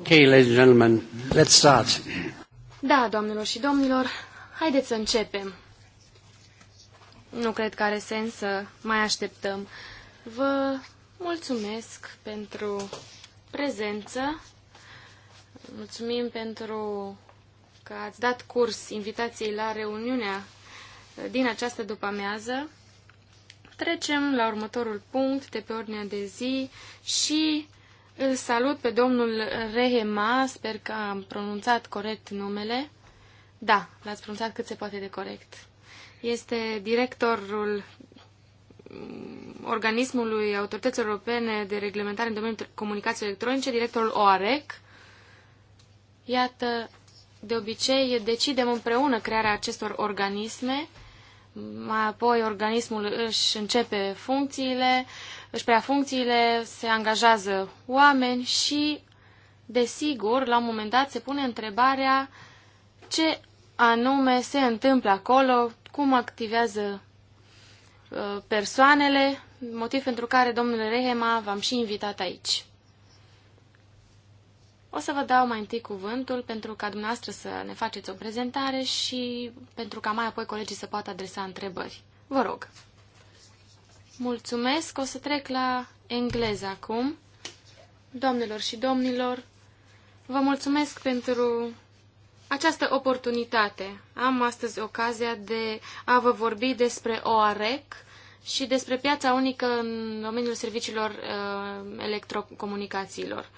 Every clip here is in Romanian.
Okay, ladies and gentlemen, let's start. Da, doamnelor și domnilor, haideți să începem. Nu cred că are sens să mai așteptăm. Vă mulțumesc pentru prezență. Mulțumim pentru că ați dat curs invitației la reuniunea din această după-amiază. Trecem la următorul punct de pe ordinea de zi și îl salut pe domnul Rehema, sper că am pronunțat corect numele. Da, l-ați pronunțat cât se poate de corect. Este directorul organismului Autorității Europene de Reglementare în domeniul comunicației electronice, directorul OAREC. Iată, de obicei decidem împreună crearea acestor organisme, mai apoi organismul își începe funcțiile, își prea funcțiile, se angajează oameni și, desigur, la un moment dat se pune întrebarea ce anume se întâmplă acolo, cum activează uh, persoanele, motiv pentru care, domnule Rehema, v-am și invitat aici. O să vă dau mai întâi cuvântul pentru ca dumneavoastră să ne faceți o prezentare și pentru ca mai apoi colegii să poată adresa întrebări. Vă rog! Mulțumesc. O să trec la engleză acum. Doamnelor și domnilor, vă mulțumesc pentru această oportunitate. Am astăzi ocazia de a vă vorbi despre OAREC și despre piața unică în domeniul serviciilor uh, electrocomunicațiilor.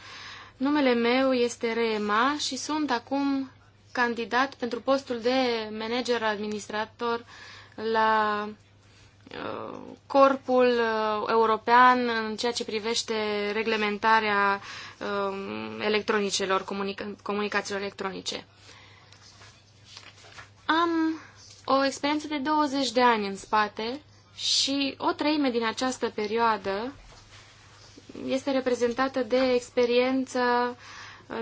Numele meu este Reema și sunt acum candidat pentru postul de manager administrator la corpul uh, european în ceea ce privește reglementarea um, electronicelor, comunica comunicațiilor electronice. Am o experiență de 20 de ani în spate și o treime din această perioadă este reprezentată de experiență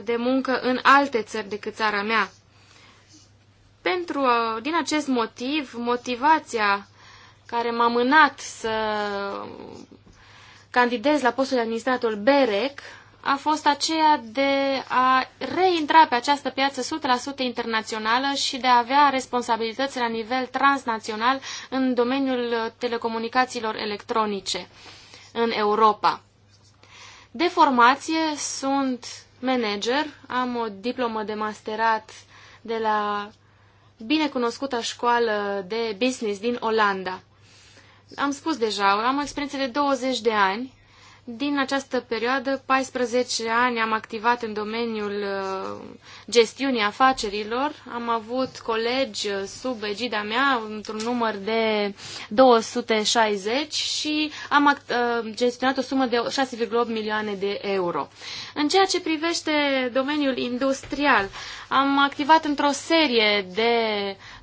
de muncă în alte țări decât țara mea. Pentru, uh, din acest motiv, motivația care m-a mânat să candidez la postul de administrator BEREC a fost aceea de a reintra pe această piață 100% internațională și de a avea responsabilități la nivel transnațional în domeniul telecomunicațiilor electronice în Europa. De formație sunt manager, am o diplomă de masterat de la binecunoscuta școală de business din Olanda. Am spus deja, am o experiență de 20 de ani din această perioadă, 14 ani am activat în domeniul uh, gestiunii afacerilor. Am avut colegi uh, sub egida mea, într-un număr de 260 și am uh, gestionat o sumă de 6,8 milioane de euro. În ceea ce privește domeniul industrial, am activat într-o serie de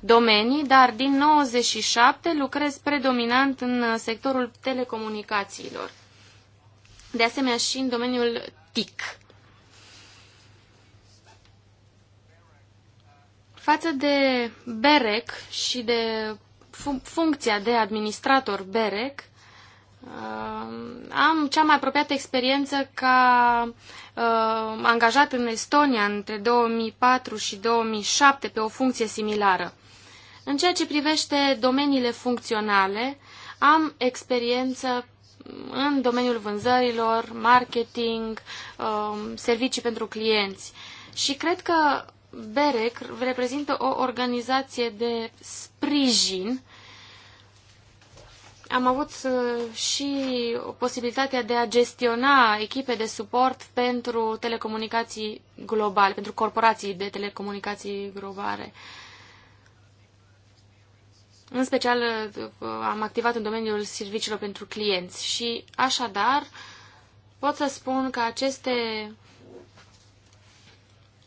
domenii, dar din 97 lucrez predominant în sectorul telecomunicațiilor de asemenea și în domeniul TIC. Față de BEREC și de funcția de administrator BEREC, am cea mai apropiată experiență ca uh, angajat în Estonia între 2004 și 2007 pe o funcție similară. În ceea ce privește domeniile funcționale, am experiență în domeniul vânzărilor, marketing, um, servicii pentru clienți. Și cred că BEREC reprezintă o organizație de sprijin. Am avut uh, și posibilitatea de a gestiona echipe de suport pentru telecomunicații globale, pentru corporații de telecomunicații globale. Uh, în special uh, am activat în domeniul serviciilor pentru clienți și așadar pot să spun că aceste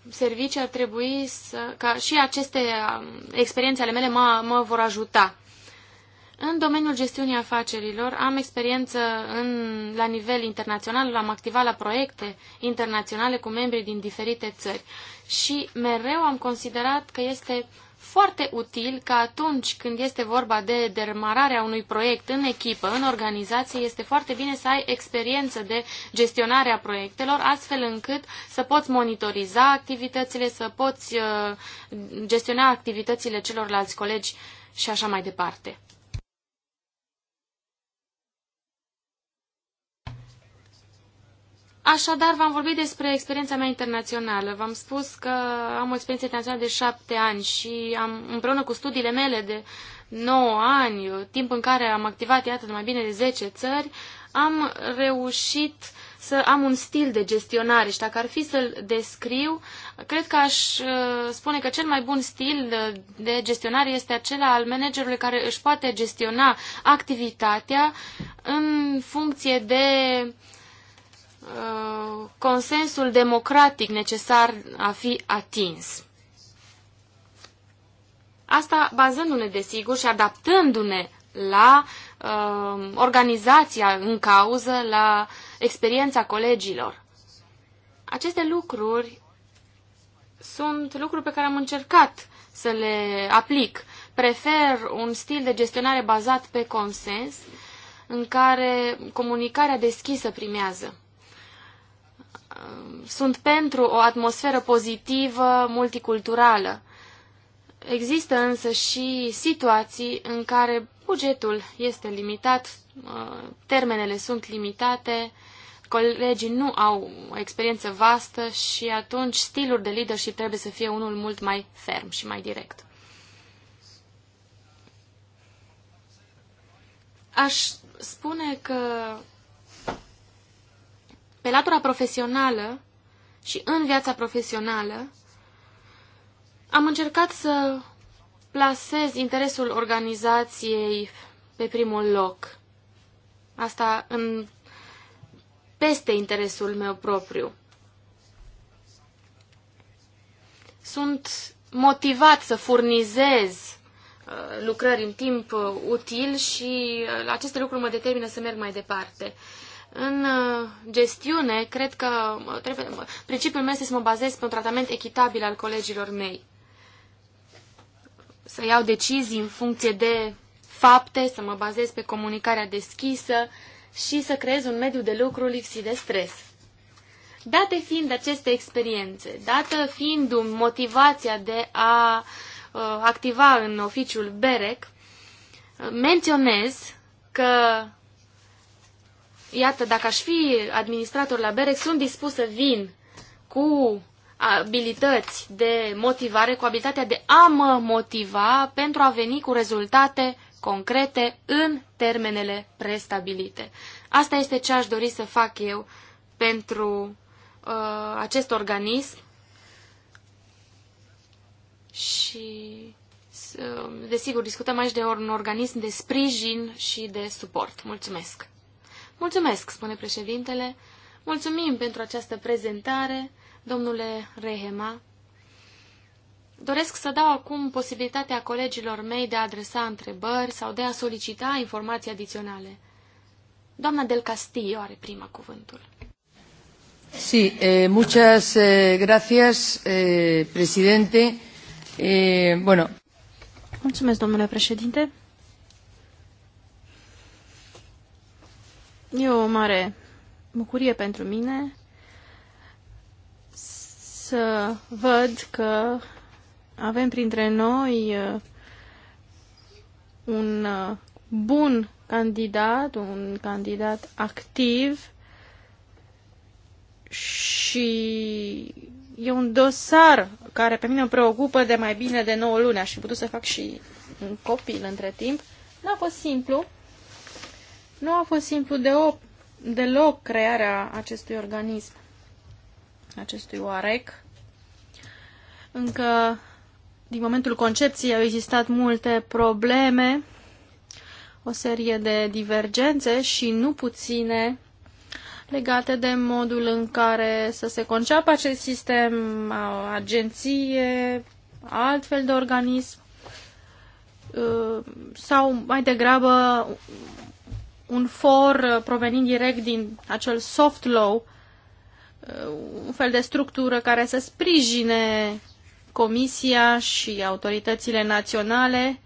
servicii ar trebui să... ca și aceste um, experiențe ale mele mă, mă vor ajuta. În domeniul gestiunii afacerilor am experiență în, la nivel internațional, am activat la proiecte internaționale cu membri din diferite țări și mereu am considerat că este foarte util că atunci când este vorba de dermararea unui proiect în echipă, în organizație, este foarte bine să ai experiență de gestionare a proiectelor, astfel încât să poți monitoriza activitățile, să poți uh, gestiona activitățile celorlalți colegi și așa mai departe. Așadar, v-am vorbit despre experiența mea internațională. V-am spus că am o experiență internațională de șapte ani și am, împreună cu studiile mele de nouă ani, timp în care am activat, iată, de mai bine de zece țări, am reușit să am un stil de gestionare și dacă ar fi să-l descriu, cred că aș uh, spune că cel mai bun stil de gestionare este acela al managerului care își poate gestiona activitatea în funcție de uh, Uh, consensul democratic necesar a fi atins. Asta bazându-ne, desigur, și adaptându-ne la uh, organizația în cauză, la experiența colegilor. Aceste lucruri sunt lucruri pe care am încercat să le aplic. Prefer un stil de gestionare bazat pe consens, în care comunicarea deschisă primează sunt pentru o atmosferă pozitivă, multiculturală. Există însă și situații în care bugetul este limitat, uh, termenele sunt limitate, colegii nu au o experiență vastă și atunci stilul de leadership trebuie să fie unul mult mai ferm și mai direct. Aș spune că pe latura profesională și în viața profesională, am încercat să plasez interesul organizației pe primul loc. Asta în, peste interesul meu propriu. Sunt motivat să furnizez uh, lucrări în timp uh, util și uh, aceste lucruri mă determină să merg mai departe. În uh, gestiune, cred că trebuie, principiul meu este să mă bazez pe un tratament echitabil al colegilor mei. Să iau decizii în funcție de fapte, să mă bazez pe comunicarea deschisă și să creez un mediu de lucru lipsit de stres. Date fiind aceste experiențe, dată fiind motivația de a uh, activa în oficiul BEREC, uh, menționez că Iată, dacă aș fi administrator la BEREC, sunt dispus să vin cu abilități de motivare, cu abilitatea de a mă motiva pentru a veni cu rezultate concrete în termenele prestabilite. Asta este ce aș dori să fac eu pentru uh, acest organism și, uh, desigur, discutăm aici de un organism de sprijin și de suport. Mulțumesc! Mulțumesc, spune președintele. Mulțumim pentru această prezentare, domnule Rehema. Doresc să dau acum posibilitatea colegilor mei de a adresa întrebări sau de a solicita informații adiționale. Doamna Del Castillo are prima cuvântul. Sí, eh, muchas eh, gracias, eh, presidente. Eh, bueno. Mulțumesc, domnule președinte. E o mare bucurie pentru mine să văd că avem printre noi uh, un uh, bun candidat, un candidat activ și e un dosar care pe mine îmi preocupă de mai bine de 9 luni. Aș fi putut să fac și un copil între timp. N-a fost simplu, nu a fost simplu de op, deloc crearea acestui organism, acestui OAREC. Încă din momentul concepției au existat multe probleme, o serie de divergențe și nu puține legate de modul în care să se conceapă acest sistem, agenție, altfel de organism uh, sau mai degrabă un for uh, provenind direct din acel soft law, uh, un fel de structură care să sprijine Comisia și autoritățile naționale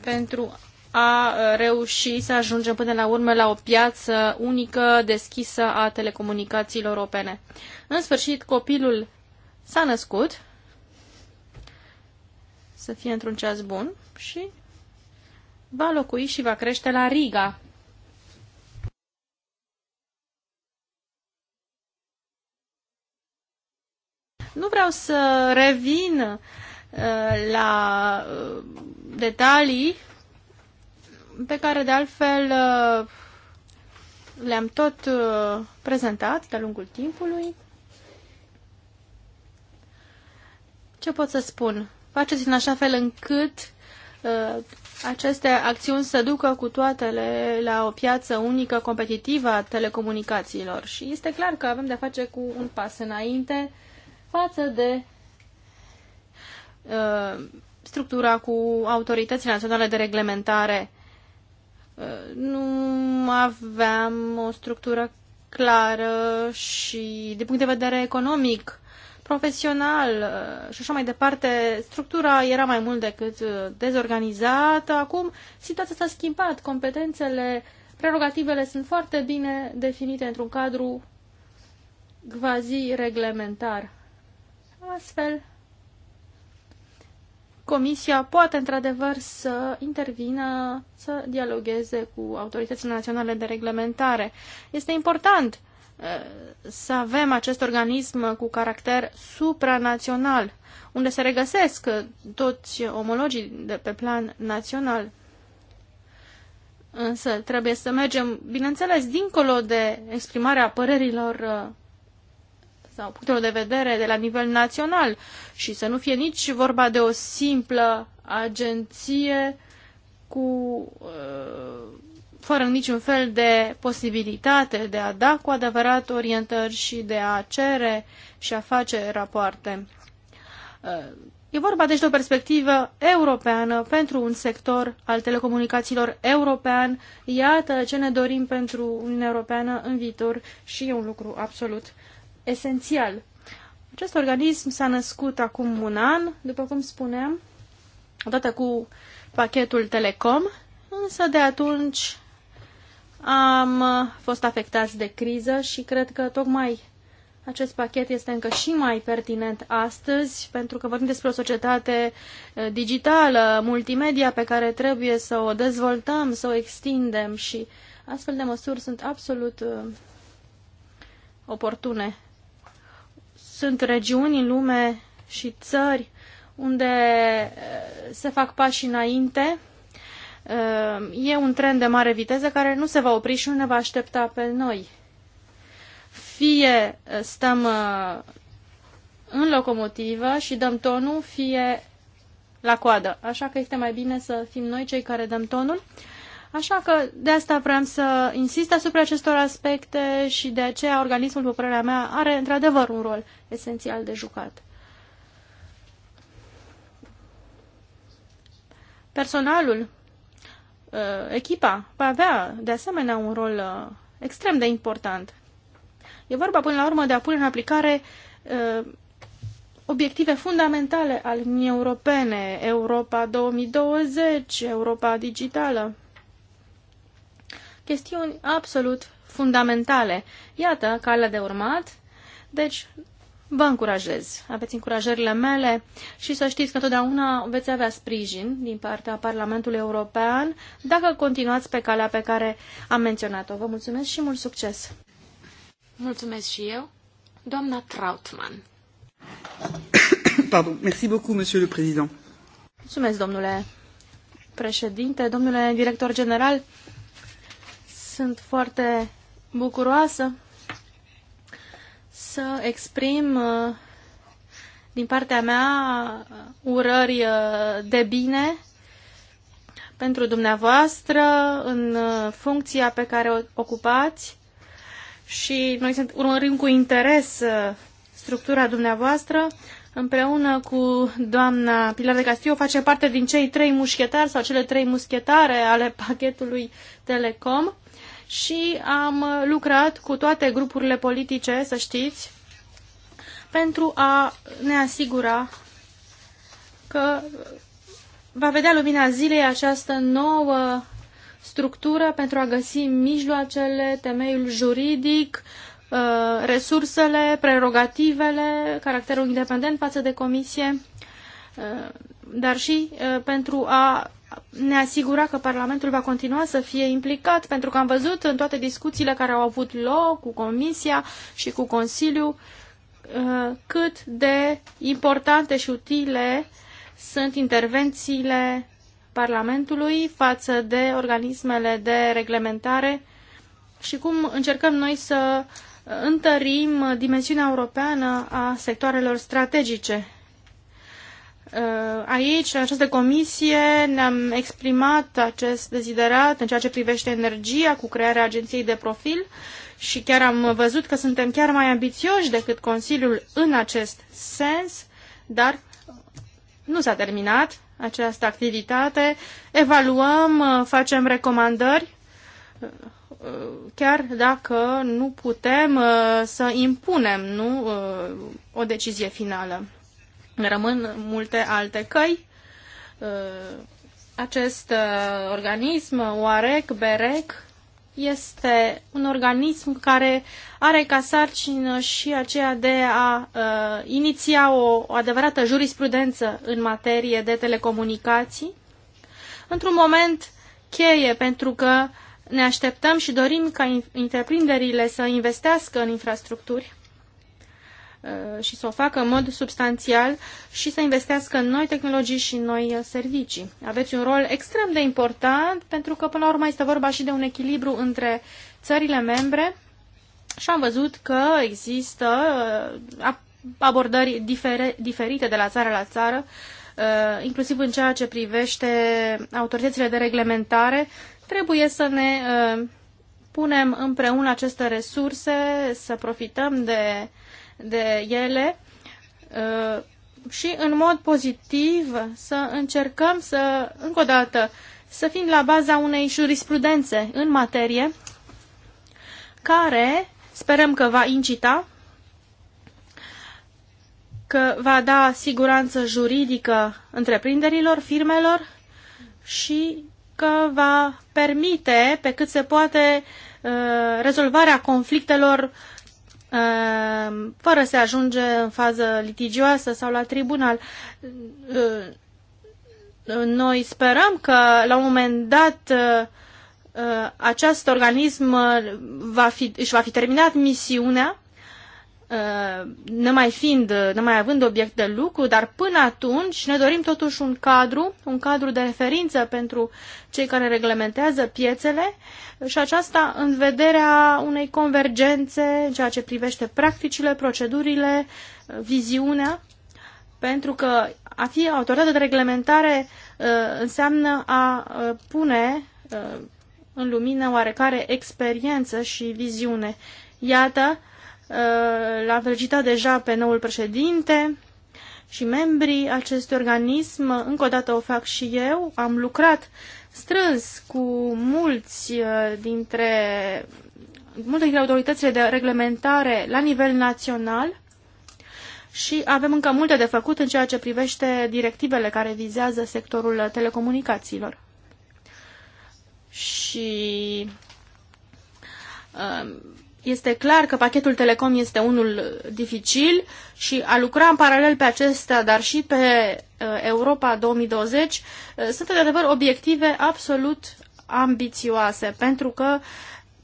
pentru a uh, reuși să ajungem până la urmă la o piață unică deschisă a telecomunicațiilor europene. În sfârșit, copilul s-a născut, să fie într-un ceas bun și va locui și va crește la Riga. Nu vreau să revin uh, la uh, detalii pe care de altfel uh, le-am tot prezentat de-a lungul timpului. Ce pot să spun? Faceți în așa fel încât Uh, aceste acțiuni să ducă cu toatele la o piață unică competitivă a telecomunicațiilor și este clar că avem de face cu un pas înainte față de uh, structura cu autoritățile naționale de reglementare. Uh, nu aveam o structură clară și, de punct de vedere economic, profesional uh, și așa mai departe, structura era mai mult decât uh, dezorganizată. Acum situația s-a schimbat, competențele, prerogativele sunt foarte bine definite într-un cadru quasi-reglementar. Astfel, Comisia poate într-adevăr să intervină, să dialogueze cu autoritățile naționale de reglementare. Este important uh, Eh, să avem acest organism cu caracter supranațional, unde se regăsesc eh, toți omologii de pe plan național. Însă trebuie să mergem, bineînțeles, dincolo de exprimarea părerilor eh, sau punctelor de vedere de la nivel național și să nu fie nici vorba de o simplă agenție cu uh, fără niciun fel de posibilitate de a da cu adevărat orientări și de a cere și a face rapoarte. Uh, e vorba deci de o perspectivă europeană pentru un sector al telecomunicațiilor european. Iată ce ne dorim pentru Uniunea Europeană în viitor și e un lucru absolut esențial. Acest organism s-a născut acum un an, după cum spuneam, odată cu pachetul Telecom, însă de atunci am uh, fost afectați de criză și cred că tocmai acest pachet este încă și mai pertinent astăzi, pentru că vorbim despre o societate uh, digitală, multimedia, pe care trebuie să o dezvoltăm, să o extindem și astfel de măsuri sunt absolut uh, oportune. Sunt regiuni în lume și țări unde se fac pași înainte E un tren de mare viteză care nu se va opri și nu ne va aștepta pe noi. Fie uh, stăm uh, în locomotivă și dăm tonul, fie la coadă. Așa că este mai bine să fim noi cei care dăm tonul. Așa că de asta vreau să insist asupra acestor aspecte și de aceea organismul, după părerea mea, are într-adevăr un rol esențial de jucat. Personalul Uh, echipa va avea de asemenea un rol uh, extrem de important. E vorba până la urmă de a pune în aplicare uh, obiective fundamentale ale Uniunii Europene, Europa 2020, Europa digitală. Chestiuni absolut fundamentale. Iată calea de urmat. Deci, vă încurajez. Aveți încurajările mele și să știți că totdeauna veți avea sprijin din partea Parlamentului European dacă continuați pe calea pe care am menționat-o. Vă mulțumesc și mult succes! Mulțumesc și eu, doamna Trautmann. Pardon, merci beaucoup, monsieur le président. Mulțumesc, domnule președinte, domnule director general. Sunt foarte bucuroasă să exprim uh, din partea mea uh, urări uh, de bine pentru dumneavoastră în funcția pe care o ocupați și noi urmărim cu interes structura dumneavoastră împreună cu doamna Pilar de Castillo face parte din cei trei mușchetari sau cele trei muschetare ale pachetului Telecom și am lucrat cu toate grupurile politice, să știți, pentru a ne asigura că va vedea lumina zilei această nouă structură pentru a găsi mijloacele, temeiul juridic, uh, resursele, prerogativele, caracterul independent față de comisie, uh, dar și uh, pentru a ne asigura că Parlamentul va continua să fie implicat, pentru că am văzut în toate discuțiile care au avut loc cu Comisia și cu Consiliu uh, cât de importante și utile sunt intervențiile Parlamentului față de organismele de reglementare și cum încercăm noi să întărim dimensiunea europeană a sectoarelor strategice Uh, aici, în această comisie, ne-am exprimat acest deziderat în ceea ce privește energia cu crearea agenției de profil și chiar am văzut că suntem chiar mai ambițioși decât Consiliul în acest sens, dar nu s-a terminat această activitate. Evaluăm, uh, facem recomandări, uh, chiar dacă nu putem să impunem nu, o decizie finală. Rămân multe alte căi. Uh, acest uh, organism, OAREC, BEREC, este un organism care are ca sarcină și aceea de a uh, iniția o, o adevărată jurisprudență în materie de telecomunicații, într-un moment cheie, pentru că ne așteptăm și dorim ca întreprinderile să investească în infrastructuri Uh, și să o facă în mod substanțial și să investească în noi tehnologii și în noi uh, servicii. Aveți un rol extrem de important pentru că până la urmă este vorba și de un echilibru între țările membre și am văzut că există uh, abordări diferite de la țară la țară, inclusiv în ceea ce privește autoritățile de reglementare. Trebuie să ne punem împreună aceste resurse, să profităm de uh, de ele uh, și în mod pozitiv să încercăm să, încă o dată, să fim la baza unei jurisprudențe în materie care sperăm că va incita, că va da siguranță juridică întreprinderilor, firmelor și că va permite pe cât se poate uh, rezolvarea conflictelor Ehm, fără să ajunge în fază litigioasă sau la tribunal. Ehm, noi sperăm că la un moment dat ehm, acest organism va fi, își va fi terminat misiunea Uh, nemai fiind, uh, nemai având obiect de lucru, dar până atunci ne dorim totuși un cadru, un cadru de referință pentru cei care reglementează piețele și aceasta în vederea unei convergențe în ceea ce privește practicile, procedurile, uh, viziunea, pentru că a fi autoritate de reglementare înseamnă a pune în lumină oarecare experiență și viziune. Iată, L-am felicitat deja pe noul președinte și membrii acestui organism. Încă o dată o fac și eu. Am lucrat strâns cu mulți uh, dintre multe dintre autoritățile de reglementare la nivel național și avem încă multe de făcut în ceea ce privește directivele care vizează sectorul telecomunicațiilor. Și uh, este clar că pachetul Telecom este unul dificil și a lucra în paralel pe acesta, dar și pe uh, Europa 2020, uh, sunt de adevăr obiective absolut ambițioase, pentru că,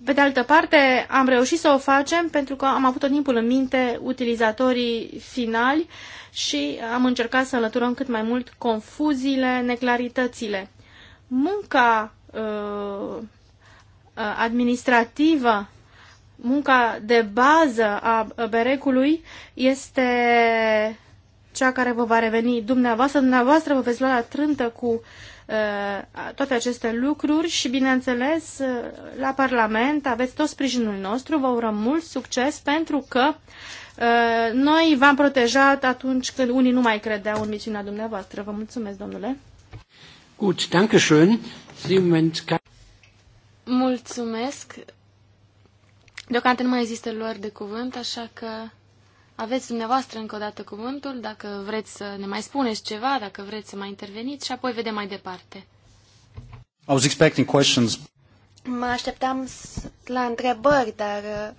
pe de altă parte, am reușit să o facem pentru că am avut tot timpul în minte utilizatorii finali și am încercat să înlăturăm cât mai mult confuziile, neclaritățile. Munca uh, uh administrativă munca de bază a berecului este cea care vă va reveni dumneavoastră. Dumneavoastră vă veți lua la trântă cu uh, toate aceste lucruri și, bineînțeles, uh, la Parlament aveți tot sprijinul nostru. Vă urăm mult succes pentru că uh, noi v-am protejat atunci când unii nu mai credeau în misiunea dumneavoastră. Vă mulțumesc, domnule. Gut, danke schön. Mulțumesc. Deocamdată nu mai există luări de cuvânt, așa că aveți dumneavoastră încă o dată cuvântul, dacă vreți să ne mai spuneți ceva, dacă vreți să mai interveniți și apoi vedem mai departe. I was expecting questions. Mă așteptam la întrebări, dar uh,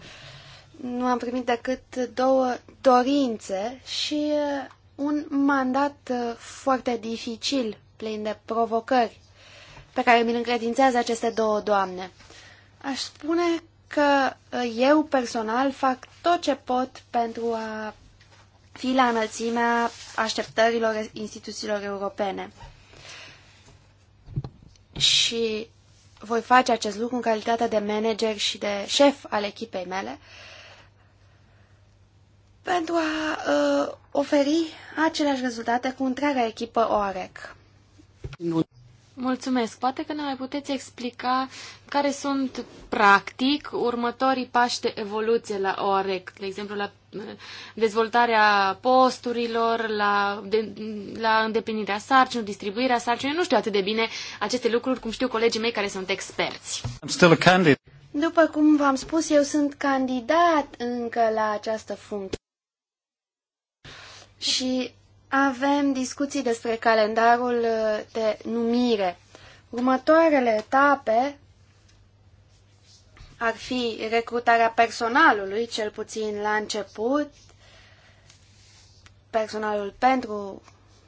nu am primit decât două dorințe și uh, un mandat uh, foarte dificil, plin de provocări, pe care mi-l încredințează aceste două doamne. Aș spune că ă, eu personal fac tot ce pot pentru a fi la înălțimea așteptărilor instituțiilor europene. Și voi face acest lucru în calitate de manager și de șef al echipei mele pentru a uh, oferi aceleași rezultate cu întreaga echipă OAREC. Nu. Mulțumesc. Poate că ne mai puteți explica care sunt, practic, următorii pași de evoluție la OREC, de exemplu, la eh, dezvoltarea posturilor, la, de, la îndeplinirea sarcinilor, distribuirea sarcinilor. Nu știu atât de bine aceste lucruri, cum știu colegii mei care sunt experți. După cum v-am spus, eu sunt candidat încă la această funcție. Și avem discuții despre calendarul uh, de numire. Următoarele etape ar fi recrutarea personalului, cel puțin la început, personalul pentru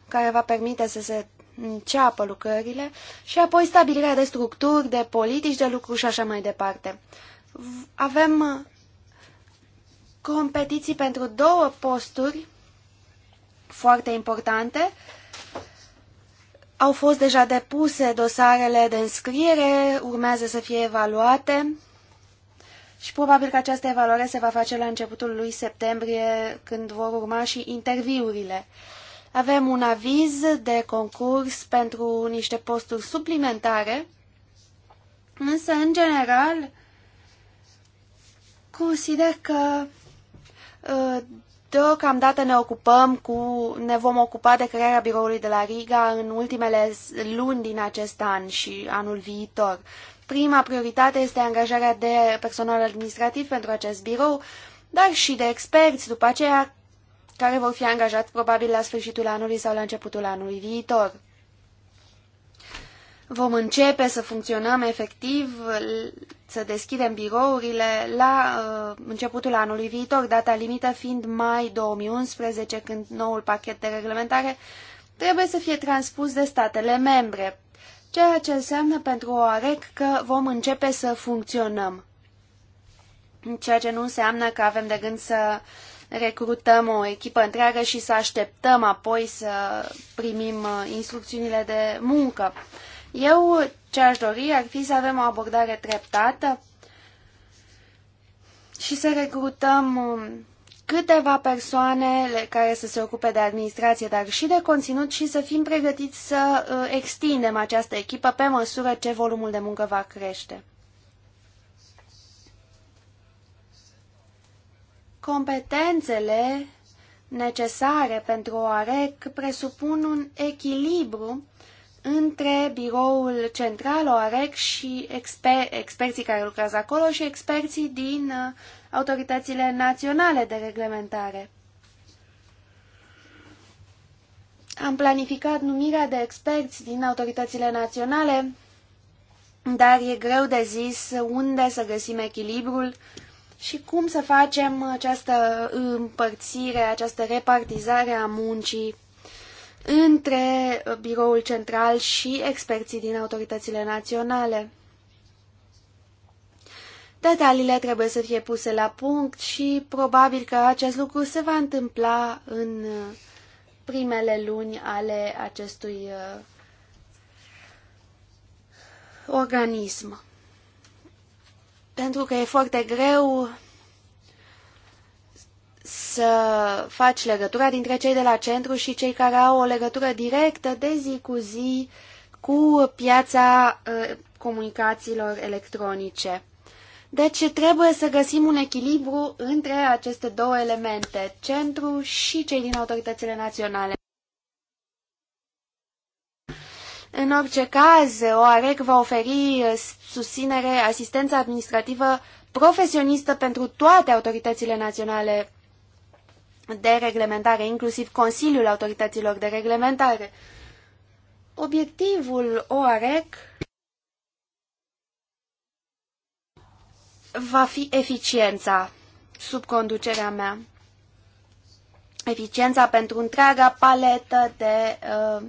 care va permite să se înceapă lucrările și apoi stabilirea de structuri, de politici, de lucru și așa mai departe. Avem uh, competiții pentru două posturi foarte importante. Au fost deja depuse dosarele de înscriere, urmează să fie evaluate și probabil că această evaluare se va face la începutul lui septembrie, când vor urma și interviurile. Avem un aviz de concurs pentru niște posturi suplimentare, însă, în general, consider că uh, Deocamdată ne ocupăm cu, ne vom ocupa de crearea biroului de la Riga în ultimele luni din acest an și anul viitor. Prima prioritate este angajarea de personal administrativ pentru acest birou, dar și de experți după aceea care vor fi angajați probabil la sfârșitul anului sau la începutul anului viitor vom începe să funcționăm efectiv, să deschidem birourile la uh, începutul anului viitor, data limită fiind mai 2011, când noul pachet de reglementare trebuie să fie transpus de statele membre, ceea ce înseamnă pentru OAREC că vom începe să funcționăm. Ceea ce nu înseamnă că avem de gând să recrutăm o echipă întreagă și să așteptăm apoi să primim uh, instrucțiunile de muncă. Uh, eu ce aș dori ar fi să avem o abordare treptată și să recrutăm um, câteva persoane care să se ocupe de administrație, dar și de conținut și să fim pregătiți să uh, extindem această echipă pe măsură ce volumul de muncă va crește. Competențele necesare pentru o AREC presupun un echilibru între biroul central OAREC și exper experții care lucrează acolo și experții din uh, autoritățile naționale de reglementare. Am planificat numirea de experți din autoritățile naționale, dar e greu de zis unde să găsim echilibrul și cum să facem această împărțire, această repartizare a muncii între biroul central și experții din autoritățile naționale. Detaliile trebuie să fie puse la punct și probabil că acest lucru se va întâmpla în uh, primele luni ale acestui uh, organism. Pentru că e foarte greu să faci legătura dintre cei de la centru și cei care au o legătură directă de zi cu zi cu piața uh, comunicațiilor electronice. Deci trebuie să găsim un echilibru între aceste două elemente, centru și cei din autoritățile naționale. În orice caz, OAREC va oferi uh, susținere, asistență administrativă profesionistă pentru toate autoritățile naționale de reglementare, inclusiv Consiliul Autorităților de Reglementare. Obiectivul OAREC va fi eficiența sub conducerea mea. Eficiența pentru întreaga paletă de uh, uh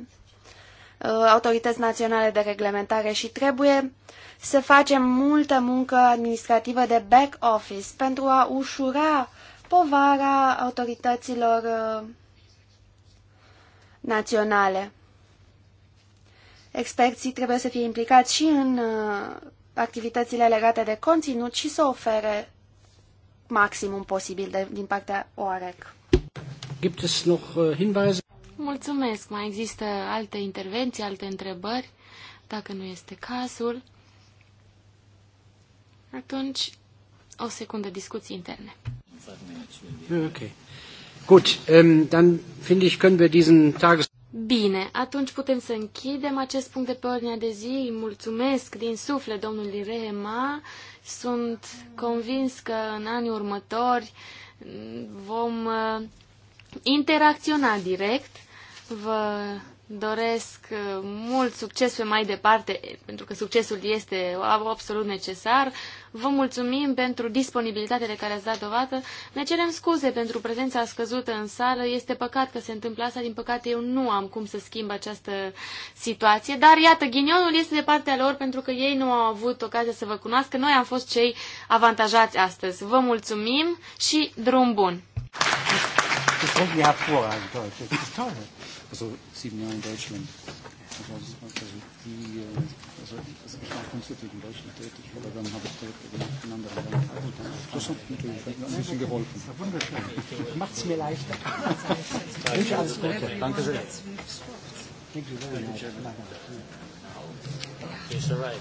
autorități naționale de reglementare și trebuie să facem multă muncă administrativă de back office pentru a ușura povara autorităților uh, naționale. Experții trebuie să fie implicați și în uh, activitățile legate de conținut și să ofere maximum posibil de, din partea OAREC. Gibt es noch uh, Hinweise? Mulțumesc. Mai există alte intervenții, alte întrebări? Dacă nu este cazul, atunci o secundă discuții interne. Okay. Gut, ähm, dann finde ich, können wir diesen Tages Bine, atunci putem să închidem acest punct de pe ordinea de zi. Îi mulțumesc din suflet domnului Rehema. Sunt convins că în anii următori vom uh, interacționa direct. Vă doresc uh, mult succes pe mai departe, pentru că succesul este absolut necesar. Vă mulțumim pentru disponibilitatea de care ați dat dovadă. Ne cerem scuze pentru prezența scăzută în sală. Este păcat că se întâmplă asta. Din păcate, eu nu am cum să schimb această situație. Dar, iată, ghinionul este de partea lor pentru că ei nu au avut ocazia să vă cunoască. Noi am fost cei avantajați astăzi. Vă mulțumim și drum bun! also sieben Jahre in Deutschland. Also die, äh, also ich war grundsätzlich in Deutschland tätig, aber dann habe ich direkt in anderen Ländern gearbeitet. Das hat natürlich ein bisschen geholfen. Wunderschön. Macht es mir leichter. Wünsche alles Gute. Danke sehr. Thank you very much. It's all right.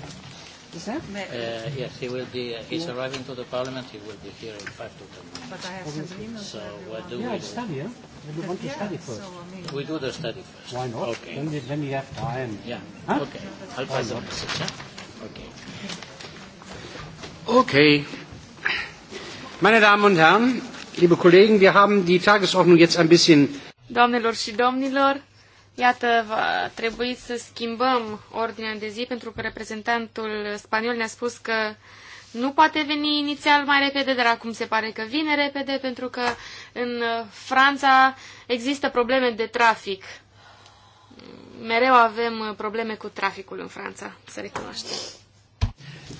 Is that? Uh, yes, he will be. Uh, he's yeah. arriving to the parliament. He will be here in five to ten minutes. But I have some emails. So what do yeah, we do? study, Yeah, We want to study first. So, I mean, we do the uh, study first. Why not? Okay. Then we, then we have time. Yeah. Huh? Okay. I'll pass the message. Huh? Okay. Okay. Meine Damen und Herren, liebe Kollegen, wir haben die Tagesordnung jetzt ein bisschen. Doamnelor și domnilor, Iată, va trebui să schimbăm ordinea de zi pentru că reprezentantul spaniol ne-a spus că nu poate veni inițial mai repede, dar acum se pare că vine repede pentru că în Franța există probleme de trafic. Mereu avem probleme cu traficul în Franța, să recunoaștem.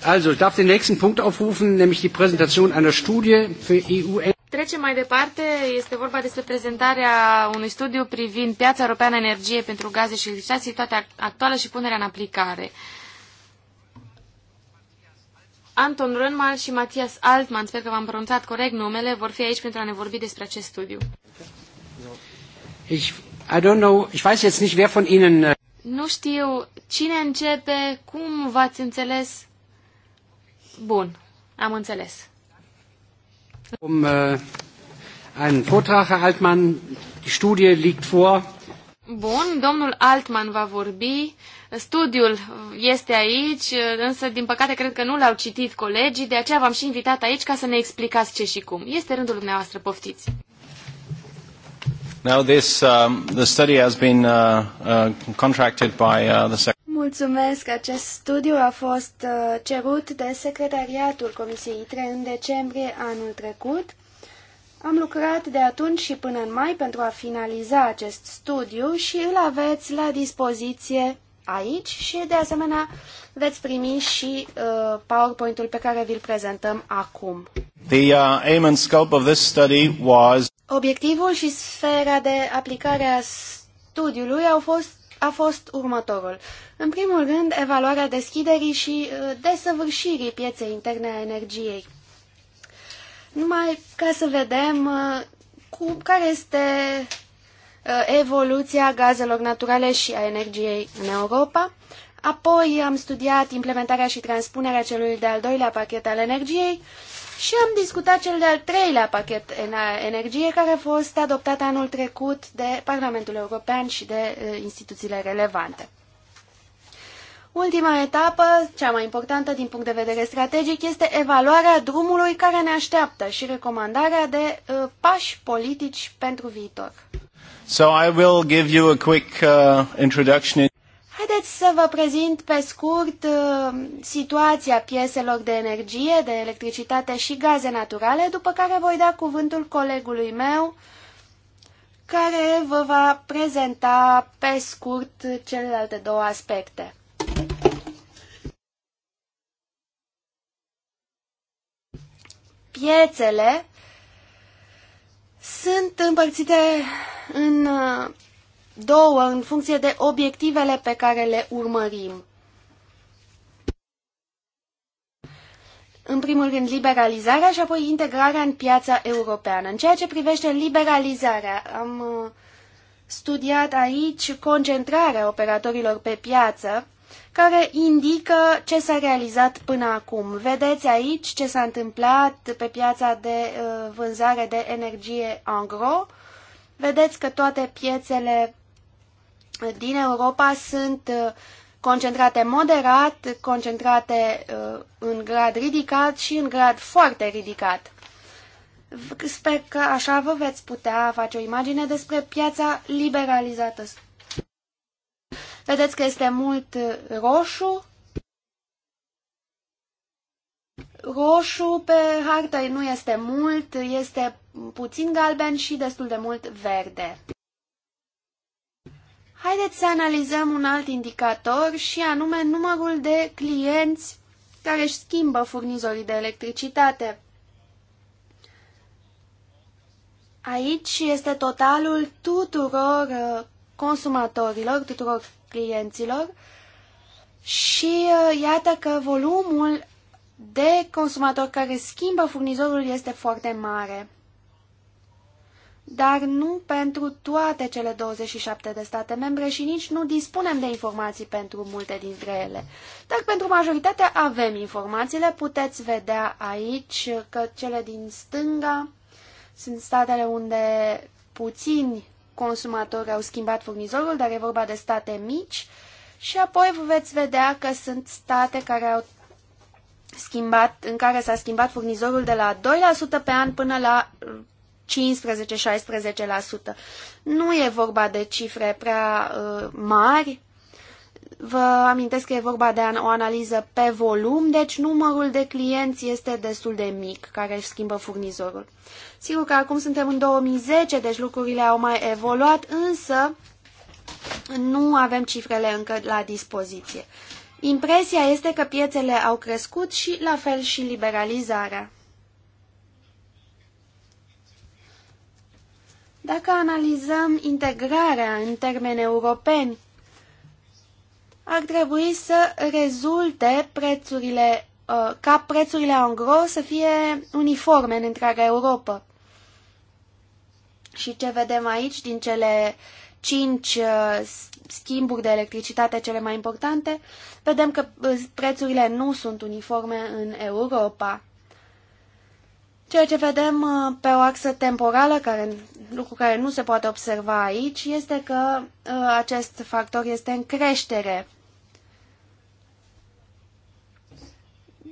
Also, ich darf den nächsten Punkt aufrufen, nämlich die Präsentation einer Studie für EU. Trecem mai departe. Este vorba despre prezentarea unui studiu privind piața europeană energie pentru gaze și electricitate, situația actuală și punerea în aplicare. Anton Rönmal și Matthias Altman, sper că v-am pronunțat corect numele, vor fi aici pentru a ne vorbi despre acest studiu. Ich, I don't know, ich weiß jetzt nicht, wer von Ihnen... Äh, nu știu cine începe, cum v-ați înțeles. Bun, am înțeles. Um uh, einen Vortrag, Herr Altmann. Die Studie liegt vor. Bun, domnul Altman va vorbi. Studiul este aici, însă din păcate cred că nu l-au citit colegii, de aceea v-am și invitat aici ca să ne explicați ce și cum. Este rândul dumneavoastră, poftiți. Now this um, the study has been uh, uh, contracted by uh, the Mulțumesc! Acest studiu a fost uh, cerut de secretariatul Comisiei ITRE în decembrie anul trecut. Am lucrat de atunci și până în mai pentru a finaliza acest studiu și îl aveți la dispoziție aici și de asemenea veți primi și uh, PowerPoint-ul pe care vi-l prezentăm acum. The uh, aim and scope of this study was Obiectivul și sfera de aplicare a studiului au fost a fost următorul. În primul rând, evaluarea deschiderii și uh, desăvârșirii pieței interne a energiei. Numai ca să vedem uh, cu, care este uh, evoluția gazelor naturale și a energiei în Europa. Apoi am studiat implementarea și transpunerea celui de-al doilea pachet al energiei și am discutat cel de-al treilea pachet în energie care a fost adoptat anul trecut de Parlamentul European și de eh, instituțiile relevante. Ultima etapă, cea mai importantă din punct de vedere strategic, este evaluarea drumului care ne așteaptă și recomandarea de uh, pași politici pentru viitor. So I will give you a quick uh, introduction. Haideți să vă prezint pe scurt uh, situația pieselor de energie, de electricitate și gaze naturale, după care voi da cuvântul colegului meu, care vă va prezenta pe scurt celelalte două aspecte. Piețele sunt împărțite în uh, două în funcție de obiectivele pe care le urmărim. În primul rând liberalizarea și apoi integrarea în piața europeană. În ceea ce privește liberalizarea, am uh, studiat aici concentrarea operatorilor pe piață, care indică ce s-a realizat până acum. Vedeți aici ce s-a întâmplat pe piața de uh, vânzare de energie angro. Vedeți că toate piețele din Europa sunt uh, concentrate moderat, concentrate uh, în grad ridicat și în grad foarte ridicat. Sper că așa vă veți putea face o imagine despre piața liberalizată. Vedeți că este mult uh, roșu. Roșu pe hartă nu este mult, este puțin galben și destul de mult verde. Haideți să analizăm un alt indicator și anume numărul de clienți care își schimbă furnizorii de electricitate. Aici este totalul tuturor uh, consumatorilor, tuturor clienților și uh, iată că volumul de consumatori care schimbă furnizorul este foarte mare dar nu pentru toate cele 27 de state membre și nici nu dispunem de informații pentru multe dintre ele. Dar pentru majoritatea avem informațiile, puteți vedea aici că cele din stânga sunt statele unde puțini consumatori au schimbat furnizorul, dar e vorba de state mici și apoi veți vedea că sunt state care au schimbat, în care s-a schimbat furnizorul de la 2% pe an până la 15-16%. Nu e vorba de cifre prea uh, mari. Vă amintesc că e vorba de o analiză pe volum, deci numărul de clienți este destul de mic care își schimbă furnizorul. Sigur că acum suntem în 2010, deci lucrurile au mai evoluat, însă nu avem cifrele încă la dispoziție. Impresia este că piețele au crescut și la fel și liberalizarea. Dacă analizăm integrarea în termeni europeni, ar trebui să rezulte prețurile, uh, ca prețurile gros să fie uniforme în întreaga Europa. Și ce vedem aici din cele cinci uh, schimburi de electricitate cele mai importante, vedem că uh, prețurile nu sunt uniforme în Europa. Ceea ce vedem uh, pe o axă temporală, care, lucru care nu se poate observa aici, este că uh, acest factor este în creștere.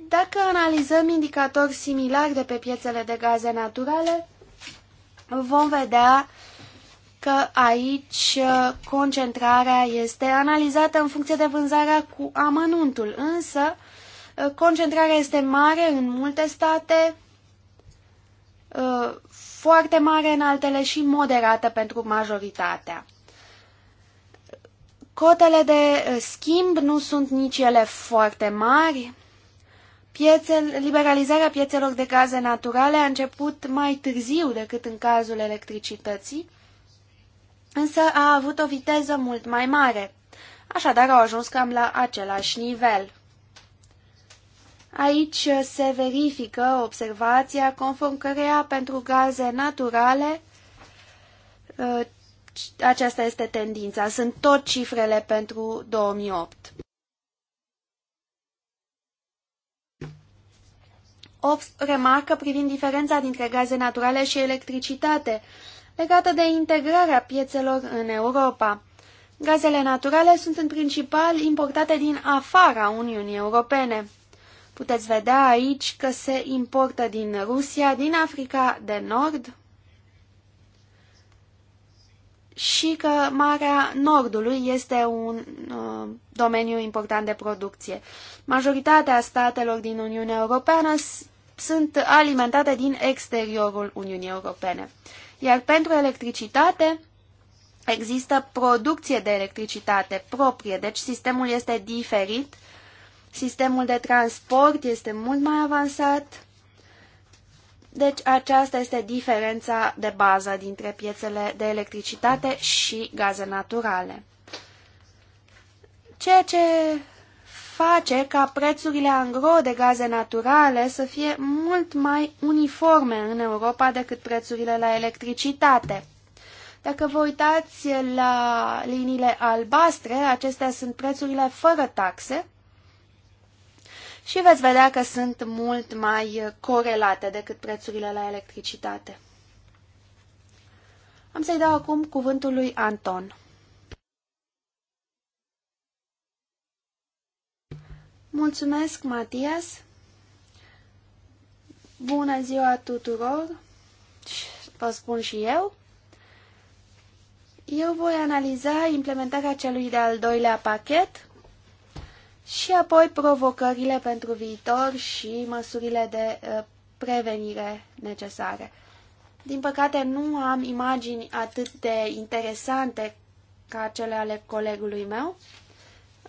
Dacă analizăm indicatori similari de pe piețele de gaze naturale, vom vedea că aici uh, concentrarea este analizată în funcție de vânzarea cu amănuntul, însă concentrarea este mare în multe state, Uh, foarte mare în altele și moderată pentru majoritatea. Cotele de uh, schimb nu sunt nici ele foarte mari. Piețe, liberalizarea piețelor de gaze naturale a început mai târziu decât în cazul electricității, însă a avut o viteză mult mai mare. Așadar au ajuns cam la același nivel. Aici se verifică observația conform căreia pentru gaze naturale ă, aceasta este tendința. Sunt tot cifrele pentru 2008. 8 remarcă privind diferența dintre gaze naturale și electricitate, legată de integrarea piețelor în Europa. Gazele naturale sunt în principal importate din afara Uniunii Europene. Puteți vedea aici că se importă din Rusia, din Africa de Nord și că Marea Nordului este un uh, domeniu important de producție. Majoritatea statelor din Uniunea Europeană sunt alimentate din exteriorul Uniunii Europene. Iar pentru electricitate există producție de electricitate proprie, deci sistemul este diferit Sistemul de transport este mult mai avansat. Deci aceasta este diferența de bază dintre piețele de electricitate și gaze naturale. Ceea ce face ca prețurile angro de gaze naturale să fie mult mai uniforme în Europa decât prețurile la electricitate. Dacă vă uitați la liniile albastre, acestea sunt prețurile fără taxe și veți vedea că sunt mult mai corelate decât prețurile la electricitate. Am să-i dau acum cuvântul lui Anton. Mulțumesc, Matias! Bună ziua tuturor! Vă spun și eu. Eu voi analiza implementarea celui de-al doilea pachet și apoi provocările pentru viitor și măsurile de uh, prevenire necesare. Din păcate, nu am imagini atât de interesante ca cele ale colegului meu,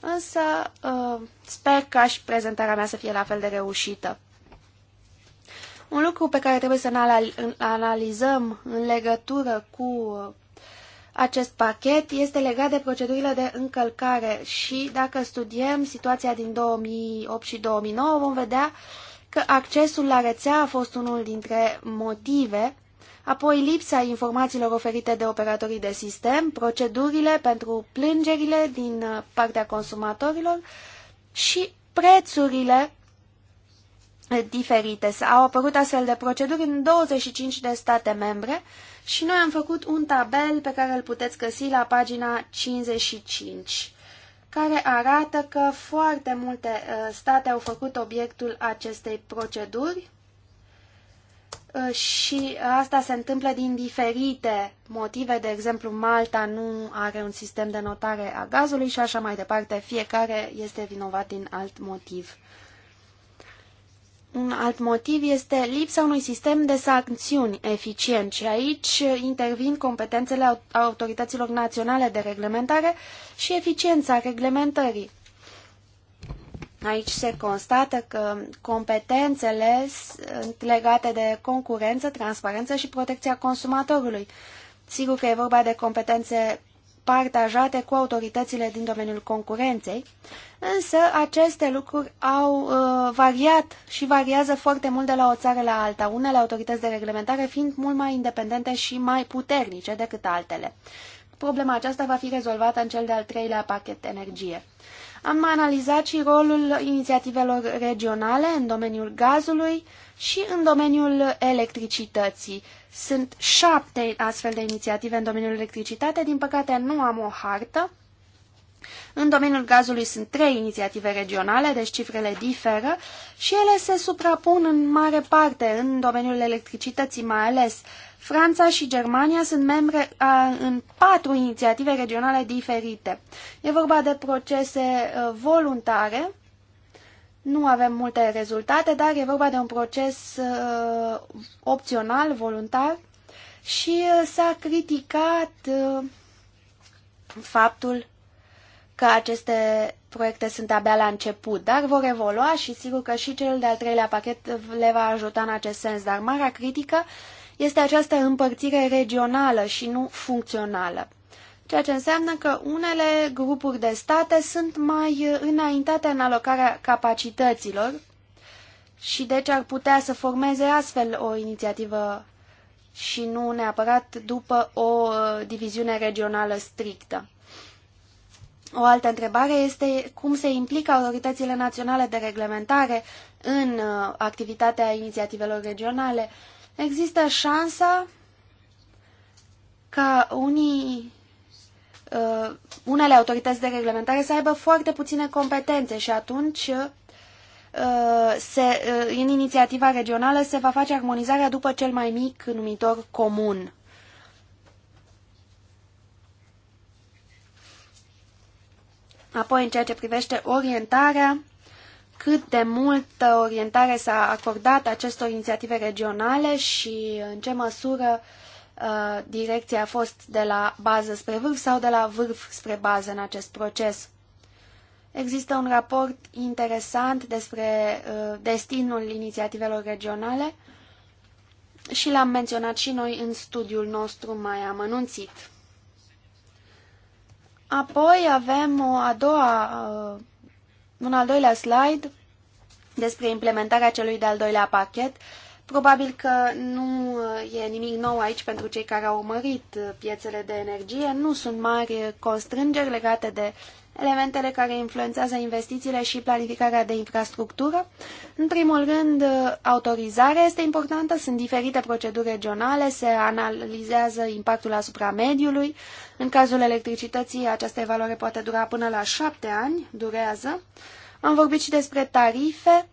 însă uh, sper ca și prezentarea mea să fie la fel de reușită. Un lucru pe care trebuie să-l analizăm în legătură cu uh, acest pachet este legat de procedurile de încălcare și dacă studiem situația din 2008 și 2009 vom vedea că accesul la rețea a fost unul dintre motive, apoi lipsa informațiilor oferite de operatorii de sistem, procedurile pentru plângerile din partea consumatorilor și prețurile diferite. Au apărut astfel de proceduri în 25 de state membre, și noi am făcut un tabel pe care îl puteți găsi la pagina 55, care arată că foarte multe uh, state au făcut obiectul acestei proceduri uh, și asta se întâmplă din diferite motive, de exemplu Malta nu are un sistem de notare a gazului și așa mai departe, fiecare este vinovat din alt motiv. Un alt motiv este lipsa unui sistem de sancțiuni eficient și aici intervin competențele autorităților naționale de reglementare și eficiența reglementării. Aici se constată că competențele sunt legate de concurență, transparență și protecția consumatorului. Sigur că e vorba de competențe partajate cu autoritățile din domeniul concurenței, însă aceste lucruri au uh, variat și variază foarte mult de la o țară la alta, unele autorități de reglementare fiind mult mai independente și mai puternice decât altele. Problema aceasta va fi rezolvată în cel de-al treilea pachet energie. Am analizat și rolul inițiativelor regionale în domeniul gazului, uh, și în domeniul electricității. Sunt șapte astfel de inițiative în domeniul electricitate, din păcate nu am o hartă. În domeniul gazului sunt trei inițiative regionale, deci cifrele diferă și ele se suprapun în mare parte în domeniul electricității mai ales. Franța și Germania sunt membre a, în patru inițiative regionale diferite. E vorba de procese uh, voluntare nu avem multe rezultate, dar e vorba de un proces uh, opțional, voluntar și uh, s-a criticat uh, faptul că aceste proiecte sunt abia la început, dar vor evolua și sigur că și cel de-al treilea pachet le va ajuta în acest sens. Dar marea critică este această împărțire regională și nu funcțională ceea ce înseamnă că unele grupuri de state sunt mai înaintate în alocarea capacităților și deci ar putea să formeze astfel o inițiativă și nu neapărat după o uh, diviziune regională strictă. O altă întrebare este cum se implică autoritățile naționale de reglementare în uh, activitatea inițiativelor regionale. Există șansa ca unii uh, unele autorități de reglementare să aibă foarte puține competențe și atunci uh, se, uh, în inițiativa regională se va face armonizarea după cel mai mic numitor comun. Apoi, în ceea ce privește orientarea, cât de multă orientare s-a acordat acestor inițiative regionale și în ce măsură uh, Uh, direcția a fost de la bază spre vârf sau de la vârf spre bază în acest proces. Există un raport interesant despre uh, destinul inițiativelor regionale și l-am menționat și noi în studiul nostru mai amănunțit. Apoi avem o a doua, uh, un al doilea slide despre implementarea celui de-al doilea pachet Probabil că nu uh, e nimic nou aici pentru cei care au urmărit uh, piețele de energie, nu sunt mari constrângeri legate de elementele care influențează investițiile și planificarea de infrastructură. În primul rând, uh, autorizarea este importantă, sunt diferite proceduri regionale, se analizează impactul asupra mediului. În cazul electricității, această evaluare poate dura până la șapte ani, durează. Am vorbit și despre tarife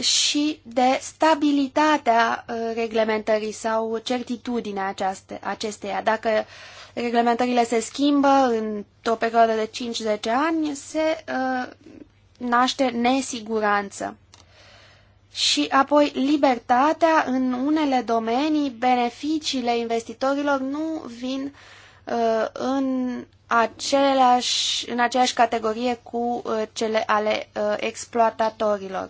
și de stabilitatea uh, reglementării sau certitudinea aceaste, acesteia. Dacă reglementările se schimbă într-o perioadă de 5-10 ani, se uh, naște nesiguranță. Și apoi libertatea în unele domenii, beneficiile investitorilor nu vin uh, în, aceleași, în aceeași categorie cu uh, cele ale uh, exploatatorilor.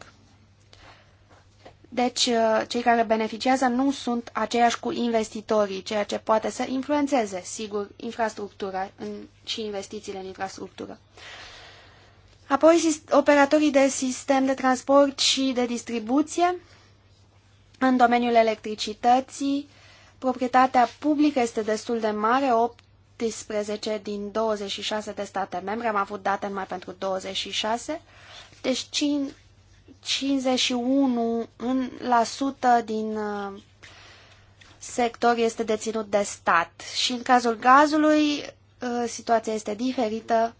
Deci, uh, cei care beneficiază nu sunt aceiași cu investitorii, ceea ce poate să influențeze, sigur, infrastructura în, și investițiile în infrastructură. Apoi, operatorii de sistem de transport și de distribuție în domeniul electricității, proprietatea publică este destul de mare, 18 din 26 de state membre, am avut date numai pentru 26, deci 51% la sută din uh, sector este deținut de stat. Și în cazul gazului, uh, situația este diferită.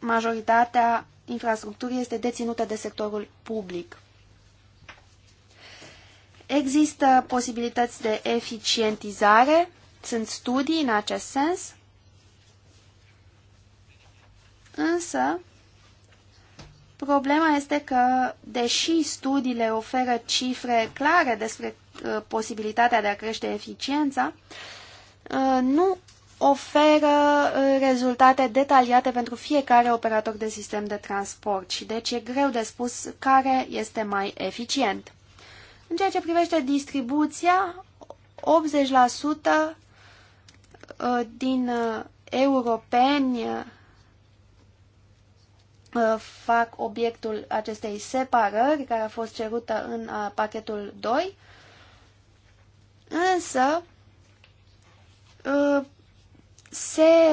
Majoritatea infrastructurii este deținută de sectorul public. Există posibilități de eficientizare, sunt studii în acest sens, însă Problema este că, deși studiile oferă cifre clare despre uh, posibilitatea de a crește eficiența, uh, nu oferă uh, rezultate detaliate pentru fiecare operator de sistem de transport și deci e greu de spus care este mai eficient. În ceea ce privește distribuția, 80% din europeni Uh, fac obiectul acestei separări care a fost cerută în uh, pachetul 2, însă uh, se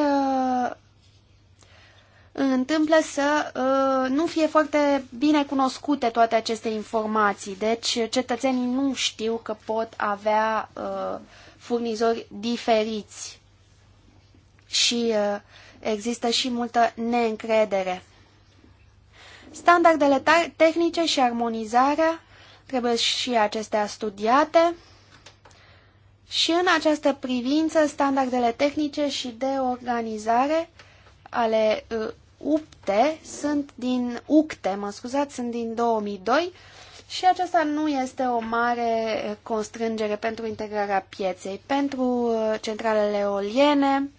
întâmplă să nu fie foarte bine cunoscute toate aceste informații, deci cetățenii nu știu că pot avea furnizori diferiți și există și multă neîncredere Standardele tehnice și armonizarea trebuie și acestea studiate. Și în această privință, standardele tehnice și de organizare ale uh, UPTE sunt din UCTE, mă scuzați, sunt din 2002 și aceasta nu este o mare constrângere pentru integrarea pieței, pentru uh, centralele eoliene.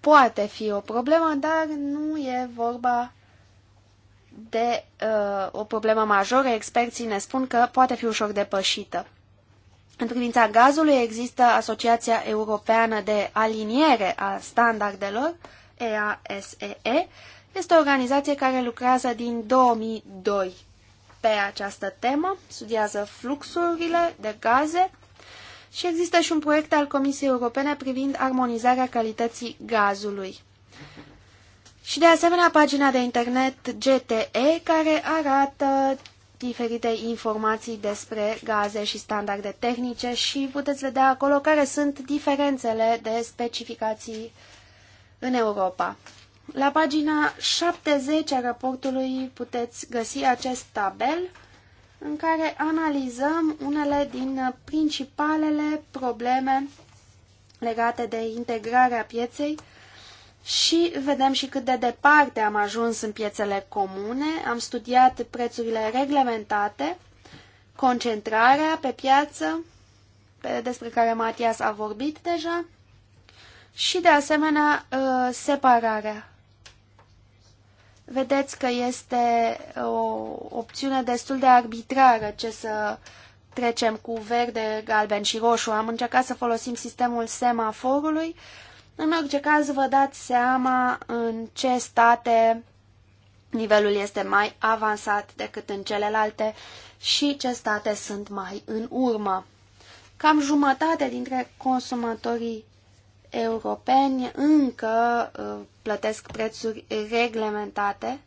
Poate fi o problemă, dar nu e vorba de uh, o problemă majoră, experții ne spun că poate fi ușor depășită. În privința gazului există Asociația Europeană de Aliniere a Standardelor, EASEE. Este o organizație care lucrează din 2002 pe această temă, studiază fluxurile de gaze și există și un proiect al Comisiei Europene privind armonizarea calității gazului. Și de asemenea pagina de internet GTE care arată diferite informații despre gaze și standarde tehnice și puteți vedea acolo care sunt diferențele de specificații în Europa. La pagina 70 a raportului puteți găsi acest tabel în care analizăm unele din principalele probleme legate de integrarea pieței și vedem și cât de departe am ajuns în piețele comune. Am studiat prețurile reglementate, concentrarea pe piață, pe, despre care Matias a vorbit deja, și de asemenea ă, separarea. Vedeți că este o opțiune destul de arbitrară ce să trecem cu verde, galben și roșu. Am încercat să folosim sistemul semaforului, în orice caz, vă dați seama în ce state nivelul este mai avansat decât în celelalte și ce state sunt mai în urmă. Cam jumătate dintre consumatorii europeni încă uh, plătesc prețuri reglementate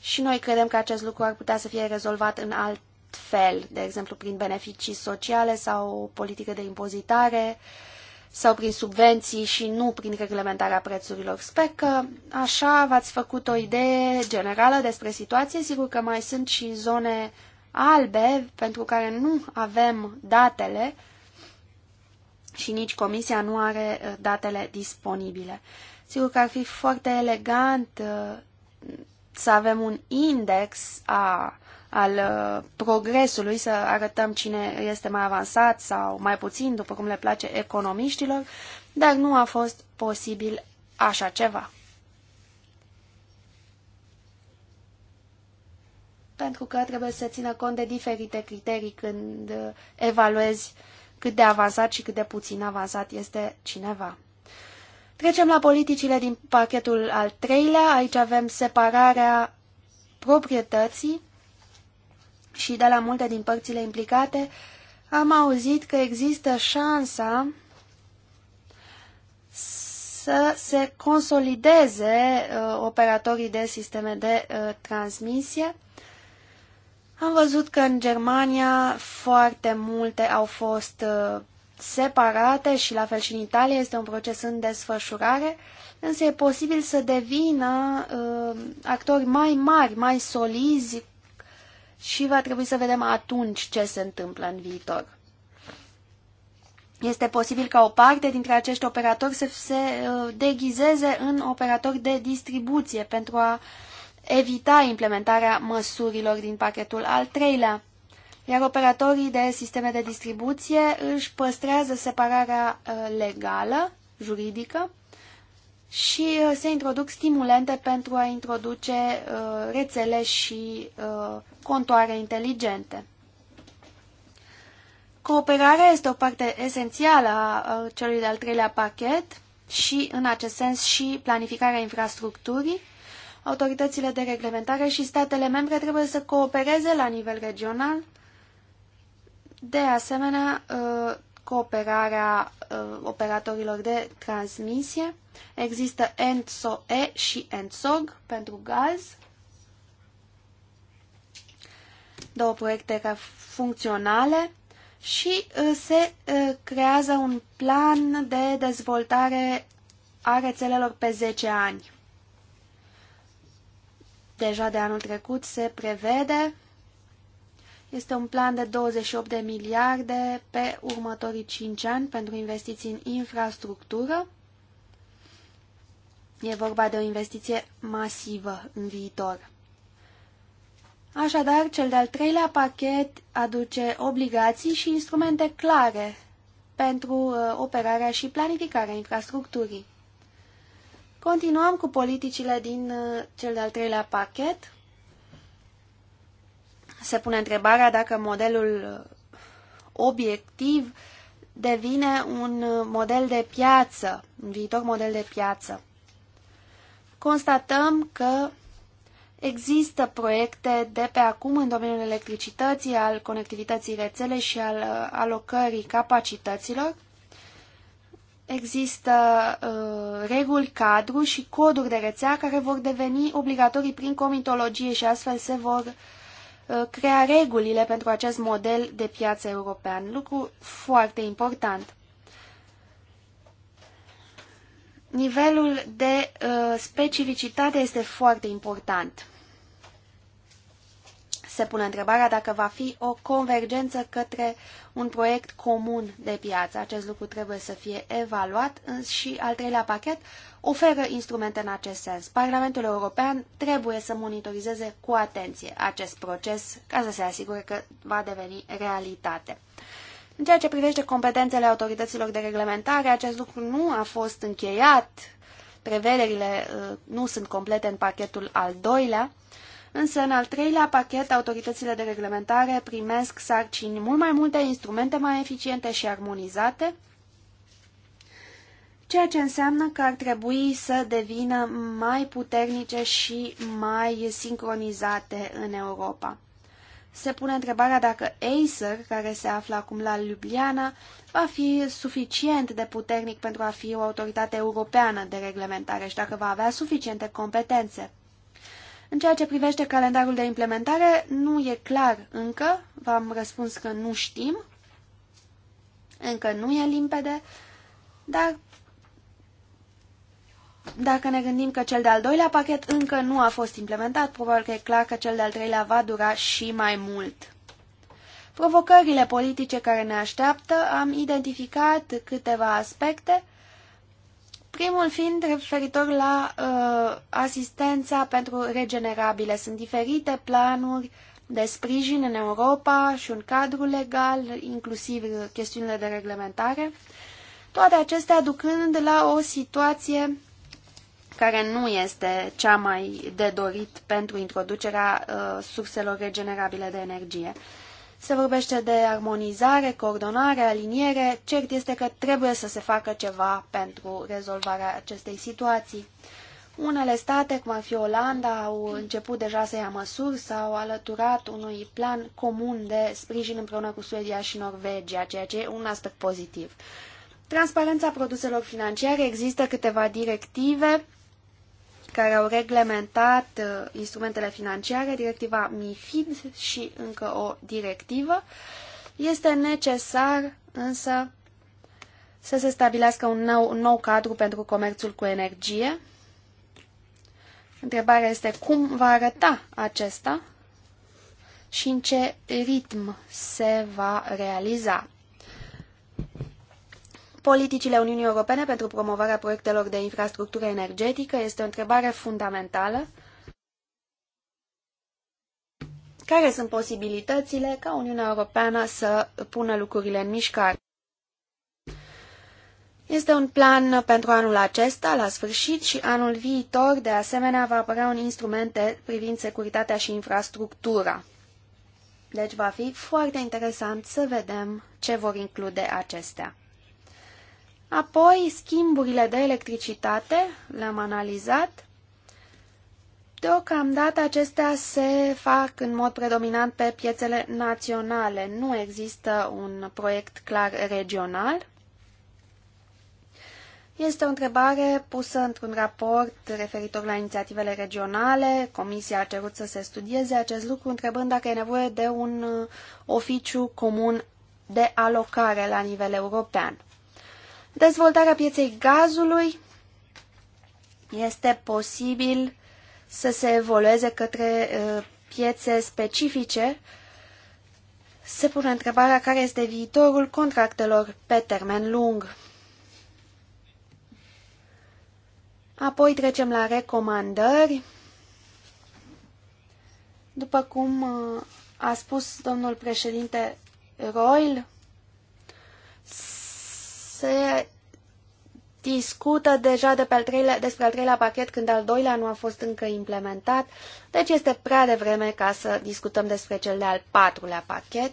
și noi credem că acest lucru ar putea să fie rezolvat în alt fel, de exemplu prin beneficii sociale sau o politică de impozitare uh, sau prin subvenții și nu prin reglementarea prețurilor. Sper că așa v-ați făcut o idee generală despre situație. Sigur că mai sunt și zone albe pentru care nu avem datele și nici comisia nu are eh, datele disponibile. Sigur că ar fi foarte elegant eh, să avem un index a al uh, progresului, să arătăm cine este mai avansat sau mai puțin, după cum le place economiștilor, dar nu a fost posibil așa ceva. Pentru că trebuie să țină cont de diferite criterii când uh, evaluezi cât de avansat și cât de puțin avansat este cineva. Trecem la politicile din pachetul al treilea. Aici avem separarea proprietății și de la multe din părțile implicate, am auzit că există șansa să se consolideze uh, operatorii de sisteme de uh, transmisie. Am văzut că în Germania foarte multe au fost uh, separate și la fel și în Italia este un proces în desfășurare, însă e posibil să devină uh, actori mai mari, mai solizi și va trebui să vedem atunci ce se întâmplă în viitor. Este posibil ca o parte dintre acești operatori să se uh, deghizeze în operatori de distribuție pentru a evita implementarea măsurilor din pachetul al treilea, iar operatorii de sisteme de distribuție își păstrează separarea uh, legală, juridică, și uh, se introduc stimulente pentru a introduce uh, rețele și uh, contoare inteligente. Cooperarea este o parte esențială a celui de-al treilea pachet și, în acest sens, și planificarea infrastructurii. Autoritățile de reglementare și statele membre trebuie să coopereze la nivel regional. De asemenea, cooperarea uh, operatorilor de transmisie. Există ENTSO-E și ENTSOG pentru gaz. Două proiecte funcționale și uh, se uh, creează un plan de dezvoltare a rețelelor pe 10 ani. Deja de anul trecut se prevede este un plan de 28 de miliarde pe următorii 5 ani pentru investiții în infrastructură. E vorba de o investiție masivă în viitor. Așadar, cel de-al treilea pachet aduce obligații și instrumente clare pentru uh, operarea și planificarea infrastructurii. Continuăm cu politicile din uh, cel de-al treilea pachet se pune întrebarea dacă modelul uh, obiectiv devine un uh, model de piață, un viitor model de piață. Constatăm că există proiecte de pe acum în domeniul electricității, al conectivității rețele și al uh, alocării capacităților. Există uh, reguli cadru și coduri de rețea care vor deveni obligatorii prin comitologie și astfel se vor uh, Uh, crea regulile pentru acest model de piață european, lucru foarte important. Nivelul de uh, specificitate este foarte important se pune întrebarea dacă va fi o convergență către un proiect comun de piață. Acest lucru trebuie să fie evaluat și al treilea pachet oferă instrumente în acest sens. Parlamentul European trebuie să monitorizeze cu atenție acest proces ca să se asigure că va deveni realitate. În ceea ce privește competențele autorităților de reglementare, acest lucru nu a fost încheiat, prevederile uh, nu sunt complete în pachetul al doilea, Însă, în al treilea pachet, autoritățile de reglementare primesc sarcini mult mai multe, instrumente mai eficiente și armonizate, ceea ce înseamnă că ar trebui să devină mai puternice și mai sincronizate în Europa. Se pune întrebarea dacă Acer, care se află acum la Ljubljana, va fi suficient de puternic pentru a fi o autoritate europeană de reglementare și dacă va avea suficiente competențe. În ceea ce privește calendarul de implementare, nu e clar încă, v-am răspuns că nu știm, încă nu e limpede, dar dacă ne gândim că cel de-al doilea pachet încă nu a fost implementat, probabil că e clar că cel de-al treilea va dura și mai mult. Provocările politice care ne așteaptă, am identificat câteva aspecte Primul fiind referitor la uh, asistența pentru regenerabile. Sunt diferite planuri de sprijin în Europa și un cadru legal, inclusiv chestiunile de reglementare, toate acestea ducând la o situație care nu este cea mai de dorit pentru introducerea uh, surselor regenerabile de energie. Se vorbește de armonizare, coordonare, aliniere. Cert este că trebuie să se facă ceva pentru rezolvarea acestei situații. Unele state, cum ar fi Olanda, au început deja să ia măsuri, s-au alăturat unui plan comun de sprijin împreună cu Suedia și Norvegia, ceea ce e un aspect pozitiv. Transparența produselor financiare, există câteva directive care au reglementat uh, instrumentele financiare, directiva MIFID și încă o directivă. Este necesar însă să se stabilească un nou, un nou cadru pentru comerțul cu energie. Întrebarea este cum va arăta acesta și în ce ritm se va realiza. Politicile Uniunii Europene pentru promovarea proiectelor de infrastructură energetică este o întrebare fundamentală. Care sunt posibilitățile ca Uniunea Europeană să pună lucrurile în mișcare? Este un plan pentru anul acesta, la sfârșit, și anul viitor, de asemenea, va apărea un instrument privind securitatea și infrastructura. Deci va fi foarte interesant să vedem ce vor include acestea. Apoi, schimburile de electricitate, le-am analizat. Deocamdată acestea se fac în mod predominant pe piețele naționale. Nu există un proiect clar regional. Este o întrebare pusă într-un raport referitor la inițiativele regionale. Comisia a cerut să se studieze acest lucru, întrebând dacă e nevoie de un uh, oficiu comun de alocare la nivel european. Dezvoltarea pieței gazului este posibil să se evolueze către piețe specifice. Se pune întrebarea care este viitorul contractelor pe termen lung. Apoi trecem la recomandări. După cum a spus domnul președinte Royal, se discută deja de pe al treilea, despre al treilea pachet când al doilea nu a fost încă implementat, deci este prea devreme ca să discutăm despre cel de-al patrulea pachet.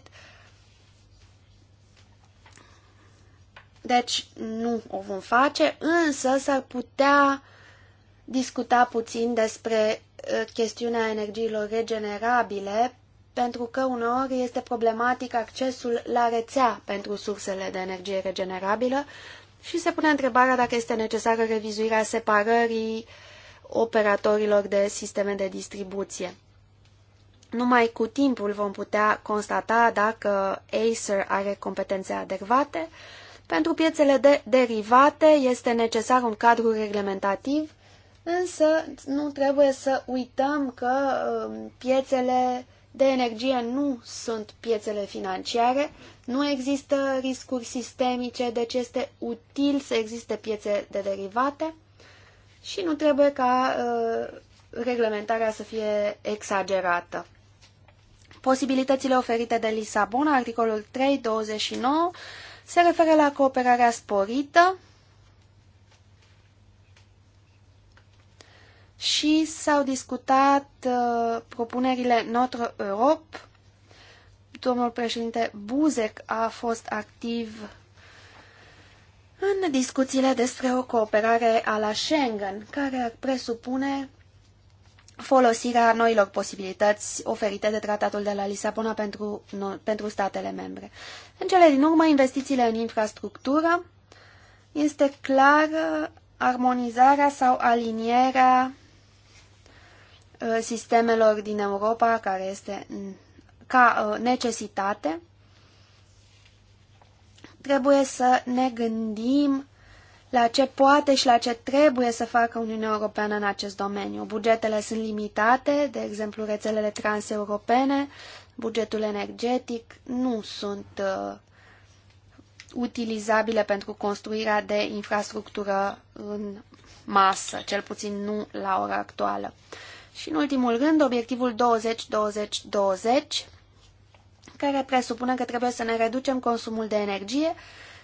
Deci nu o vom face, însă s-ar putea discuta puțin despre uh, chestiunea energiilor regenerabile pentru că uneori este problematic accesul la rețea pentru sursele de energie regenerabilă și se pune întrebarea dacă este necesară revizuirea separării operatorilor de sisteme de distribuție. Numai cu timpul vom putea constata dacă Acer are competențe adecvate. Pentru piețele de derivate este necesar un cadru reglementativ, însă nu trebuie să uităm că um, piețele de energie nu sunt piețele financiare, nu există riscuri sistemice, deci este util să existe piețe de derivate și nu trebuie ca uh, reglementarea să fie exagerată. Posibilitățile oferite de Lisabona, articolul 3.29, se referă la cooperarea sporită, și s-au discutat uh, propunerile Notre Europe. Domnul președinte Buzek a fost activ în discuțiile despre o cooperare a la Schengen, care ar presupune folosirea noilor posibilități oferite de tratatul de la Lisabona pentru, pentru statele membre. În cele din urmă, investițiile în infrastructură este clar uh, armonizarea sau alinierea Uh, sistemelor din Europa, care este ca uh, necesitate, trebuie să ne gândim la ce poate și la ce trebuie să facă Uniunea Europeană în acest domeniu. Bugetele sunt limitate, de exemplu rețelele transeuropene, bugetul energetic nu sunt uh, utilizabile pentru construirea de infrastructură în masă, cel puțin nu la ora actuală. Uh, și în ultimul rând, obiectivul 20-20-20, care presupune că trebuie să ne reducem consumul de energie,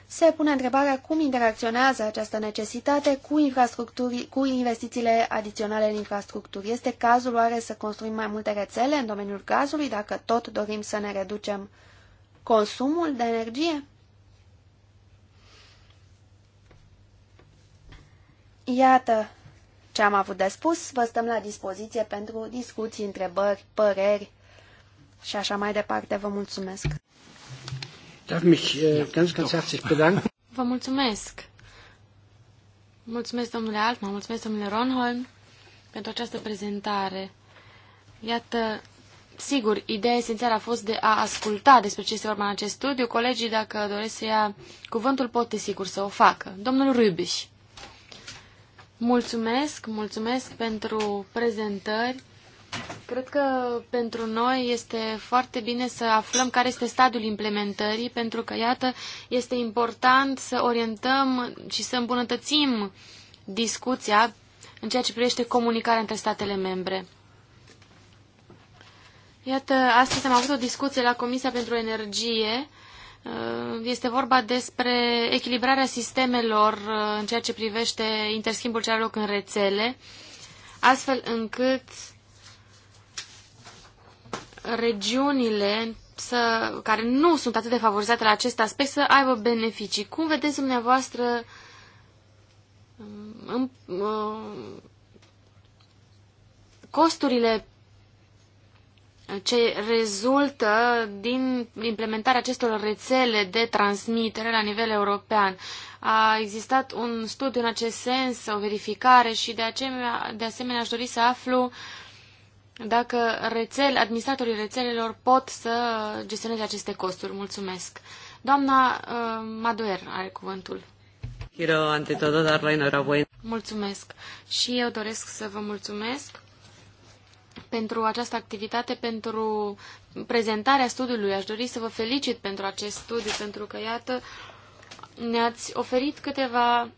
se pune întrebarea cum interacționează această necesitate cu, infrastructuri, cu investițiile adiționale în infrastructuri. Este cazul oare să construim mai multe rețele în domeniul gazului, dacă tot dorim să ne reducem consumul de energie? Iată ce am avut de spus. Vă stăm la dispoziție pentru discuții, întrebări, păreri și așa mai departe. Vă mulțumesc! Äh, vă mulțumesc! Mulțumesc, domnule Altman, mulțumesc, domnule Ronholm, pentru această prezentare. Iată, sigur, ideea esențială a fost de a asculta despre ce este vorba în acest studiu. Colegii, dacă doresc să ia cuvântul, pot, sigur să o facă. Domnul Rubiș. Mulțumesc, mulțumesc pentru prezentări. Cred că pentru noi este foarte bine să aflăm care este stadiul implementării, pentru că, iată, este important să orientăm și să îmbunătățim discuția în ceea ce privește comunicarea între statele membre. Iată, astăzi am avut o discuție la Comisia pentru Energie Uh, este vorba despre echilibrarea sistemelor uh, în ceea ce privește interschimbul ce are loc în rețele, astfel încât regiunile să, care nu sunt atât de favorizate la acest aspect să aibă beneficii. Cum vedeți dumneavoastră um, în, în, uh, costurile ce rezultă din implementarea acestor rețele de transmitere la nivel european. A existat un studiu în acest sens, o verificare și de, aceea, de asemenea aș dori să aflu dacă rețele, administratorii rețelelor pot să gestioneze aceste costuri. Mulțumesc. Doamna uh, Maduer are cuvântul. Mulțumesc. Și eu doresc să vă mulțumesc pentru această activitate, pentru prezentarea studiului. Aș dori să vă felicit pentru acest studiu, pentru că, iată, ne-ați oferit câteva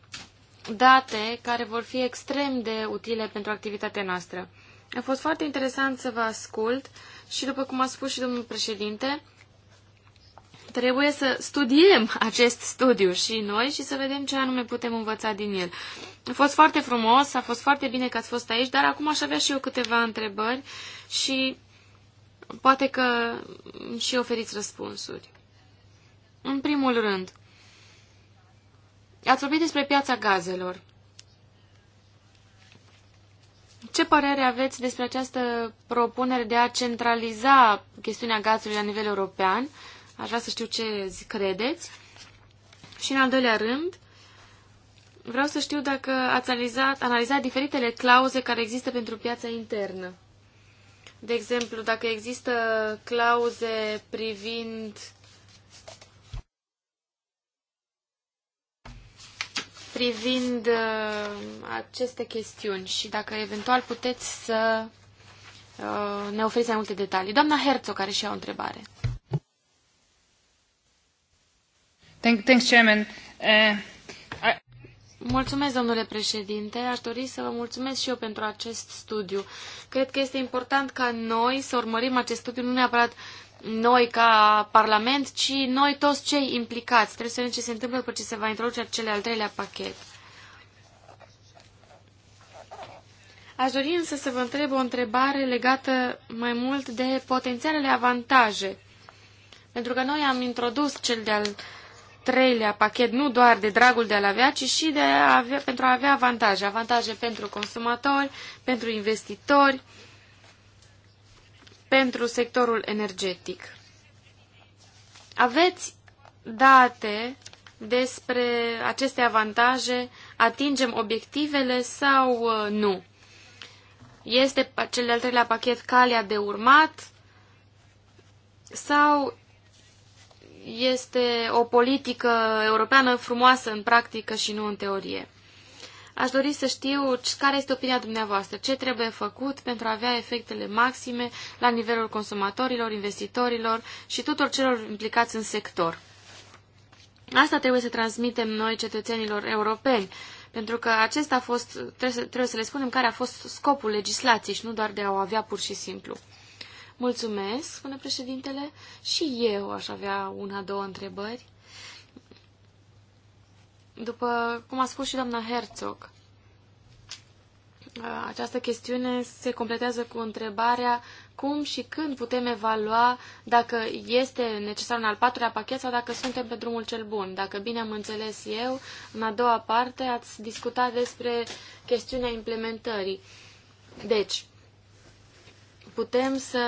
date care vor fi extrem de utile pentru activitatea noastră. A fost foarte interesant să vă ascult și, după cum a spus și domnul președinte, trebuie să studiem acest studiu și noi și să vedem ce anume putem învăța din el. A fost foarte frumos, a fost foarte bine că ați fost aici, dar acum aș avea și eu câteva întrebări și poate că și oferiți răspunsuri. În primul rând, ați vorbit despre piața gazelor. Ce părere aveți despre această propunere de a centraliza chestiunea gazului la nivel european? Uh, Aș vrea să știu ce credeți. Și în al doilea rând, vreau să știu dacă ați analizat, analizat diferitele clauze care există pentru piața internă. De exemplu, dacă există clauze privind privind uh, aceste chestiuni și dacă eventual puteți să uh, ne oferiți mai multe detalii. Doamna Herzog care și-a o întrebare. Thank, thanks, Chairman. Uh, Mulțumesc, domnule președinte. Aș dori să vă mulțumesc și eu pentru acest studiu. Cred că este important ca noi să urmărim acest studiu, nu neapărat noi ca Parlament, ci noi toți cei implicați. Trebuie să vedem ce se întâmplă după ce se va introduce cel al treilea pachet. Aș dori însă să vă întreb o întrebare legată mai mult de potențialele avantaje. Pentru că noi am introdus cel de-al treilea pachet nu doar de dragul de a-l avea, ci și de a avea, pentru a avea avantaje. Avantaje pentru consumatori, pentru investitori, pentru sectorul energetic. Aveți date despre aceste avantaje? Atingem obiectivele sau uh, nu? Este cel de-al treilea pachet calea de urmat? Sau este o politică europeană frumoasă în practică și nu în teorie. Aș dori să știu care este opinia dumneavoastră, ce trebuie făcut pentru a avea efectele maxime la nivelul consumatorilor, investitorilor și tuturor celor implicați în sector. Asta trebuie să transmitem noi cetățenilor europeni, pentru că acesta a fost, trebuie să, trebuie să le spunem care a fost scopul legislației și nu doar de a o avea pur și simplu. Mulțumesc, spune președintele, și eu aș avea una, două întrebări. După cum a spus și doamna Herzog, această chestiune se completează cu întrebarea cum și când putem evalua dacă este necesar un al patrulea pachet sau dacă suntem pe drumul cel bun. Dacă bine am înțeles eu, în a doua parte ați discutat despre chestiunea implementării. Deci, putem să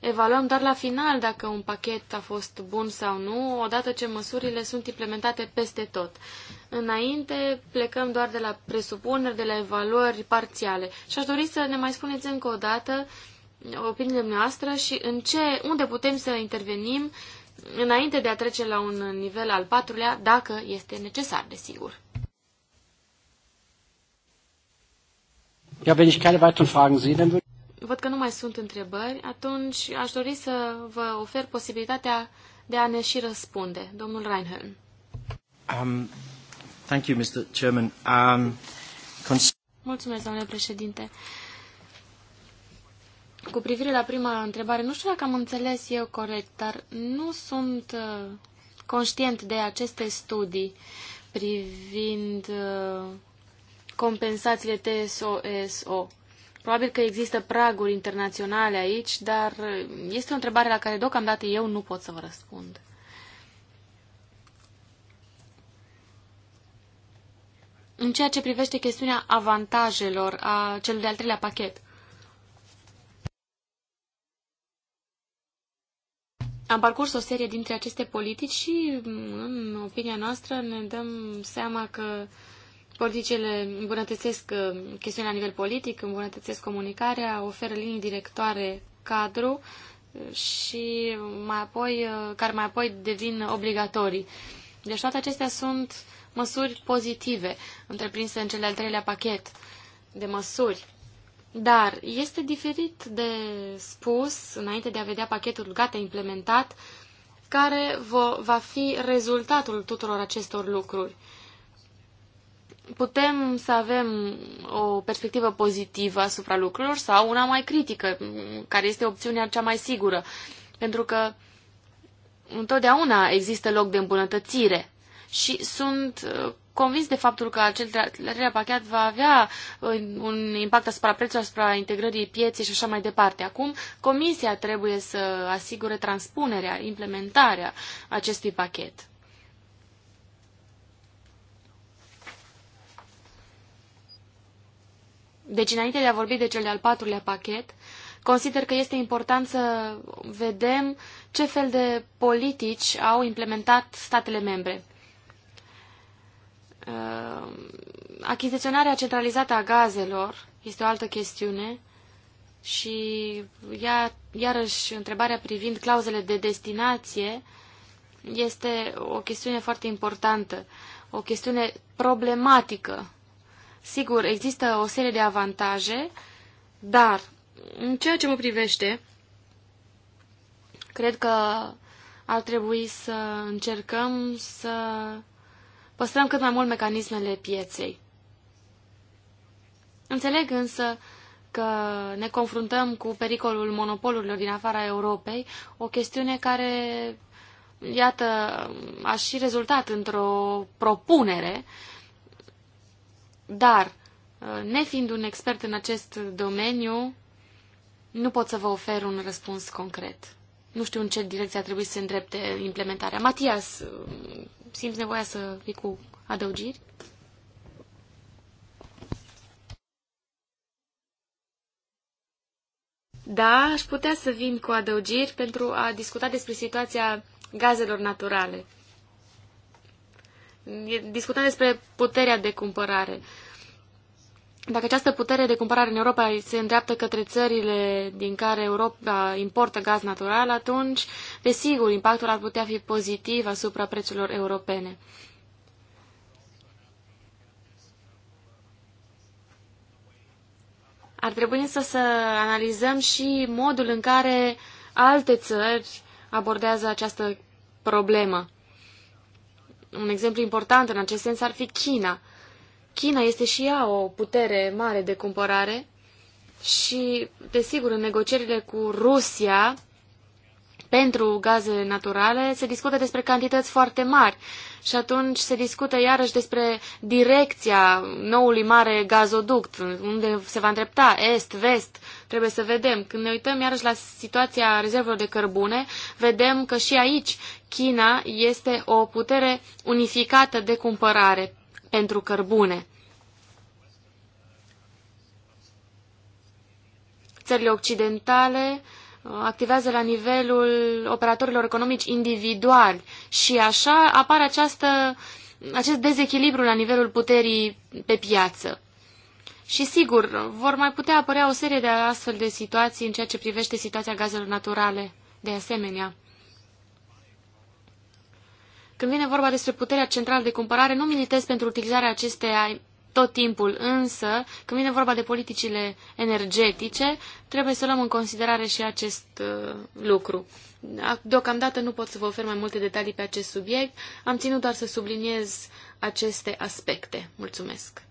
evaluăm doar la final dacă un pachet a fost bun sau nu, odată ce măsurile sunt implementate peste tot. Înainte plecăm doar de la presupuneri, de la evaluări parțiale. Și aș dori să ne mai spuneți încă o dată opiniile noastre și în ce, unde putem să intervenim înainte de a trece la un nivel al patrulea, dacă este necesar, desigur. Ja, wenn ich keine weiteren Fragen sehe, dann würde Văd că nu mai sunt întrebări, atunci aș dori să vă ofer posibilitatea de a ne și răspunde. Domnul Reinhardt. Um, thank you, Mr. Chairman. Um, Mulțumesc, domnule președinte. Cu privire la prima întrebare, nu știu dacă am înțeles eu corect, dar nu sunt uh, conștient de aceste studii privind uh, compensațiile tso Probabil că există praguri internaționale aici, dar este o întrebare la care deocamdată eu nu pot să vă răspund. În ceea ce privește chestiunea avantajelor a celui de-al treilea pachet, Am parcurs o serie dintre aceste politici și, în opinia noastră, ne dăm seama că Politicile îmbunătățesc uh, chestiunea la nivel politic, îmbunătățesc comunicarea, oferă linii directoare cadru uh, și mai apoi, uh, care mai apoi devin obligatorii. Deci toate acestea sunt măsuri pozitive întreprinse în cel de-al treilea pachet de măsuri. Dar este diferit de spus, înainte de a vedea pachetul gata implementat, care va fi rezultatul tuturor acestor lucruri putem să avem o perspectivă pozitivă asupra lucrurilor sau una mai critică, care este opțiunea cea mai sigură. Pentru că întotdeauna există loc de îmbunătățire și sunt uh, convins de faptul că acel treilea pachet va avea uh, un impact asupra prețului, asupra integrării pieței și așa mai departe. Acum, Comisia trebuie să asigure transpunerea, implementarea acestui pachet. Deci, înainte de a vorbi de cel de-al patrulea pachet, consider că este important să vedem ce fel de politici au implementat statele membre. Uh, achiziționarea centralizată a gazelor este o altă chestiune și ia, iarăși întrebarea privind clauzele de destinație este o chestiune foarte importantă, o chestiune problematică Sigur, există o serie de avantaje, dar în ceea ce mă privește, cred că ar trebui să încercăm să păstrăm cât mai mult mecanismele pieței. Înțeleg însă că ne confruntăm cu pericolul monopolurilor din afara Europei, o chestiune care, iată, a și rezultat într-o propunere uh, dar, uh, nefiind un expert în acest domeniu, nu pot să vă ofer un răspuns concret. Nu știu în ce direcție ar trebui să se îndrepte implementarea. Matias, uh, simți nevoia să vii cu adăugiri? Da, aș putea să vin cu adăugiri pentru a discuta despre situația gazelor naturale. Discutăm despre puterea de cumpărare. Dacă această putere de cumpărare în Europa se îndreaptă către țările din care Europa importă gaz natural, atunci, desigur, impactul ar putea fi pozitiv asupra prețurilor europene. Ar trebui însă să analizăm și modul în care alte țări abordează această problemă. Un exemplu important în acest sens ar fi China. China este și ea o putere mare de cumpărare și, desigur, în negocierile cu Rusia pentru gaze naturale se discută despre cantități foarte mari și atunci se discută iarăși despre direcția noului mare gazoduct, unde se va îndrepta, est, vest, trebuie să vedem. Când ne uităm iarăși la situația rezervelor de cărbune, vedem că și aici China este o putere unificată de cumpărare pentru cărbune. țările occidentale uh, activează la nivelul operatorilor economici individuali și așa apare această, acest dezechilibru la nivelul puterii pe piață. Și sigur, vor mai putea apărea o serie de astfel de situații în ceea ce privește situația gazelor naturale, de asemenea. Când vine vorba despre puterea centrală de cumpărare, nu militez pentru utilizarea acesteia tot timpul, însă, când vine vorba de politicile energetice, trebuie să luăm în considerare și acest uh, lucru. Deocamdată nu pot să vă ofer mai multe detalii pe acest subiect, am ținut doar să subliniez aceste aspecte. Mulțumesc!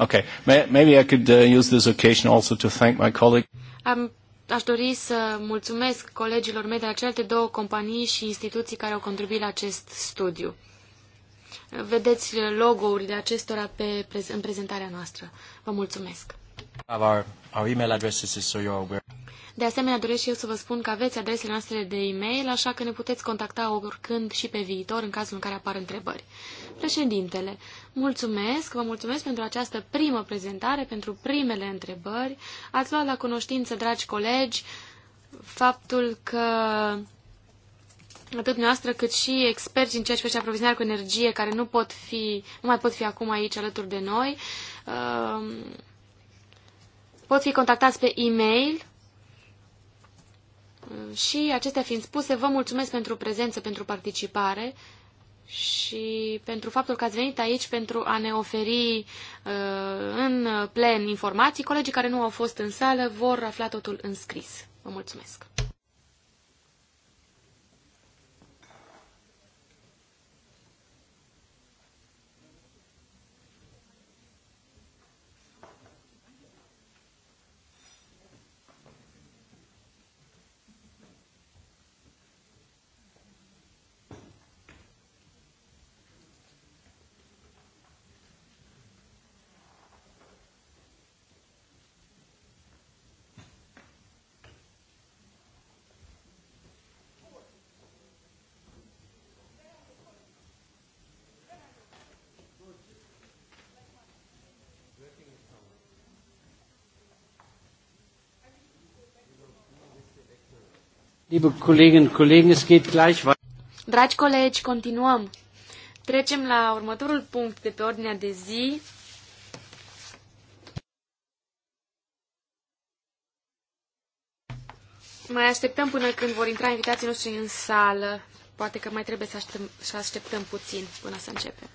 Okay, maybe I could uh, use this occasion also to thank my colleague. Am aș dori să mulțumesc colegilor mei de la celelalte două companii și instituții care au contribuit la acest studiu. Vedeți logo-urile acestora pe, în prezentarea noastră. Vă mulțumesc! Our, our email addresses so you're aware. De asemenea, doresc și eu să vă spun că aveți adresele noastre de e-mail, așa că ne puteți contacta oricând și pe viitor în cazul în care apar întrebări. Președintele, mulțumesc, vă mulțumesc pentru această primă prezentare, pentru primele întrebări. Ați luat la cunoștință, dragi colegi, faptul că atât noastră cât și experți în ceea ce face aprovizionare cu energie, care nu, pot fi, nu mai pot fi acum aici alături de noi, um, pot fi contactați pe e-mail. Uh, și acestea fiind spuse, vă mulțumesc pentru prezență, pentru participare și pentru faptul că ați venit aici pentru a ne oferi uh, în plen informații. Colegii care nu au fost în sală vor afla totul în scris. Vă mulțumesc! Dragi colegi, continuăm. Trecem la următorul punct de pe ordinea de zi. Mai așteptăm până când vor intra invitații noștri în sală. Poate că mai trebuie să așteptăm, să așteptăm puțin până să începem.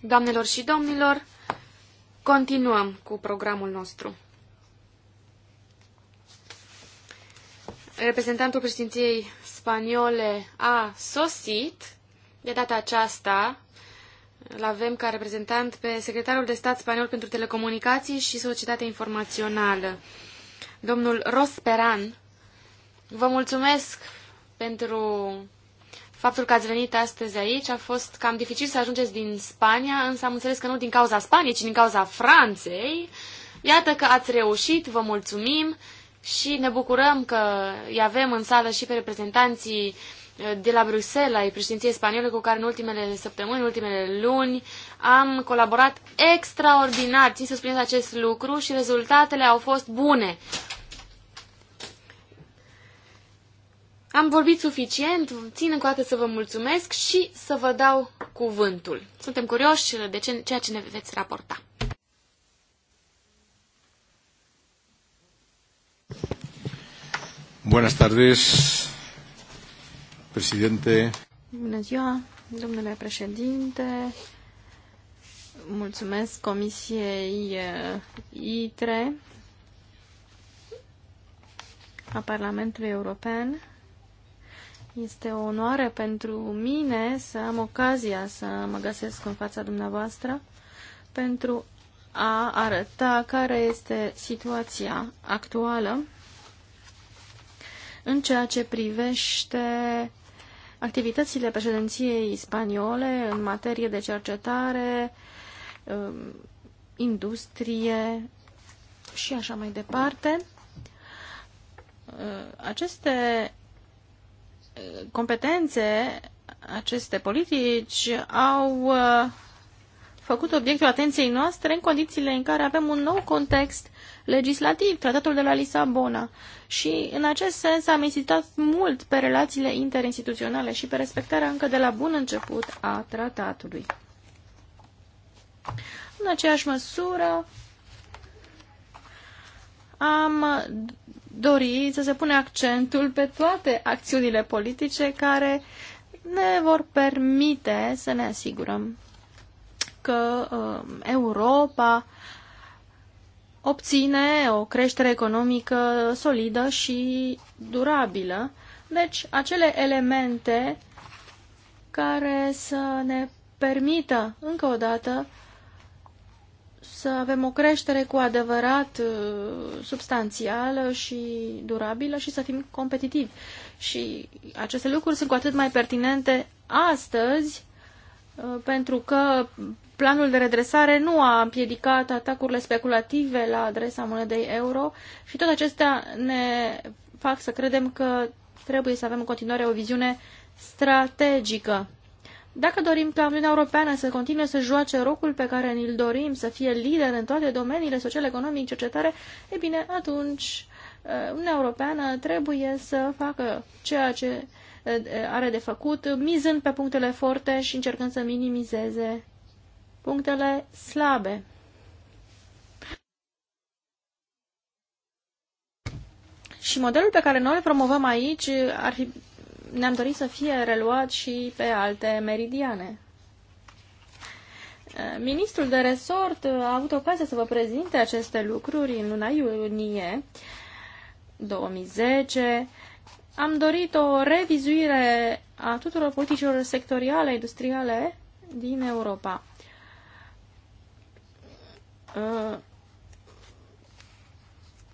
Doamnelor și domnilor, continuăm cu programul nostru. Reprezentantul președinției spaniole a sosit. De data aceasta îl avem ca reprezentant pe secretarul de stat spaniol pentru telecomunicații și societatea informațională, domnul Rosperan. Vă mulțumesc pentru Faptul că ați venit astăzi aici a fost cam dificil să ajungeți din Spania, însă am înțeles că nu din cauza Spaniei, ci din cauza Franței. Iată că ați reușit, vă mulțumim și ne bucurăm că îi avem în sală și pe reprezentanții uh, de la Bruxelles, ai președinției spaniole, cu care în ultimele săptămâni, în ultimele luni, am colaborat extraordinar. Țin să spuneți acest lucru și rezultatele au fost bune. Am vorbit suficient, țin încă o dată să vă mulțumesc și să vă dau cuvântul. Suntem curioși de ce, ceea ce ne veți raporta. Buenas tardes, presidente. Bună ziua, domnule președinte. Mulțumesc Comisiei uh, ITRE a Parlamentului European este o onoare pentru mine să am ocazia să mă găsesc în fața dumneavoastră pentru a arăta care este situația actuală în ceea ce privește activitățile președinției spaniole în materie de cercetare, um, industrie și așa mai departe. Uh, aceste competențe, aceste politici au uh, făcut obiectul atenției noastre în condițiile în care avem un nou context legislativ, tratatul de la Lisabona. Și în acest sens am insistat mult pe relațiile interinstituționale și pe respectarea încă de la bun început a tratatului. În aceeași măsură, am dori să se pune accentul pe toate acțiunile politice care ne vor permite să ne asigurăm că um, Europa obține o creștere economică solidă și durabilă. Deci, acele elemente care să ne permită, încă o dată, să avem o creștere cu adevărat uh, substanțială și durabilă și să fim competitivi. Și aceste lucruri sunt cu atât mai pertinente astăzi, uh, pentru că planul de redresare nu a împiedicat atacurile speculative la adresa monedei euro și tot acestea ne fac să credem că trebuie să avem în continuare o viziune strategică dacă dorim ca Uniunea Europeană să continue să joace rocul pe care ni-l dorim, să fie lider în toate domeniile social, economic, cercetare, e bine, atunci uh, Uniunea Europeană trebuie să facă ceea ce uh, are de făcut, mizând pe punctele forte și încercând să minimizeze punctele slabe. Și modelul pe care noi îl promovăm aici ar fi ne-am dorit să fie reluat și pe alte meridiane. Eh, Ministrul de resort a avut ocazia să vă prezinte aceste lucruri în luna iunie 2010. Am dorit o revizuire a tuturor politicilor sectoriale, industriale din Europa. Eh,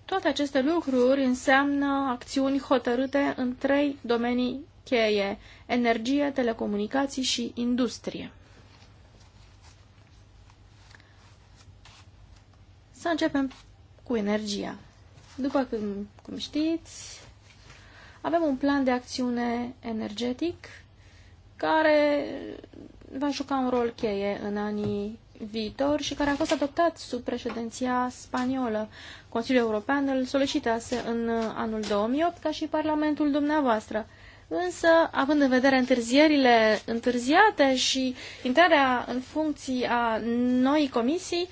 toate aceste lucruri înseamnă acțiuni hotărâte în trei domenii cheie, energie, telecomunicații și industrie. Să începem cu energia. După cum, cum știți, avem un plan de acțiune energetic care va juca un rol cheie în anii viitor și care a fost adoptat sub președinția spaniolă. Consiliul European îl solicitase în anul 2008 ca și Parlamentul dumneavoastră. Însă, având în vedere întârzierile întârziate și intrarea în funcții a noii comisii,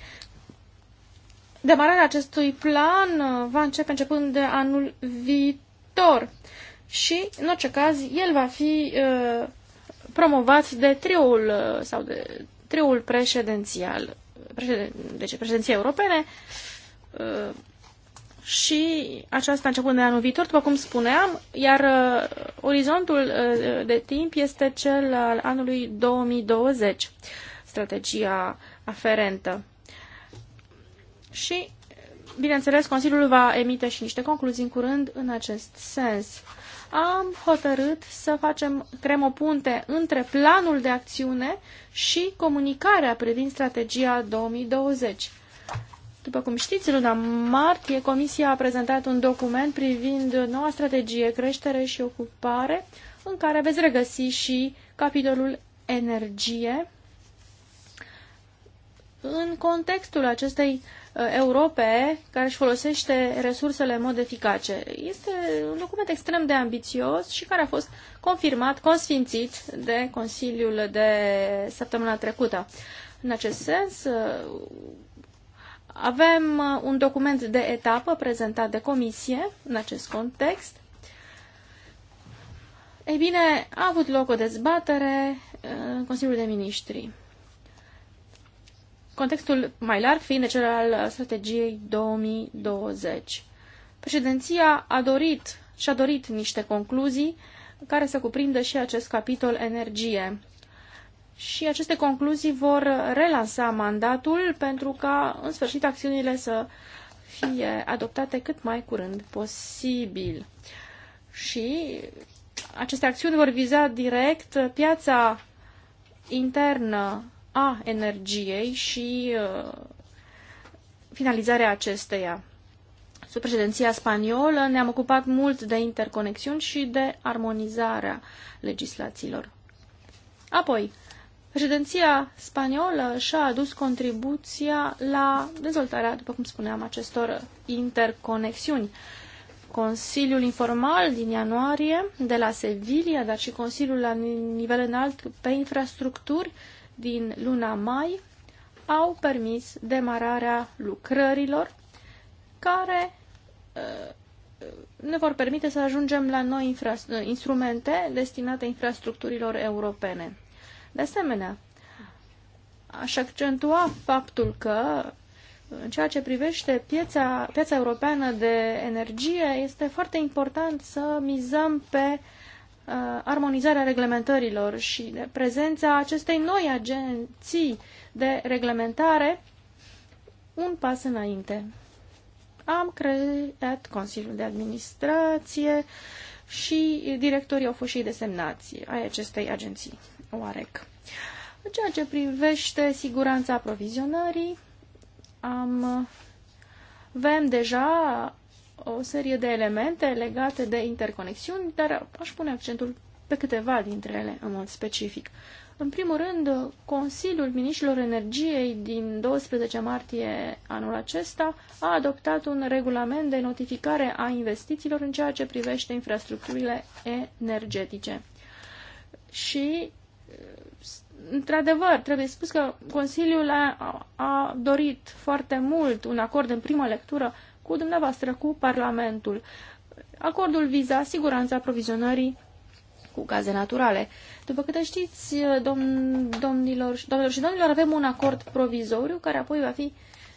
demararea acestui plan uh, va începe începând de anul viitor. Și, în orice caz, el va fi uh, promovat de uh, sau de triul președințial, președin, deci președinția europene uh, și aceasta început de anul viitor, după cum spuneam, iar uh, orizontul uh, de timp este cel al anului 2020, strategia aferentă. Și, bineînțeles, Consiliul va emite și niște concluzii în curând în acest sens am hotărât să facem, creăm o punte între planul de acțiune și comunicarea privind strategia 2020. După cum știți, luna martie, Comisia a prezentat un document privind noua strategie creștere și ocupare, în care veți regăsi și capitolul energie. În contextul acestei uh, Uh, Europe care își folosește resursele în mod eficace. Este un document extrem de ambițios și care a fost confirmat, consfințit de Consiliul de săptămâna trecută. În acest sens, uh, avem uh, un document de etapă prezentat de comisie în acest context. Ei bine, a avut loc o dezbatere în Consiliul de Ministri contextul mai larg fiind cel al strategiei 2020. Președinția a dorit și-a dorit niște concluzii care să cuprindă și acest capitol energie. Și aceste concluzii vor relansa mandatul pentru ca, în sfârșit, acțiunile să fie adoptate cât mai curând posibil. Și aceste acțiuni vor viza direct piața internă a energiei și uh, finalizarea acesteia. Sub președinția spaniolă ne-am ocupat mult de interconexiuni și de armonizarea legislațiilor. Apoi, președinția spaniolă și-a adus contribuția la dezvoltarea, după cum spuneam, acestor interconexiuni. Consiliul informal din ianuarie de la Sevilla, dar și Consiliul la nivel înalt pe infrastructuri, din luna mai au permis demararea lucrărilor care uh, uh, ne vor permite să ajungem la noi uh, instrumente destinate infrastructurilor europene. De asemenea, aș accentua faptul că în ceea ce privește piața, piața europeană de energie, este foarte important să mizăm pe Uh, armonizarea reglementărilor și de prezența acestei noi agenții de reglementare un pas înainte. Am creat Consiliul de Administrație și directorii au fost și desemnați ai acestei agenții, OAREC. În ceea ce privește siguranța aprovizionării, am, avem deja o serie de elemente legate de interconexiuni, dar aș pune accentul pe câteva dintre ele în mod specific. În primul rând, Consiliul Ministrilor Energiei din 12 martie anul acesta a adoptat un regulament de notificare a investițiilor în ceea ce privește infrastructurile energetice. Și, într-adevăr, trebuie spus că Consiliul a, a dorit foarte mult un acord în prima lectură cu dumneavoastră, cu Parlamentul. Acordul viza siguranța aprovizionării cu gaze naturale. După câte știți, domn, domnilor, domnilor și domnilor, avem un acord provizoriu care apoi va fi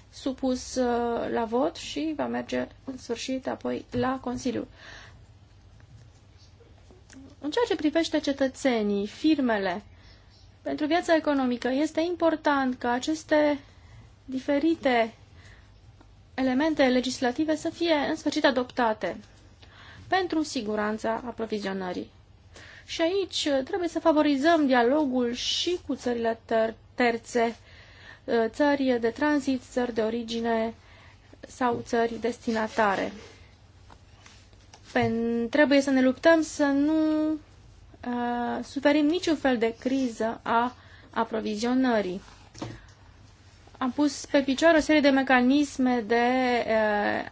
supus uh, la vot și va merge în sfârșit apoi la Consiliu. În ceea ce privește cetățenii, firmele, pentru viața economică este important ca aceste diferite elemente legislative să fie în sfârșit adoptate pentru siguranța aprovizionării. Și aici uh, trebuie să favorizăm dialogul și cu țările ter terțe, uh, țări de tranzit, țări de origine sau țări destinatare. Pen trebuie să ne luptăm să nu uh, suferim niciun fel de criză a aprovizionării am pus pe picior o serie de mecanisme de uh,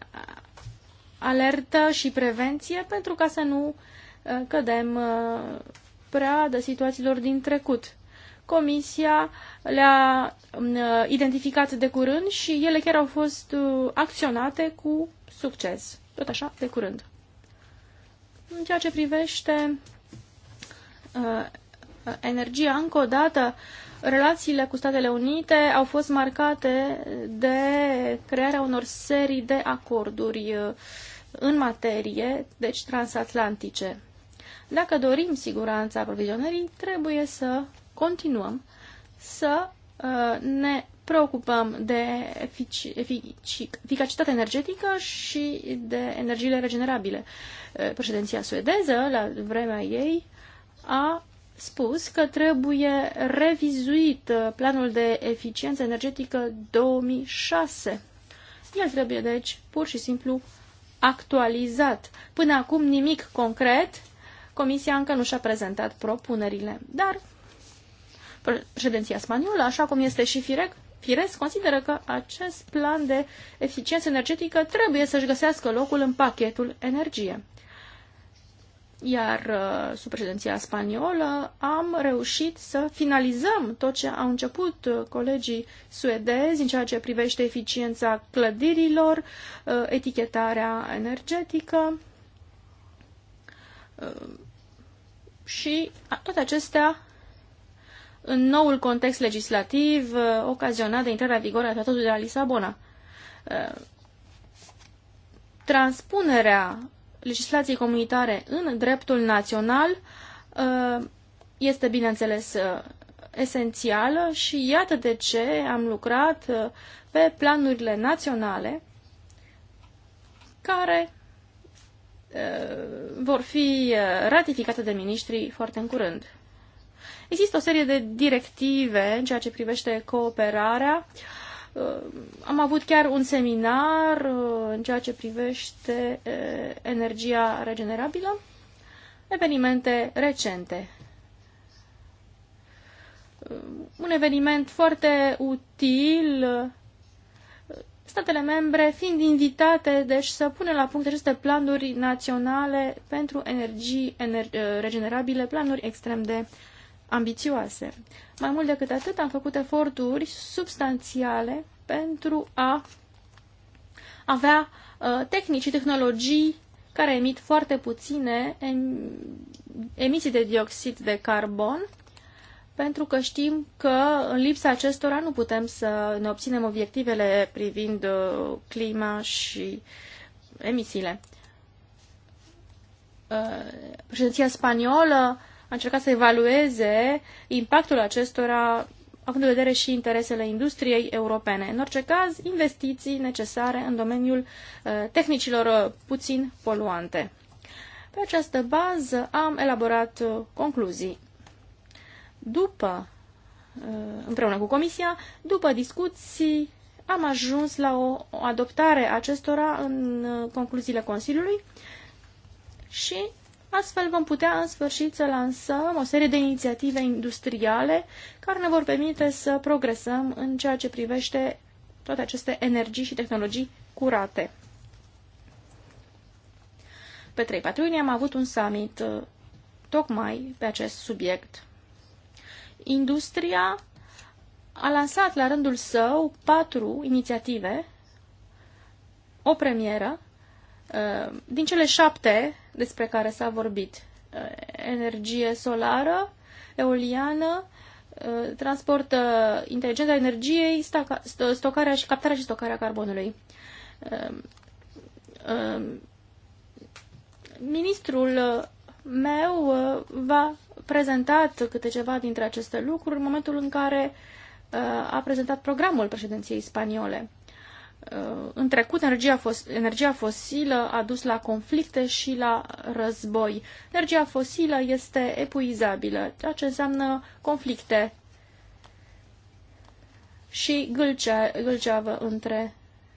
alertă și prevenție pentru ca să nu uh, cădem uh, de situațiilor din trecut. Comisia le-a uh, identificat de curând și ele chiar au fost uh, acționate cu succes, tot așa, de curând. În ceea ce privește uh, energia, încă o dată, uh, Relațiile cu Statele Unite au fost marcate de crearea unor serii de acorduri uh, în materie, deci transatlantice. Dacă dorim siguranța aprovizionării, trebuie să continuăm să uh, ne preocupăm de eficacitatea energetică și de energiile regenerabile. Uh, președinția suedeză, la vremea ei, a spus că trebuie revizuit uh, planul de eficiență energetică 2006. El trebuie, deci, pur și simplu actualizat. Până acum nimic concret, Comisia încă nu și-a prezentat propunerile, dar președinția spaniolă, așa cum este și firec, firesc, consideră că acest plan de eficiență energetică trebuie să-și găsească locul în pachetul energie. Iar uh, sub președinția spaniolă am reușit să finalizăm tot ce au început uh, colegii suedezi în ceea ce privește eficiența clădirilor, uh, etichetarea energetică și toate acestea în noul context legislativ ocazionat de intrarea vigoră a tratatului de la Lisabona. Transpunerea legislației comunitare în dreptul național uh, este, bineînțeles, uh, esențială și iată de ce am lucrat uh, pe planurile naționale care vor fi ratificate de miniștri foarte în curând. Există o serie de directive în ceea ce privește cooperarea uh, Uh, am avut chiar un seminar uh, în ceea ce privește uh, energia regenerabilă, evenimente recente. Un eveniment foarte util, statele membre fiind invitate deci să pună la punct aceste planuri naționale pentru energii ener regenerabile, planuri extrem de ambițioase. Mai mult decât atât, am făcut eforturi substanțiale pentru a avea uh, tehnici și tehnologii care emit foarte puține em emisii de dioxid de carbon, pentru că știm că în lipsa acestora nu putem să ne obținem obiectivele privind uh, clima și emisiile. Uh, președinția spaniolă uh, a încercat să evalueze impactul acestora având în vedere și interesele industriei europene. În orice caz, investiții necesare în domeniul uh, tehnicilor uh, puțin poluante. Pe această bază am elaborat uh, concluzii. După, împreună cu Comisia, după discuții, am ajuns la o adoptare acestora în concluziile Consiliului și Astfel vom putea în sfârșit să lansăm o serie de inițiative industriale care ne vor permite să progresăm în ceea ce privește toate aceste energii și tehnologii curate. Pe 3-4 iunie am avut un summit uh, tocmai pe acest subiect. Industria a lansat la rândul său patru inițiative, o premieră, uh, din cele șapte despre care s-a vorbit. Uh, energie solară, eoliană, uh, transport uh, inteligența energiei, stocarea și captarea și stocarea carbonului. Ministrul meu va prezentat câte ceva dintre aceste lucruri în momentul în care a prezentat programul președinției spaniole. Uh, în trecut, energia, fos energia fosilă a dus la conflicte și la război. Energia fosilă este epuizabilă, ceea ce înseamnă conflicte și gâlcea, gâlceavă între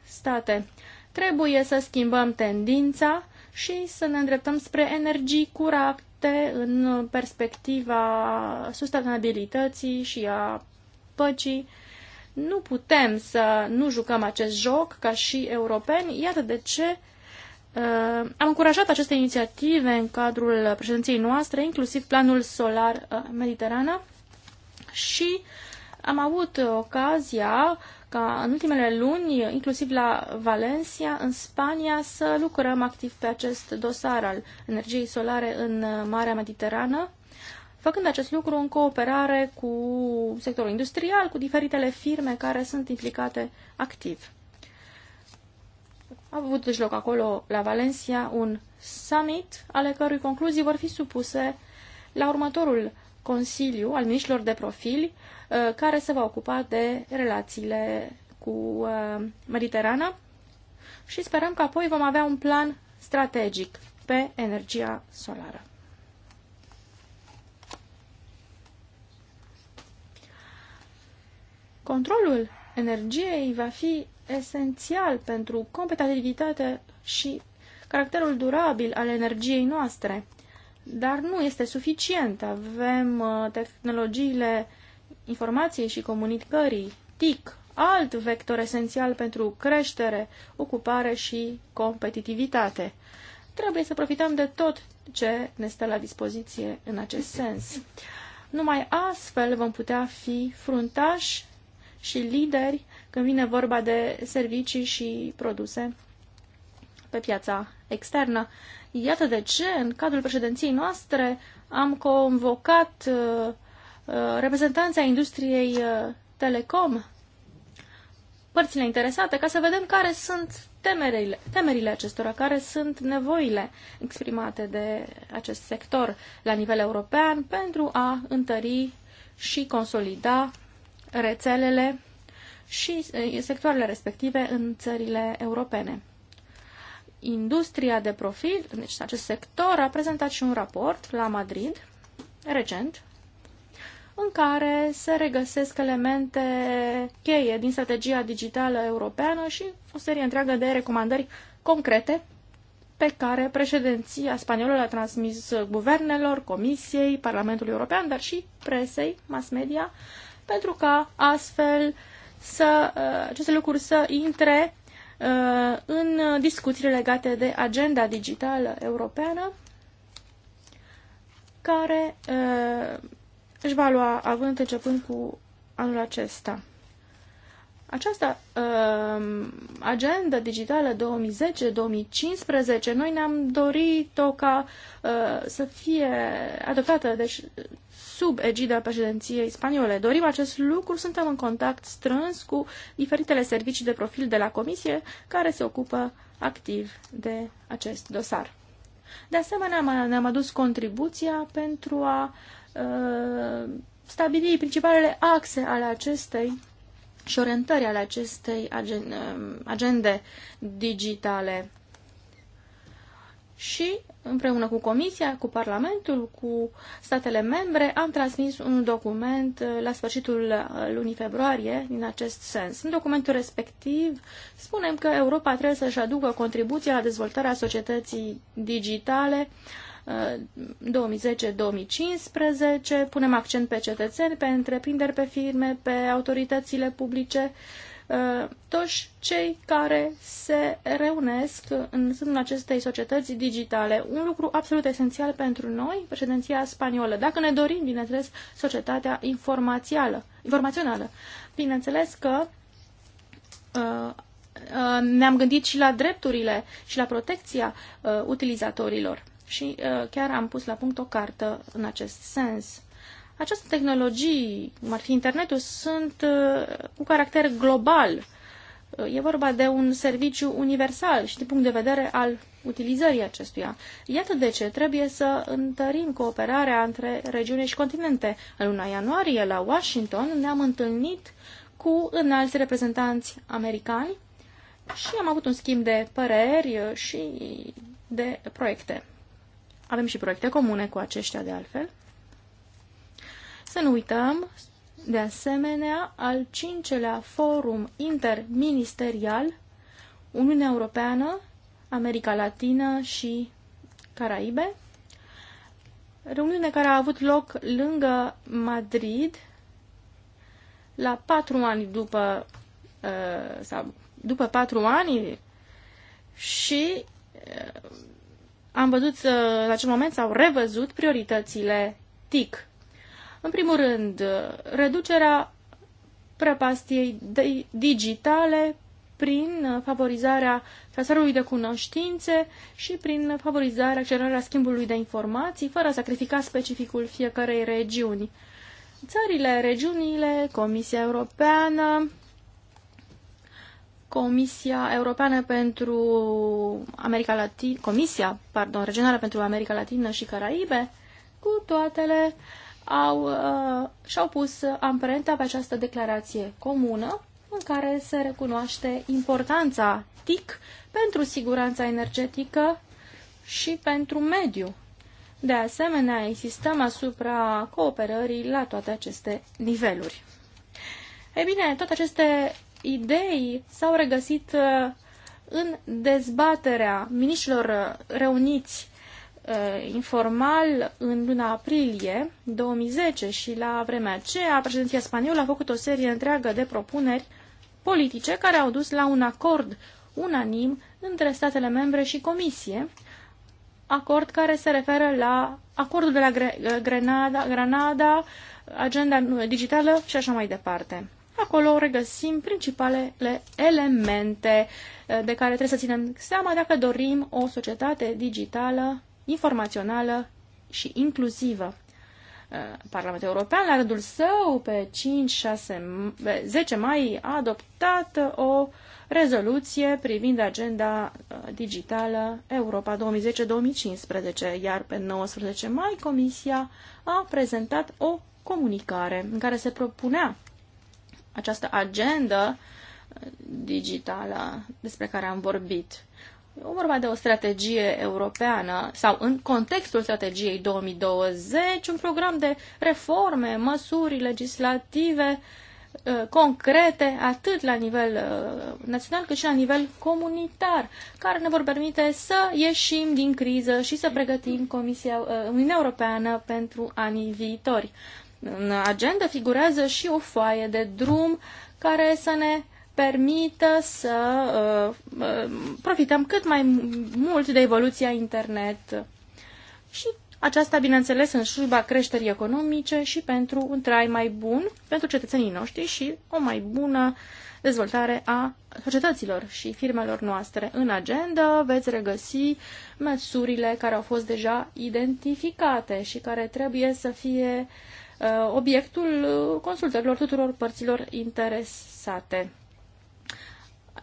state. Trebuie să schimbăm tendința și să ne îndreptăm spre energii curate în perspectiva sustenabilității și a păcii nu putem să nu jucăm acest joc ca și europeni. Iată de ce uh, am încurajat aceste inițiative în cadrul președinției noastre, inclusiv planul solar uh, mediterana și am avut ocazia ca în ultimele luni, inclusiv la Valencia, în Spania, să lucrăm activ pe acest dosar al energiei solare în Marea Mediterană făcând acest lucru în cooperare cu sectorul industrial, cu diferitele firme care sunt implicate activ. A avut deci loc acolo, la Valencia, un summit, ale cărui concluzii vor fi supuse la următorul Consiliu al Ministrilor de Profil, uh, care se va ocupa de relațiile cu uh, Mediterana și sperăm că apoi vom avea un plan strategic pe energia solară. Controlul energiei va fi esențial pentru competitivitate și caracterul durabil al energiei noastre. Dar nu este suficient. Avem uh, tehnologiile informației și comunicării, TIC, alt vector esențial pentru creștere, ocupare și competitivitate. Trebuie să profităm de tot ce ne stă la dispoziție în acest sens. Numai astfel vom putea fi fruntași și lideri când vine vorba de servicii și produse pe piața externă. Iată de ce, în cadrul președinției noastre, am convocat uh, uh, reprezentanța reprezentanții industriei uh, telecom, părțile interesate, ca să vedem care sunt temerile, temerile acestora, care sunt nevoile exprimate de acest sector la nivel european pentru a întări și consolida rețelele și sectoarele respective în țările europene. Industria de profil, deci acest sector, a prezentat și un raport la Madrid, recent, în care se regăsesc elemente cheie din strategia digitală europeană și o serie întreagă de recomandări concrete pe care președinția spaniolă a transmis guvernelor, Comisiei, Parlamentului European, dar și presei, mass media, pentru ca astfel să, uh, aceste lucruri să intre uh, în discuțiile legate de agenda digitală europeană care uh, își va lua având începând cu anul acesta. Această uh, um, agenda digitală 2010-2015, noi ne-am dorit-o ca uh, să fie adoptată deci, sub egida președinției spaniole. Dorim acest lucru, suntem în contact strâns cu diferitele servicii de profil de la Comisie care se ocupă activ de acest dosar. De asemenea, ne-am adus contribuția pentru a uh, stabili principalele axe ale acestei și orientări ale acestei um, agende digitale. Și împreună cu Comisia, cu Parlamentul, cu statele membre, am transmis un document uh, la sfârșitul uh, lunii februarie din acest sens. În documentul respectiv spunem că Europa trebuie să-și aducă contribuția la dezvoltarea societății digitale uh, 2010-2015. Punem accent pe cetățeni, pe întreprinderi, pe firme, pe autoritățile publice, uh, toți cei care se reunesc în sânul acestei societăți digitale. Un lucru absolut esențial pentru noi, președinția spaniolă, dacă ne dorim, bineînțeles, societatea informațială, informațională. Bineînțeles că uh, uh, ne-am gândit și la drepturile și la protecția utilizatorilor și uh, chiar am pus la punct o cartă în acest sens. Aceste tehnologii, cum ar fi internetul, sunt uh, cu caracter global. Uh, e vorba de un serviciu universal și din punct de vedere al utilizării acestuia. Iată de ce trebuie să întărim cooperarea între regiune și continente. În luna ianuarie, la Washington, ne-am întâlnit cu înalți reprezentanți americani și am avut un schimb de păreri și de proiecte avem și proiecte comune cu aceștia, de altfel. Să nu uităm, de asemenea, al cincelea forum interministerial Uniunea Europeană, America Latină și Caraibe, reuniune care a avut loc lângă Madrid la patru ani după uh, sau după patru ani și uh, am văzut, în uh, acel moment s-au revăzut prioritățile TIC. În primul rând, uh, reducerea prăpastiei digitale prin uh, favorizarea transferului de cunoștințe și prin favorizarea accelerarea schimbului de informații, fără a sacrifica specificul fiecarei regiuni. Țările, regiunile, Comisia Europeană Comisia Europeană pentru America Latină, Comisia, pardon, Regională pentru America Latină și Caraibe, cu toatele au, uh, și-au pus amprenta pe această declarație comună în care se recunoaște importanța TIC pentru siguranța energetică și pentru mediu. De asemenea, insistăm asupra cooperării la toate aceste niveluri. Ei bine, toate aceste idei s-au regăsit uh, în dezbaterea miniștilor uh, reuniți uh, informal în luna aprilie 2010 și la vremea aceea președinția spaniolă a făcut o serie întreagă de propuneri politice care au dus la un acord unanim între statele membre și comisie, acord care se referă la acordul de la Grenada, Granada, agenda digitală și așa mai departe. Acolo regăsim principalele elemente eh, de care trebuie să ținem seama dacă dorim o societate digitală, informațională și inclusivă. Eh, Parlamentul European, la rândul său, pe 5-6, 10 mai, a adoptat o rezoluție privind agenda eh, digitală Europa 2010-2015, iar pe 19 mai Comisia a prezentat o comunicare în care se propunea această agendă uh, digitală despre care am vorbit. E vorba de o strategie europeană sau în contextul strategiei 2020, un program de reforme, măsuri legislative uh, concrete, atât la nivel uh, național cât și la nivel comunitar, care ne vor permite să ieșim din criză și să pregătim Comisia Uniunea Europeană pentru anii viitori. În agenda figurează și o foaie de drum care să ne permită să uh, uh, profităm cât mai mult de evoluția internet. Și aceasta, bineînțeles, în slujba creșterii economice și pentru un trai mai bun pentru cetățenii noștri și o mai bună dezvoltare a societăților și firmelor noastre. În agenda veți regăsi măsurile care au fost deja identificate și care trebuie să fie uh, Uh, obiectul uh, consultărilor tuturor părților interesate.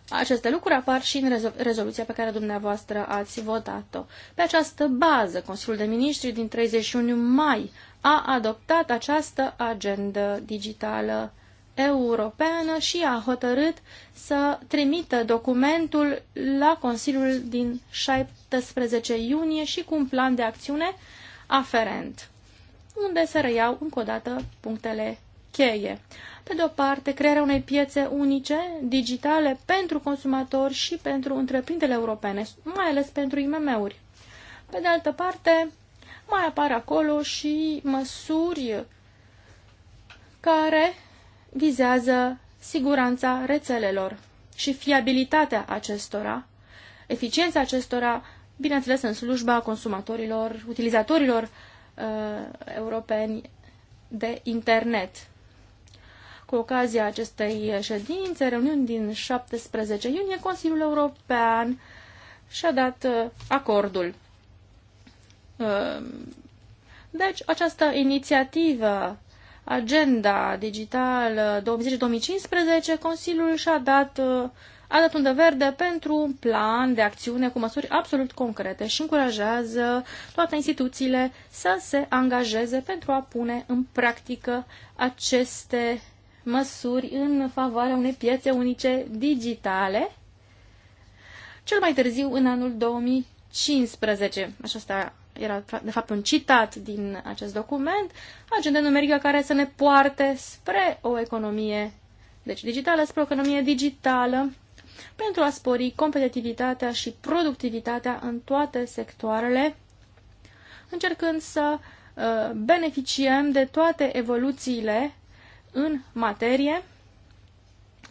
Aceste lucruri apar și în rezol rezoluția pe care dumneavoastră ați votat-o. Pe această bază, Consiliul de Ministri din 31 mai a adoptat această agendă digitală europeană și a hotărât să trimită documentul la Consiliul din 17 iunie și cu un plan de acțiune aferent unde se răiau încă o dată punctele cheie. Pe de o parte, crearea unei piețe unice, digitale, pentru consumatori și pentru întreprinderile europene, mai ales pentru IMM-uri. Pe de altă parte, mai apar acolo și măsuri care vizează siguranța rețelelor și fiabilitatea acestora, eficiența acestora, bineînțeles în slujba consumatorilor, utilizatorilor uh, europeni de internet. Cu ocazia acestei ședințe, reuniuni din 17 iunie, Consiliul European și-a dat uh, acordul. Uh, deci, această inițiativă Agenda Digitală 2010-2015, Consiliul și-a dat uh, a dat undă verde pentru un plan de acțiune cu măsuri absolut concrete și încurajează toate instituțiile să se angajeze pentru a pune în practică aceste măsuri în favoarea unei piețe unice digitale, cel mai târziu în anul 2015. Așa era de fapt un citat din acest document, agenda numerică care să ne poarte spre o economie deci digitală, spre o economie digitală pentru a spori competitivitatea și productivitatea în toate sectoarele, încercând să uh, beneficiem de toate evoluțiile în materie,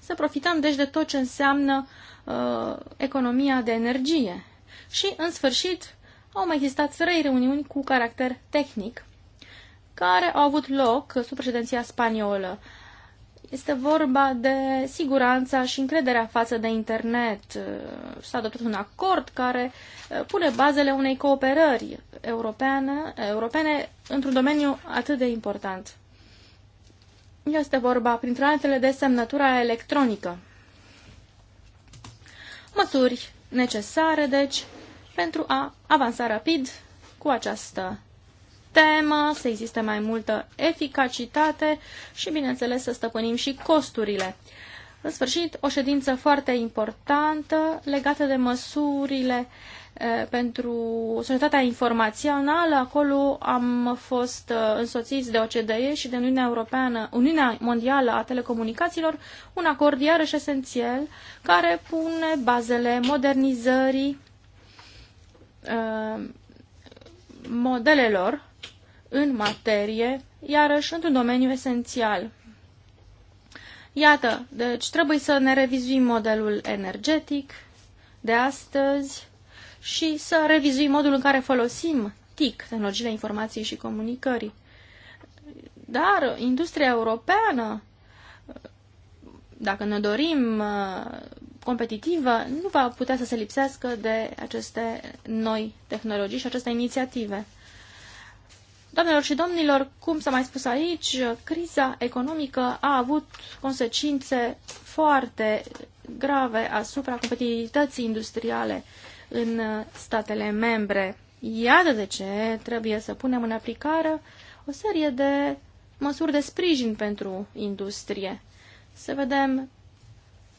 să profităm deci de tot ce înseamnă uh, economia de energie. Și, în sfârșit, au mai existat trei reuniuni cu caracter tehnic, care au avut loc sub președinția spaniolă. Este vorba de siguranța și încrederea față de internet. S-a adoptat un acord care uh, pune bazele unei cooperări europeană, europene într-un domeniu atât de important. Este vorba, printre altele, de semnătura electronică. Măsuri necesare, deci, pentru a avansa rapid cu această sistemă, să existe mai multă eficacitate și, bineînțeles, să stăpânim și costurile. În sfârșit, o ședință foarte importantă legată de măsurile pentru societatea informațională. Acolo am fost însoțiți de OCDE și de Uniunea Europeană, Uniunea Mondială a Telecomunicațiilor, un acord iarăși esențial care pune bazele modernizării modelelor în materie, iarăși într-un domeniu esențial. Iată, deci trebuie să ne revizuim modelul energetic de astăzi și să revizuim modul în care folosim TIC, tehnologiile informației și comunicării. Dar industria europeană, dacă ne dorim competitivă, nu va putea să se lipsească de aceste noi tehnologii și aceste inițiative. Doamnelor și domnilor, cum s-a mai spus aici, criza economică a avut consecințe foarte grave asupra competitivității industriale în statele membre. Iată de ce trebuie să punem în aplicare o serie de măsuri de sprijin pentru industrie. Să vedem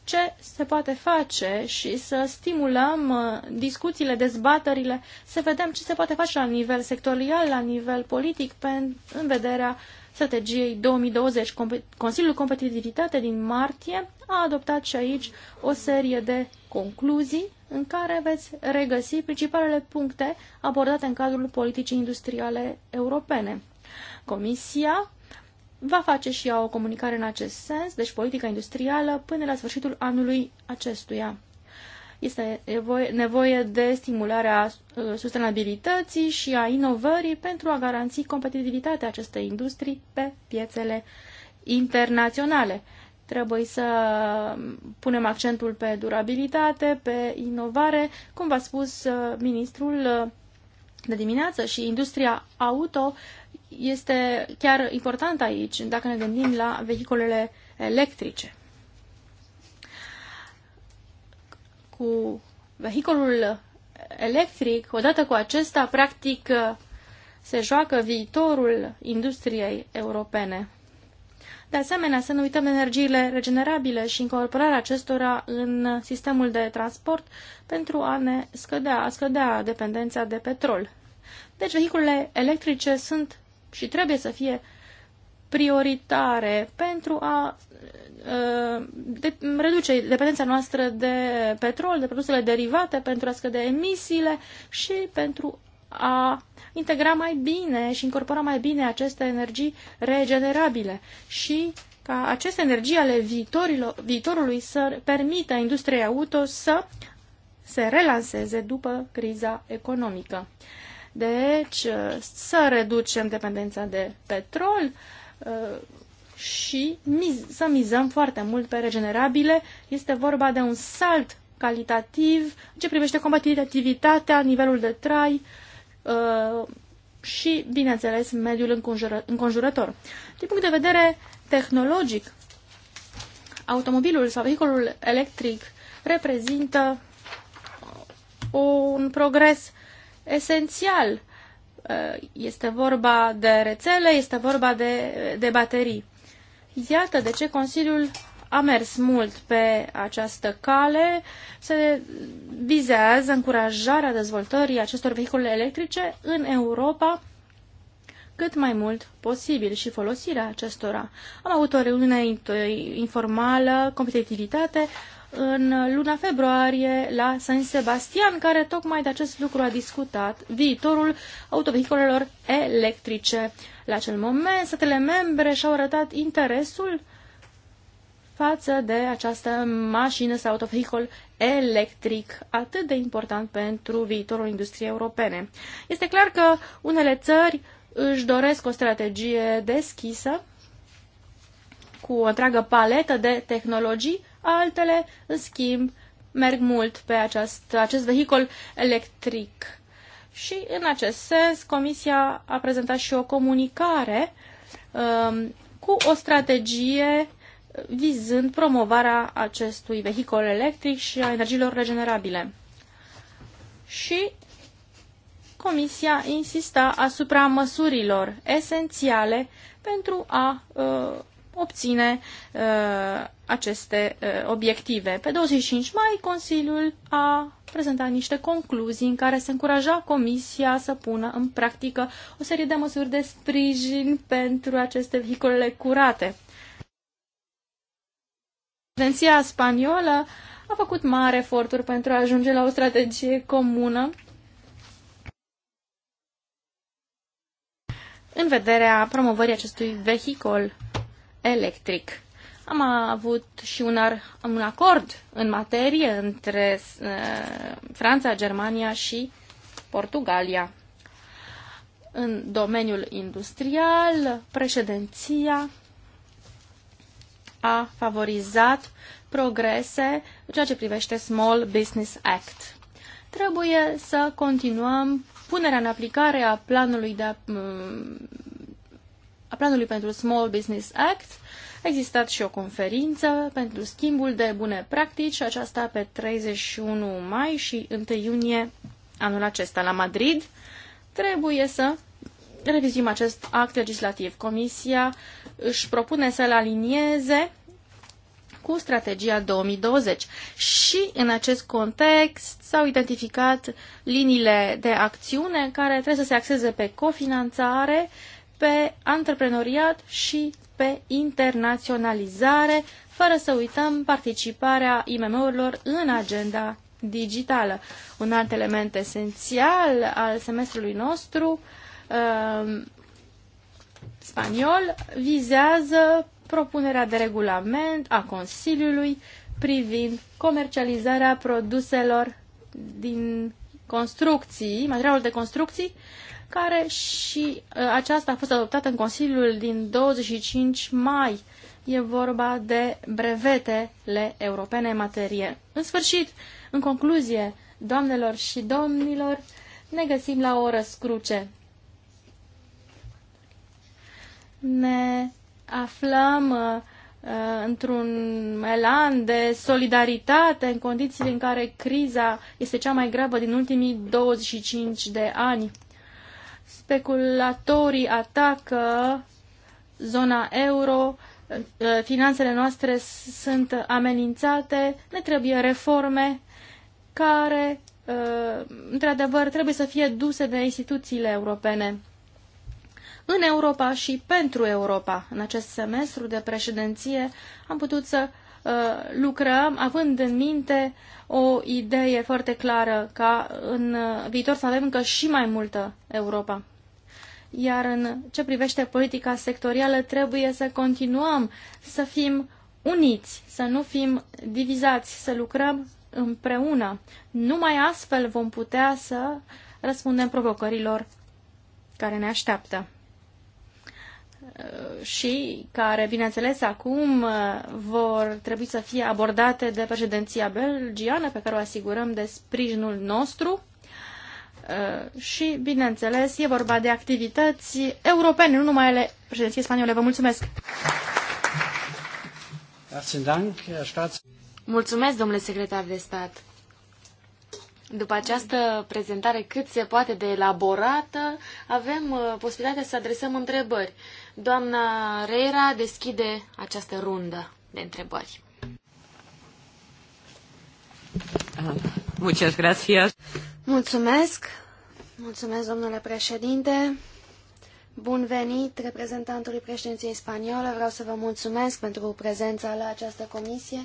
ce se poate face și să stimulăm uh, discuțiile, dezbaterile, să vedem ce se poate face la nivel sectorial, la nivel politic, în vederea strategiei 2020. Consiliul Competitivitate din martie a adoptat și aici o serie de concluzii în care veți regăsi principalele puncte abordate în cadrul politicii industriale europene. Comisia va face și ea o comunicare în acest sens, deci politica industrială, până la sfârșitul anului acestuia. Este nevoie de stimularea uh, sustenabilității și a inovării pentru a garanți competitivitatea acestei industrii pe piețele internaționale. Trebuie să punem accentul pe durabilitate, pe inovare, cum v-a spus uh, ministrul uh, de dimineață și industria auto este chiar important aici, dacă ne gândim la vehiculele electrice. Cu vehiculul electric, odată cu acesta, practic, se joacă viitorul industriei europene. De asemenea, să nu uităm energiile regenerabile și incorporarea acestora în sistemul de transport pentru a ne scădea, a scădea dependența de petrol. Deci, vehiculele electrice sunt și trebuie să fie prioritare pentru a uh, de, reduce dependența noastră de petrol, de produsele derivate, pentru a scăde emisiile și pentru a integra mai bine și incorpora mai bine aceste energii regenerabile și ca aceste energii ale viitorului să permită industriei auto să se relanseze după criza economică. Deci uh, să reducem dependența de petrol uh, și să mizăm foarte mult pe regenerabile. Este vorba de un salt calitativ în ce privește competitivitatea, nivelul de trai uh, și, bineînțeles, mediul înconjurător. Din punct de vedere tehnologic, automobilul sau vehiculul electric reprezintă un progres esențial. Uh, este vorba de rețele, este vorba de, de baterii. Iată de ce Consiliul a mers mult pe această cale. Se vizează încurajarea dezvoltării acestor vehicule electrice în Europa cât mai mult posibil și folosirea acestora. Am avut o reuniune informală, competitivitate, în luna februarie la San Sebastian, care tocmai de acest lucru a discutat viitorul autovehiculelor electrice. La acel moment, statele membre și-au arătat interesul față de această mașină sau autovehicul electric, atât de important pentru viitorul industriei europene. Este clar că unele țări își doresc o strategie deschisă, cu o întreagă paletă de tehnologii, altele, în schimb, merg mult pe acest, acest vehicul electric. Și în acest sens, Comisia a prezentat și o comunicare um, cu o strategie vizând promovarea acestui vehicul electric și a energiilor regenerabile. Și Comisia insista asupra măsurilor esențiale pentru a uh, obține uh, aceste uh, obiective. Pe 25 mai, Consiliul a prezentat niște concluzii în care se încuraja Comisia să pună în practică o serie de măsuri de sprijin pentru aceste vehicule curate. Prezenția spaniolă a făcut mari eforturi pentru a ajunge la o strategie comună în vederea promovării acestui vehicol electric. Am avut și un, ar, un acord în materie între uh, Franța, Germania și Portugalia. În domeniul industrial, președinția a favorizat progrese în ceea ce privește Small Business Act. Trebuie să continuăm punerea în aplicare a planului de uh, a planului pentru Small Business Act, a existat și o conferință pentru schimbul de bune practici, aceasta pe 31 mai și 1 iunie anul acesta la Madrid. Trebuie să revizuim acest act legislativ. Comisia își propune să-l alinieze cu strategia 2020 și în acest context s-au identificat liniile de acțiune care trebuie să se axeze pe cofinanțare, pe antreprenoriat și pe internaționalizare, fără să uităm participarea IMM-urilor în agenda digitală. Un alt element esențial al semestrului nostru um, spaniol vizează propunerea de regulament a Consiliului privind comercializarea produselor din construcții, materialul de construcții, care și ă, aceasta a fost adoptată în Consiliul din 25 mai. E vorba de brevetele europene în materie. În sfârșit, în concluzie, doamnelor și domnilor, ne găsim la o răscruce. Ne aflăm uh, într-un elan de solidaritate în condițiile în care criza este cea mai gravă din ultimii 25 de ani. Speculatorii atacă zona euro, finanțele noastre sunt amenințate, ne trebuie reforme care, uh, într-adevăr, trebuie să fie duse de instituțiile europene în Europa și pentru Europa. În acest semestru de președinție am putut să uh, lucrăm având în minte o idee foarte clară ca în uh, viitor să avem încă și mai multă Europa. Iar în ce privește politica sectorială, trebuie să continuăm să fim uniți, să nu fim divizați, să lucrăm împreună. Numai astfel vom putea să răspundem provocărilor care ne așteaptă și care, bineînțeles, acum vor trebui să fie abordate de președinția belgiană, pe care o asigurăm de sprijinul nostru Uh, și, bineînțeles, e vorba de activități europene, nu numai ale președinției spaniole. Vă mulțumesc! Mulțumesc, domnule secretar de stat! După această prezentare cât se poate de elaborată, avem uh, posibilitatea să adresăm întrebări. Doamna Reira deschide această rundă de întrebări. Ah. Muchas gracias. Mulțumesc. Mulțumesc, domnule președinte. Bun venit reprezentantului președinției spaniole. Vreau să vă mulțumesc pentru prezența la această comisie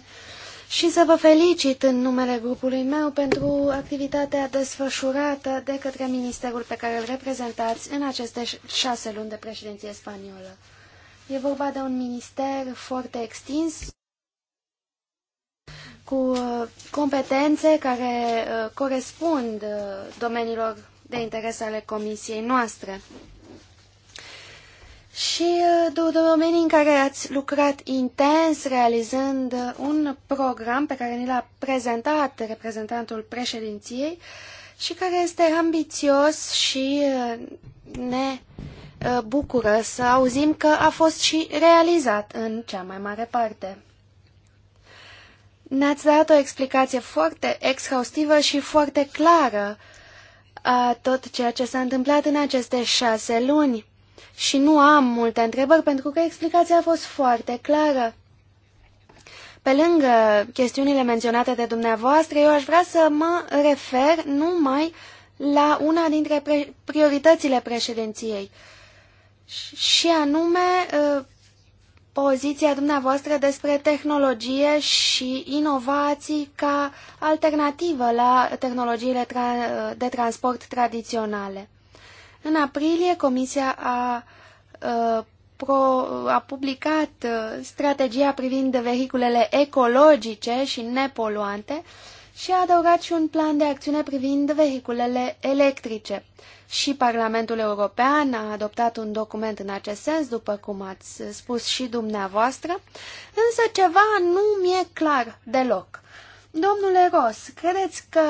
și să vă felicit în numele grupului meu pentru activitatea desfășurată de către ministerul pe care îl reprezentați în aceste șase luni de președinție spaniolă. E vorba de un minister foarte extins cu uh, competențe care uh, corespund uh, domeniilor de interes ale comisiei noastre. Și două domenii în care ați lucrat intens, realizând un program pe care ni l-a prezentat reprezentantul președinției și care este ambițios și ne bucură să auzim că a fost și realizat în cea mai mare parte. Ne-ați dat o explicație foarte exhaustivă și foarte clară a tot ceea ce s-a întâmplat în aceste șase luni. Și nu am multe întrebări pentru că explicația a fost foarte clară. Pe lângă chestiunile menționate de dumneavoastră, eu aș vrea să mă refer numai la una dintre pre prioritățile președinției, și anume uh, poziția dumneavoastră despre tehnologie și inovații ca alternativă la tehnologiile de transport tradiționale. În aprilie, Comisia a, a publicat uh, strategia privind vehiculele ecologice și nepoluante și a adăugat și un plan de acțiune privind vehiculele electrice. Și Parlamentul European a adoptat un document în acest sens, după cum ați spus și dumneavoastră, însă ceva nu mi-e clar deloc. Domnule Ros, credeți că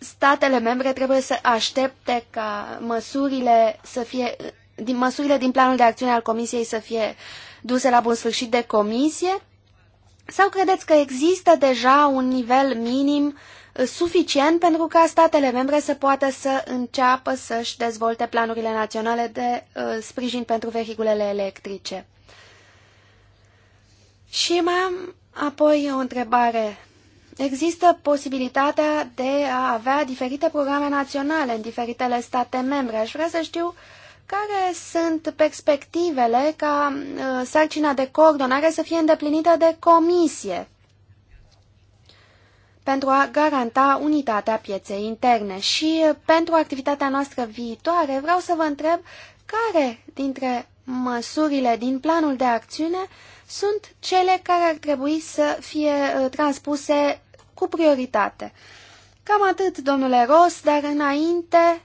statele membre trebuie să aștepte ca măsurile să fie din măsurile din planul de acțiune al Comisiei să fie duse la bun sfârșit de Comisie? Sau credeți că există deja un nivel minim uh, suficient pentru ca statele membre să poată să înceapă să-și dezvolte planurile naționale de uh, sprijin pentru vehiculele electrice? Și mai am apoi o întrebare. Există posibilitatea de a avea diferite programe naționale în diferitele state membre. Aș vrea să știu uh, care sunt perspectivele ca uh, sarcina de coordonare să fie îndeplinită de comisie pentru a garanta unitatea pieței interne? Și uh, pentru activitatea noastră viitoare vreau să vă întreb care dintre măsurile din planul de acțiune sunt cele care ar trebui să fie uh, transpuse cu prioritate. Cam atât, domnule Ros, dar înainte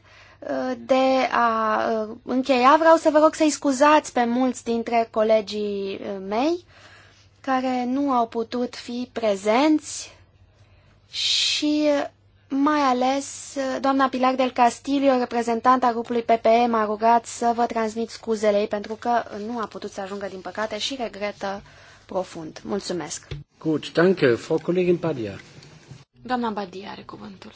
de a uh, încheia, vreau să vă rog să-i scuzați pe mulți dintre colegii uh, mei care nu au putut fi prezenți și uh, mai ales doamna Pilar del Castillo, reprezentanta grupului PPE, m-a rugat să vă transmit scuzele ei pentru că nu a putut să ajungă din păcate și regretă profund. Mulțumesc! Gut, danke, Frau Kollegin Badia. Doamna Badia are cuvântul.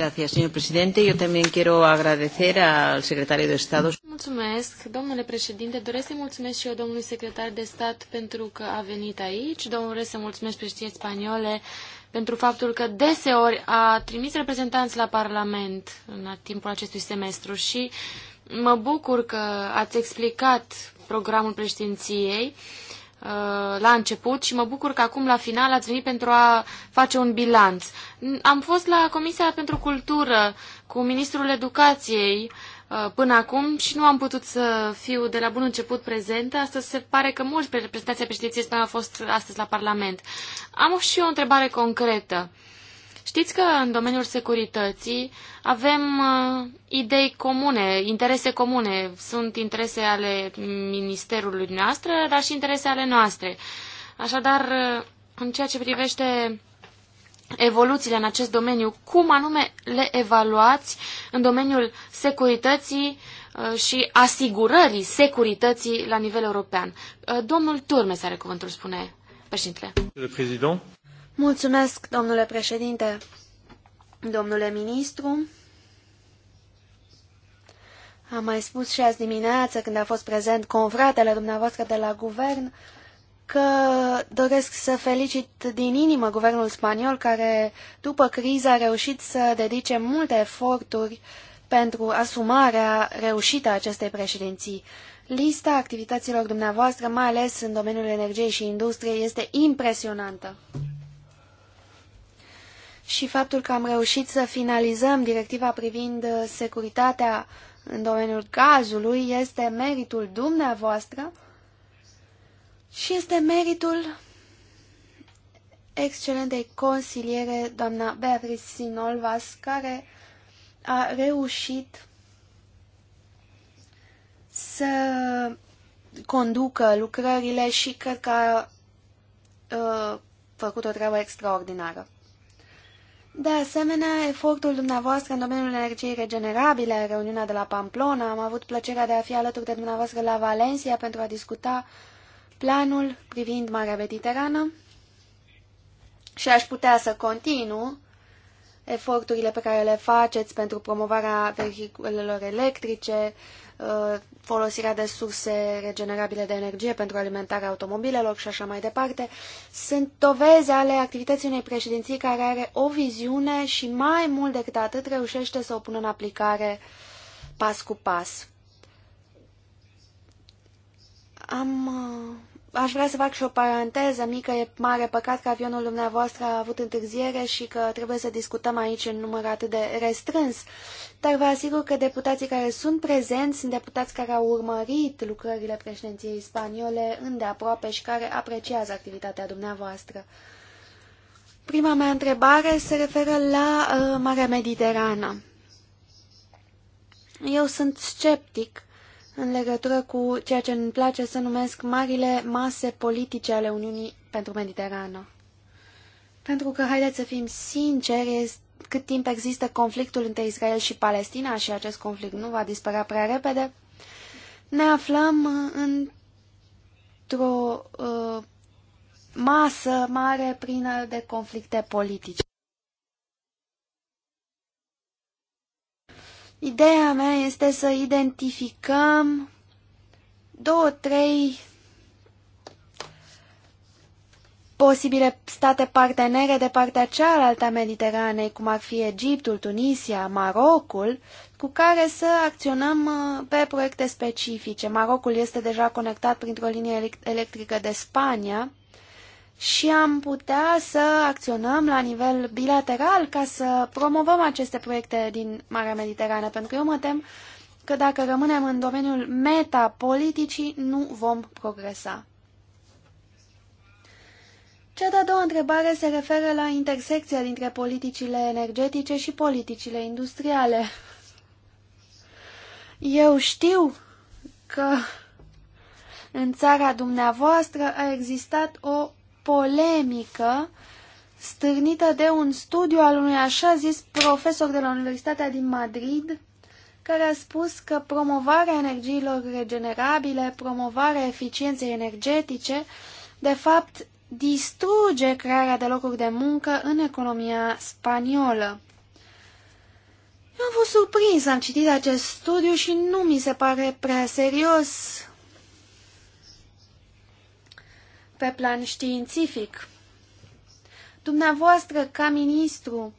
Gracias, señor presidente. Yo también quiero agradecer al secretario de Estado. Mulțumesc, domnule președinte. Doresc să mulțumesc și eu domnului secretar de stat pentru că a venit aici. Doresc să mulțumesc președinției spaniole pentru faptul că deseori a trimis reprezentanți la Parlament în timpul acestui semestru și mă bucur că ați explicat programul președinției. Uh, la început și mă bucur că acum la final ați venit pentru a face un bilanț. Am fost la Comisia pentru Cultură cu Ministrul Educației uh, până acum și nu am putut să fiu de la bun început prezentă. Astăzi se pare că mulți reprezentanții președinției spune au fost astăzi la Parlament. Am și eu o întrebare concretă. Știți că în domeniul securității avem uh, idei comune, interese comune. Sunt interese ale ministerului noastră, dar și interese ale noastre. Așadar, uh, în ceea ce privește evoluțiile în acest domeniu, cum anume le evaluați în domeniul securității uh, și asigurării securității la nivel european. Domnul Turmes are cuvântul, spune președintele. Mulțumesc, domnule președinte, domnule ministru. Am mai spus și azi dimineață, când a fost prezent confratele dumneavoastră de la guvern, că doresc să felicit din inimă guvernul spaniol, care după criză a reușit să dedice multe eforturi pentru asumarea reușită a acestei președinții. Lista activităților dumneavoastră, mai ales în domeniul energiei și industriei, este impresionantă și faptul că am reușit să finalizăm directiva privind uh, securitatea în domeniul gazului este meritul dumneavoastră și este meritul excelentei consiliere, doamna Beatrice Sinolvas, care a reușit să conducă lucrările și cred că a uh, făcut o treabă extraordinară. De asemenea, efortul dumneavoastră în domeniul energiei regenerabile, reuniunea de la Pamplona, am avut plăcerea de a fi alături de dumneavoastră la Valencia pentru a discuta planul privind Marea Mediterană și aș putea să continu eforturile pe care le faceți pentru promovarea vehiculelor electrice, uh, folosirea de surse regenerabile de energie pentru alimentarea automobilelor și așa mai departe, sunt doveze ale activității unei președinții care are o viziune și mai mult decât atât reușește să o pună în aplicare pas cu pas. Am uh, Aș vrea să fac și o paranteză mică. E mare păcat că avionul dumneavoastră a avut întârziere și că trebuie să discutăm aici în număr atât de restrâns. Dar vă asigur că deputații care sunt prezenți sunt deputați care au urmărit lucrările președinției spaniole îndeaproape și care apreciază activitatea dumneavoastră. Prima mea întrebare se referă la uh, Marea Mediterană. Eu sunt sceptic în legătură cu ceea ce îmi place să numesc marile mase politice ale Uniunii pentru Mediterană. Pentru că, haideți să fim sinceri, cât timp există conflictul între Israel și Palestina și acest conflict nu va dispărea prea repede, ne aflăm într-o uh, masă mare plină de conflicte politice. Ideea mea este să identificăm două, trei posibile state partenere de partea cealaltă a Mediteranei, cum ar fi Egiptul, Tunisia, Marocul, cu care să acționăm uh, pe proiecte specifice. Marocul este deja conectat printr-o linie electrică de Spania și am putea să acționăm la nivel bilateral ca să promovăm aceste proiecte din Marea Mediterană, pentru că eu mă tem că dacă rămânem în domeniul metapoliticii, nu vom progresa. Cea de-a doua întrebare se referă la intersecția dintre politicile energetice și politicile industriale. Eu știu că în țara dumneavoastră a existat o polemică stârnită de un studiu al unui așa zis profesor de la Universitatea din Madrid, care a spus că promovarea energiilor regenerabile, promovarea eficienței energetice, de fapt distruge crearea de locuri de muncă în economia spaniolă. Eu am fost surprins, am citit acest studiu și nu mi se pare prea serios pe plan științific. Dumneavoastră, ca ministru,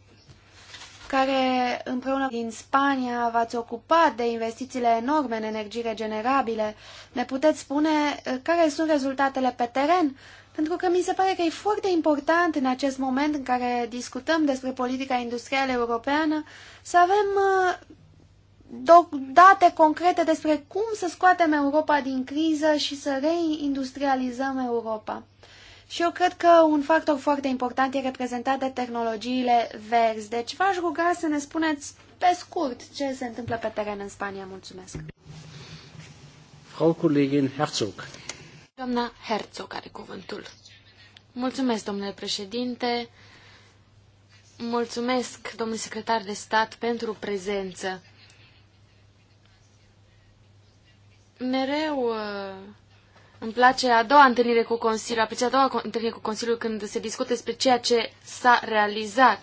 care împreună din Spania v-ați ocupat de investițiile enorme în energii regenerabile, ne puteți spune uh, care sunt rezultatele pe teren? Pentru că mi se pare că e foarte important în acest moment în care discutăm despre politica industrială europeană să avem uh, date concrete despre cum să scoatem Europa din criză și să reindustrializăm Europa. Și eu cred că un factor foarte important e reprezentat de tehnologiile verzi. Deci v-aș ruga să ne spuneți pe scurt ce se întâmplă pe teren în Spania. Mulțumesc. Frau Kollegin Herzog. Doamna Herzog are cuvântul. Mulțumesc, domnule președinte. Mulțumesc, domnule secretar de stat, pentru prezență. mereu uh, îmi place a doua întâlnire cu Consiliul, apreciez a doua întâlnire cu Consiliul când se discută despre ceea ce s-a realizat.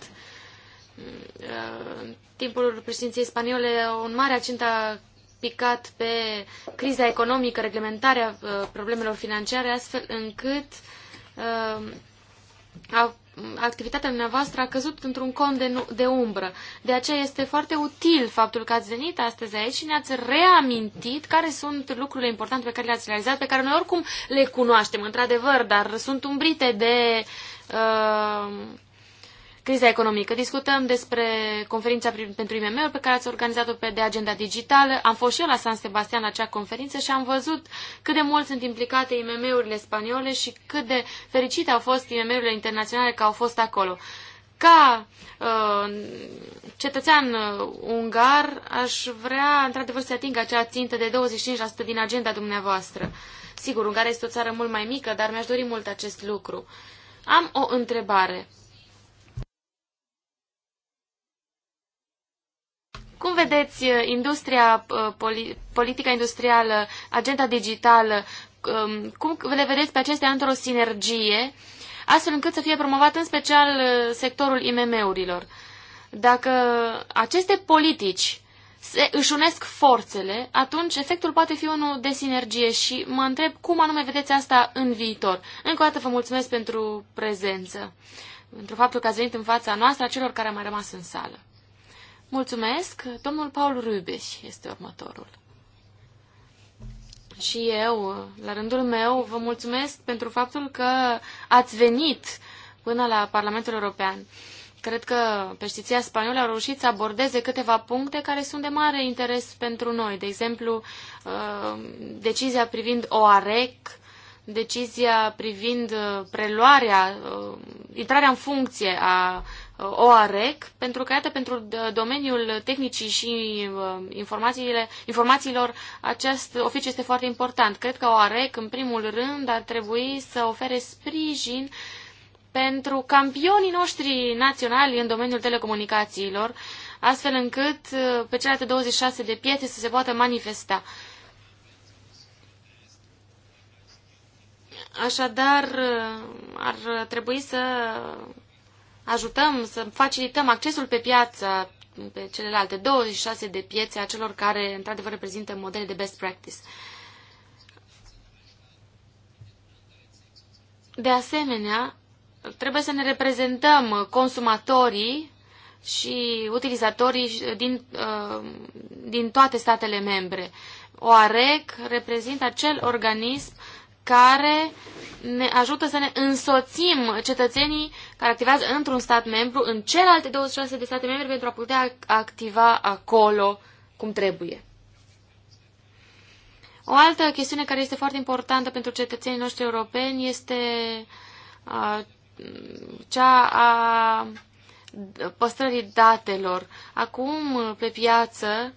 Uh, în timpul președinției spaniole, un mare accent a picat pe criza economică, reglementarea uh, problemelor financiare, astfel încât a activitatea dumneavoastră a căzut într-un con de, de umbră. De aceea este foarte util faptul că ați venit astăzi aici și ne-ați reamintit care sunt lucrurile importante pe care le-ați realizat, pe care noi oricum le cunoaștem, într-adevăr, dar sunt umbrite de uh, criza economică. Discutăm despre conferința pentru imm pe care ați organizat-o pe de agenda digitală. Am fost și eu la San Sebastian la acea conferință și am văzut cât de mult sunt implicate IMM-urile spaniole și cât de fericite au fost IMM-urile internaționale că au fost acolo. Ca uh, cetățean uh, ungar, aș vrea într-adevăr să ating acea țintă de 25% din agenda dumneavoastră. Sigur, Ungaria este o țară mult mai mică, dar mi-aș dori mult acest lucru. Am o întrebare. Cum vedeți uh, industria, uh, politica industrială, agenda digitală, um, cum le vedeți pe acestea într-o sinergie, astfel încât să fie promovat în special uh, sectorul IMM-urilor? Dacă aceste politici se, își unesc forțele, atunci efectul poate fi unul de sinergie și mă întreb cum anume vedeți asta în viitor. Încă o dată vă mulțumesc pentru prezență, pentru faptul că ați venit în fața noastră, a celor care au mai rămas în sală. Mulțumesc. Domnul Paul Rubeș este următorul. Și eu, la rândul meu, vă mulțumesc pentru faptul că ați venit până la Parlamentul European. Cred că peștiția spaniolă a reușit să abordeze câteva puncte care sunt de mare interes pentru noi. De exemplu, uh, decizia privind OAREC, decizia privind uh, preluarea, uh, intrarea în funcție a OAREC, pentru că, iată, pentru domeniul tehnicii și uh, informațiile, informațiilor, acest oficiu este foarte important. Cred că OAREC, în primul rând, ar trebui să ofere sprijin pentru campionii noștri naționali în domeniul telecomunicațiilor, astfel încât uh, pe celelalte 26 de piețe să se poată manifesta. Așadar, uh, ar trebui să ajutăm, să facilităm accesul pe piață pe celelalte 26 de piețe a celor care, într-adevăr, reprezintă modele de best practice. De asemenea, trebuie să ne reprezentăm consumatorii și utilizatorii din, uh, din toate statele membre. OAREC reprezintă acel organism care ne ajută să ne însoțim cetățenii care activează într-un stat membru în celelalte 26 de state membre pentru a putea activa acolo cum trebuie. O altă chestiune care este foarte importantă pentru cetățenii noștri europeni este cea a păstrării datelor. Acum, pe piață,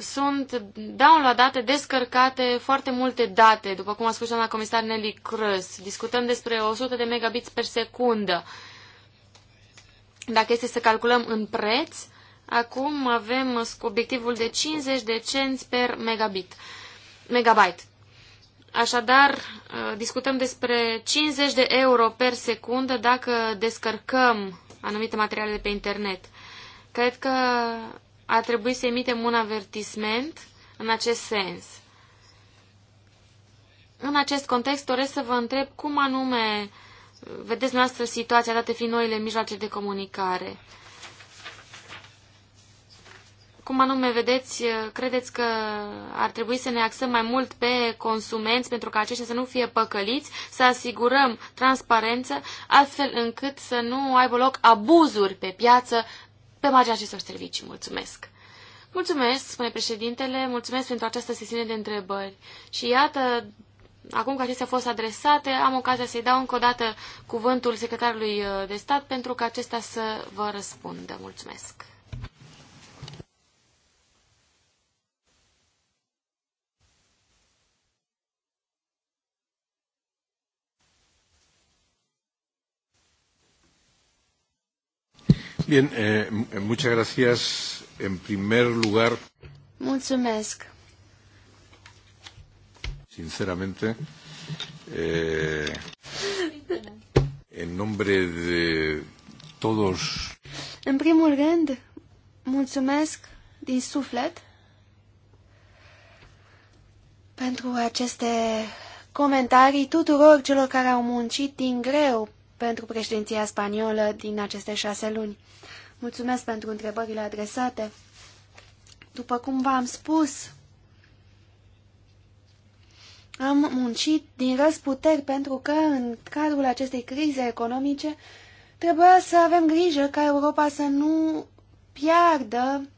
sunt downloadate, descărcate foarte multe date, după cum a spus doamna comisar Nelly Crăs. Discutăm despre 100 de megabits per secundă. Dacă este să calculăm în preț, acum avem obiectivul de 50 de cenți per megabit, megabyte. Așadar, uh, discutăm despre 50 de euro per secundă dacă descărcăm anumite materiale de pe internet. Cred că ar trebui să emitem un avertisment în acest sens. În acest context doresc să vă întreb cum anume vedeți noastră situația date fiind noile mijloace de comunicare. Cum anume vedeți, credeți că ar trebui să ne axăm mai mult pe consumenți pentru ca aceștia să nu fie păcăliți, să asigurăm transparență, astfel încât să nu aibă loc abuzuri pe piață pe marginea acestor servicii. Mulțumesc! Mulțumesc, spune președintele, mulțumesc pentru această sesiune de întrebări. Și iată, acum că acestea au fost adresate, am ocazia să-i dau încă o dată cuvântul secretarului uh, de stat pentru ca acesta să vă răspundă. Mulțumesc! Bien, eh, muchas gracias. En primer lugar. Mulțumesc. Sinceramente, eh, în nombre de todos. În primul rând, mulțumesc din suflet pentru aceste comentarii tuturor celor care au muncit din greu pentru președinția spaniolă din aceste șase luni. Mulțumesc pentru întrebările adresate. După cum v-am spus, am muncit din răsputeri pentru că, în cadrul acestei crize economice, trebuia să avem grijă ca Europa să nu piardă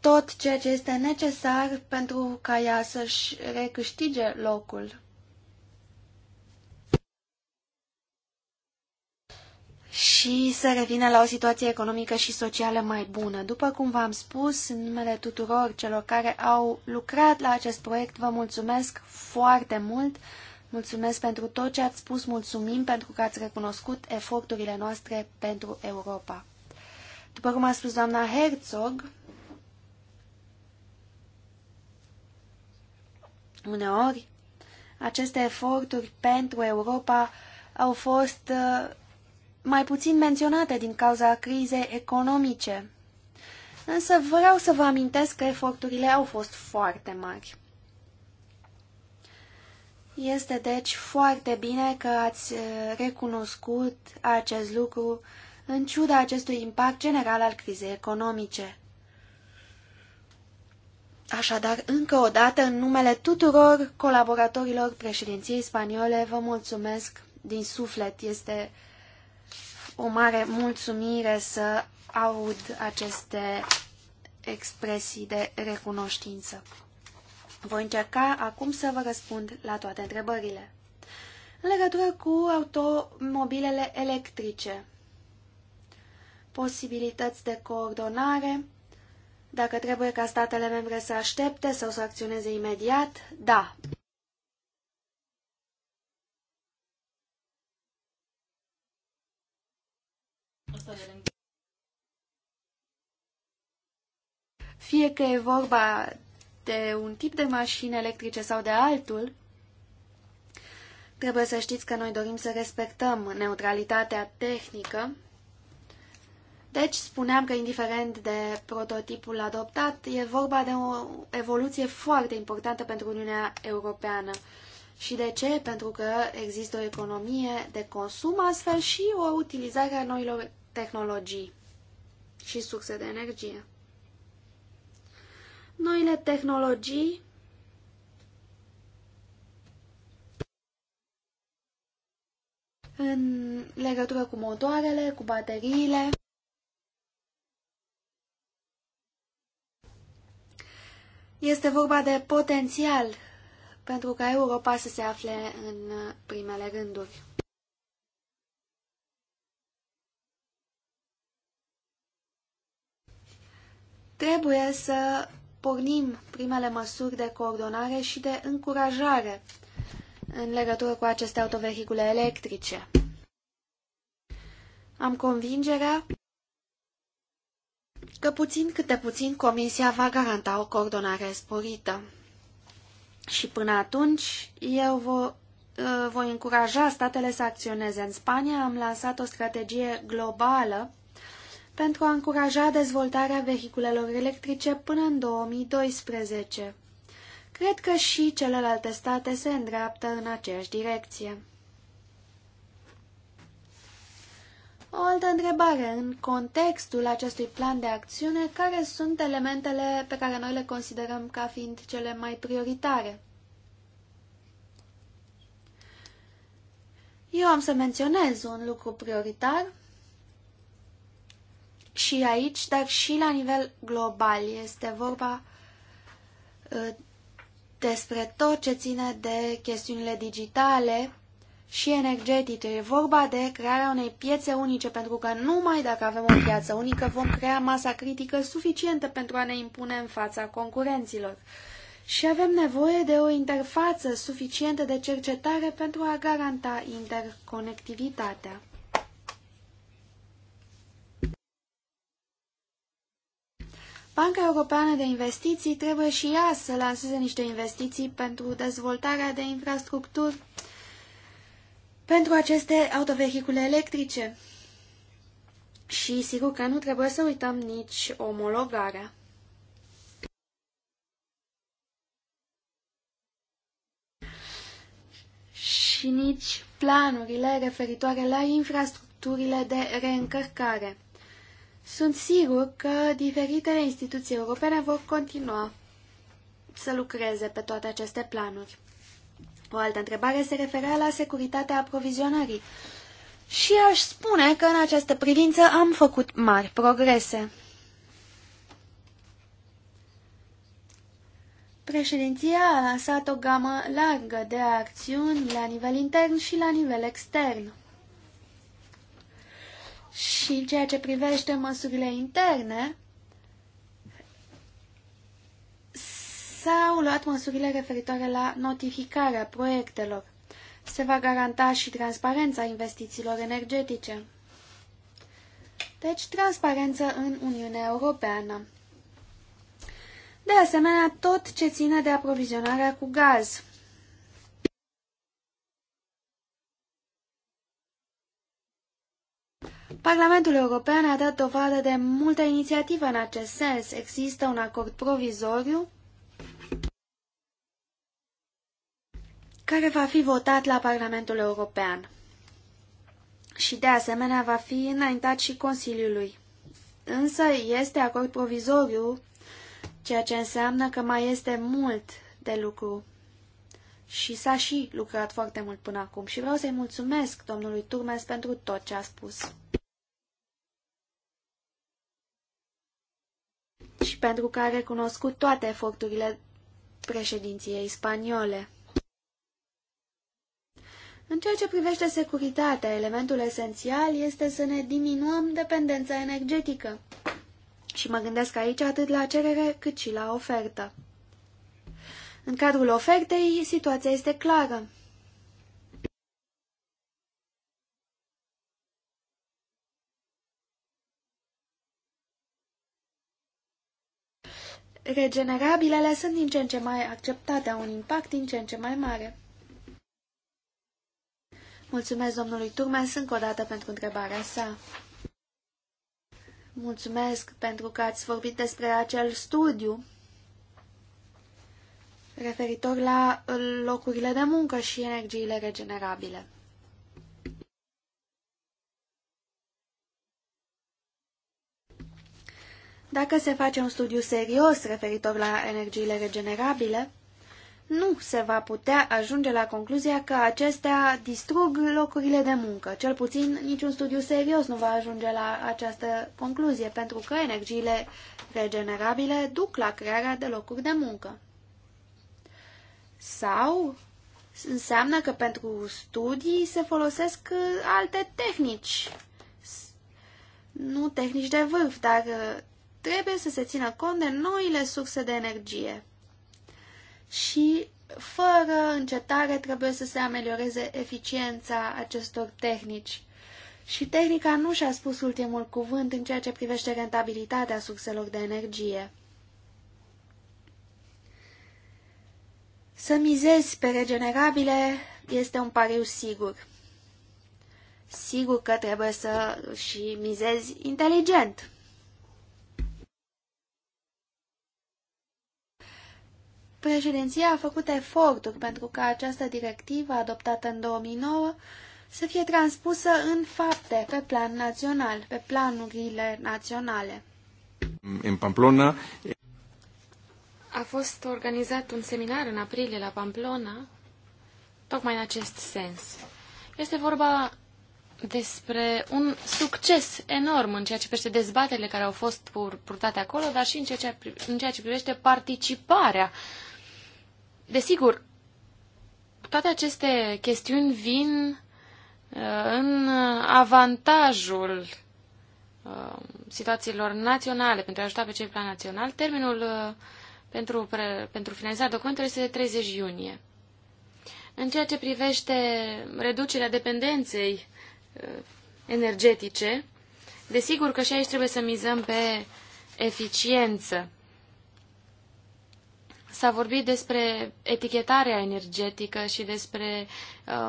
tot ceea ce este necesar pentru ca ea să-și recâștige locul și să revină la o situație economică și socială mai bună. După cum v-am spus, în numele tuturor celor care au lucrat la acest proiect, vă mulțumesc foarte mult. Mulțumesc pentru tot ce ați spus, mulțumim pentru că ați recunoscut eforturile noastre pentru Europa. După cum a spus doamna Herzog, uneori aceste eforturi pentru Europa au fost uh, mai puțin menționate din cauza crizei economice. Însă vreau să vă amintesc că eforturile au fost foarte mari. Este deci foarte bine că ați eh, recunoscut acest lucru în ciuda acestui impact general al crizei economice. Așadar, încă o dată, în numele tuturor colaboratorilor președinției spaniole, vă mulțumesc din suflet. Este o mare mulțumire să aud aceste expresii de recunoștință. Voi încerca acum să vă răspund la toate întrebările. În legătură cu automobilele electrice, posibilități de coordonare, dacă trebuie ca statele membre să aștepte sau să acționeze imediat, da, Fie că e vorba de un tip de mașini electrice sau de altul, trebuie să știți că noi dorim să respectăm neutralitatea tehnică. Deci, spuneam că indiferent de prototipul adoptat, e vorba de o evoluție foarte importantă pentru Uniunea Europeană. Și de ce? Pentru că există o economie de consum astfel și o utilizare a noilor tehnologii și surse de energie. Noile tehnologii în legătură cu motoarele, cu bateriile. Este vorba de potențial pentru ca Europa să se afle în primele rânduri. Trebuie să pornim primele măsuri de coordonare și de încurajare în legătură cu aceste autovehicule electrice. Am convingerea că puțin câte puțin Comisia va garanta o coordonare sporită. Și până atunci, eu vă, voi încuraja statele să acționeze. În Spania am lansat o strategie globală pentru a încuraja dezvoltarea vehiculelor electrice până în 2012. Cred că și celelalte state se îndreaptă în aceeași direcție. O altă întrebare. În contextul acestui plan de acțiune, care sunt elementele pe care noi le considerăm ca fiind cele mai prioritare? Eu am să menționez un lucru prioritar, și aici, dar și la nivel global. Este vorba ă, despre tot ce ține de chestiunile digitale și energetice. E vorba de crearea unei piețe unice, pentru că numai dacă avem o piață unică vom crea masa critică suficientă pentru a ne impune în fața concurenților. Și avem nevoie de o interfață suficientă de cercetare pentru a garanta interconectivitatea. Banca Europeană de Investiții trebuie și ea să lanseze niște investiții pentru dezvoltarea de infrastructuri pentru aceste autovehicule electrice. Și sigur că nu trebuie să uităm nici omologarea. Și nici planurile referitoare la infrastructurile de reîncărcare. Sunt sigur că diferitele instituții europene vor continua să lucreze pe toate aceste planuri. O altă întrebare se referea la securitatea aprovizionării. Și aș spune că în această privință am făcut mari progrese. Președinția a lansat o gamă largă de acțiuni la nivel intern și la nivel extern. Și în ceea ce privește măsurile interne, s-au luat măsurile referitoare la notificarea proiectelor. Se va garanta și transparența investițiilor energetice. Deci, transparență în Uniunea Europeană. De asemenea, tot ce ține de aprovizionarea cu gaz. Parlamentul European a dat dovadă de multă inițiativă în acest sens. Există un acord provizoriu care va fi votat la Parlamentul European și de asemenea va fi înaintat și Consiliului. Însă este acord provizoriu, ceea ce înseamnă că mai este mult de lucru. Și s-a și lucrat foarte mult până acum și vreau să-i mulțumesc domnului Turmes pentru tot ce a spus. și pentru că a recunoscut toate eforturile președinției spaniole. În ceea ce privește securitatea, elementul esențial este să ne diminuăm dependența energetică. Și mă gândesc aici atât la cerere cât și la ofertă. În cadrul ofertei, situația este clară. regenerabilele sunt din ce în ce mai acceptate, au un impact din ce în ce mai mare. Mulțumesc domnului Turmes încă o dată pentru întrebarea sa. Mulțumesc pentru că ați vorbit despre acel studiu referitor la locurile de muncă și energiile regenerabile. Dacă se face un studiu serios referitor la energiile regenerabile, nu se va putea ajunge la concluzia că acestea distrug locurile de muncă. Cel puțin niciun studiu serios nu va ajunge la această concluzie, pentru că energiile regenerabile duc la crearea de locuri de muncă. Sau înseamnă că pentru studii se folosesc alte tehnici. Nu tehnici de vârf, dar trebuie să se țină cont de noile surse de energie și fără încetare trebuie să se amelioreze eficiența acestor tehnici. Și tehnica nu și-a spus ultimul cuvânt în ceea ce privește rentabilitatea surselor de energie. Să mizezi pe regenerabile este un pariu sigur. Sigur că trebuie să și mizezi inteligent. Președinția a făcut eforturi pentru ca această directivă adoptată în 2009 să fie transpusă în fapte pe plan național, pe planurile naționale. În Pamplona... A fost organizat un seminar în aprilie la Pamplona, tocmai în acest sens. Este vorba despre un succes enorm în ceea ce privește dezbaterile care au fost purtate acolo, dar și în ceea ce, în ceea ce privește participarea Desigur, toate aceste chestiuni vin uh, în avantajul uh, situațiilor naționale pentru a ajuta pe cei plan național. Termenul uh, pentru, pentru finalizarea documentului este de 30 iunie. În ceea ce privește reducerea dependenței energetice, desigur că și aici trebuie să mizăm pe eficiență. S-a vorbit despre etichetarea energetică și despre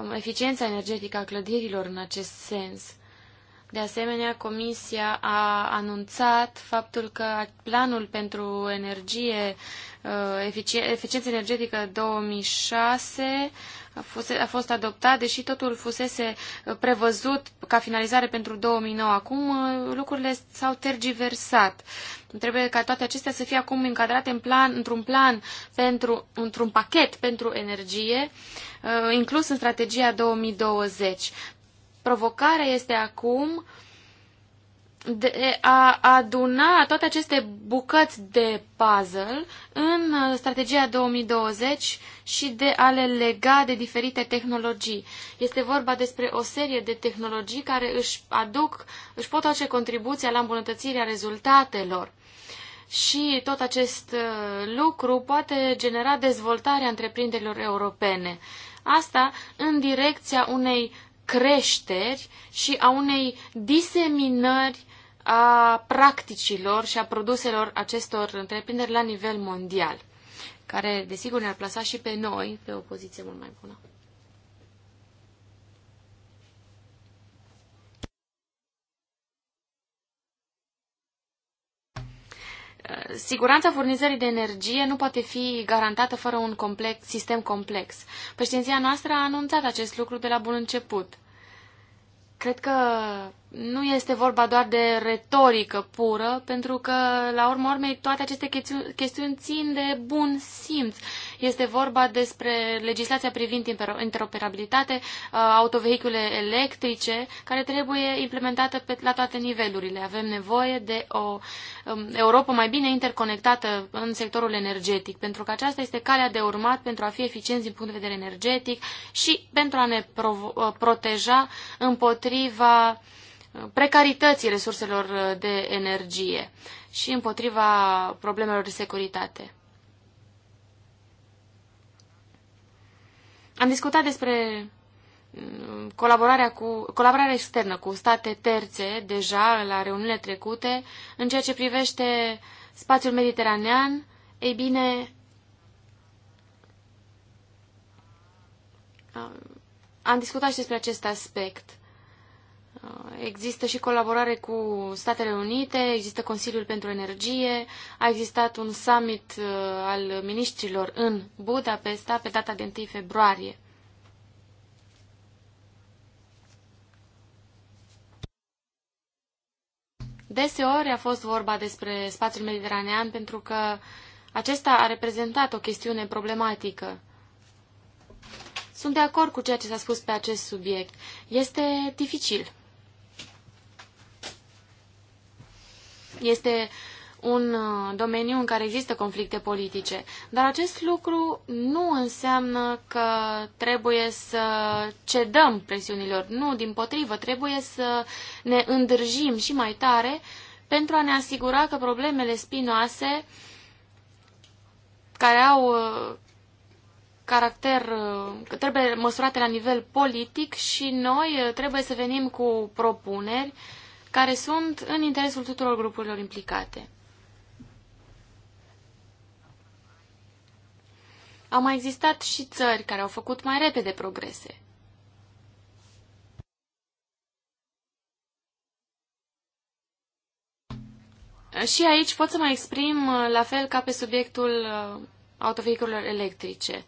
um, eficiența energetică a clădirilor în acest sens. De asemenea, Comisia a anunțat faptul că planul pentru energie, uh, eficiență energetică 2006 a fost, a fost adoptat, deși totul fusese uh, prevăzut ca finalizare pentru 2009. Acum uh, lucrurile s-au tergiversat. Trebuie ca toate acestea să fie acum încadrate în plan, într-un plan, pentru, într-un pachet pentru energie, uh, inclus în strategia 2020. Provocarea este acum de a aduna toate aceste bucăți de puzzle în uh, strategia 2020 și de a le lega de diferite tehnologii. Este vorba despre o serie de tehnologii care își aduc, își pot face contribuția la îmbunătățirea rezultatelor și tot acest uh, lucru poate genera dezvoltarea întreprinderilor europene. Asta în direcția unei creșteri și a unei diseminări a practicilor și a produselor acestor întreprinderi la nivel mondial, care, desigur, ne-ar plasa și pe noi pe o poziție mult mai bună. siguranța furnizării de energie nu poate fi garantată fără un complex, sistem complex. Președinția noastră a anunțat acest lucru de la bun început. Cred că nu este vorba doar de retorică pură, pentru că, la urmă urmei, toate aceste chestiuni țin de bun simț este vorba despre legislația privind interoperabilitate, uh, autovehicule electrice, care trebuie implementată pe, la toate nivelurile. Avem nevoie de o um, Europa mai bine interconectată în sectorul energetic, pentru că aceasta este calea de urmat pentru a fi eficienți din punct de vedere energetic și pentru a ne uh, proteja împotriva uh, precarității resurselor de energie și împotriva problemelor de securitate. Am discutat despre mm, colaborarea, cu, colaborarea externă cu state terțe deja la reuniunile trecute în ceea ce privește spațiul mediteranean. Ei bine, am discutat și despre acest aspect. Uh, există și colaborare cu Statele Unite, există Consiliul pentru Energie, a existat un summit uh, al ministrilor în Budapesta pe data de 1 februarie. Deseori a fost vorba despre spațiul mediteranean pentru că acesta a reprezentat o chestiune problematică. Sunt de acord cu ceea ce s-a spus pe acest subiect. Este dificil. Este un uh, domeniu în care există conflicte politice, dar acest lucru nu înseamnă că trebuie să cedăm presiunilor. Nu, din potrivă, trebuie să ne îndrăjim și mai tare pentru a ne asigura că problemele spinoase care au uh, caracter, uh, că trebuie măsurate la nivel politic și noi trebuie să venim cu propuneri uh, care sunt în interesul tuturor grupurilor implicate. Au mai existat și țări care au făcut mai repede progrese. Și aici pot să mă exprim uh, la fel ca pe subiectul uh, autovehiculelor electrice.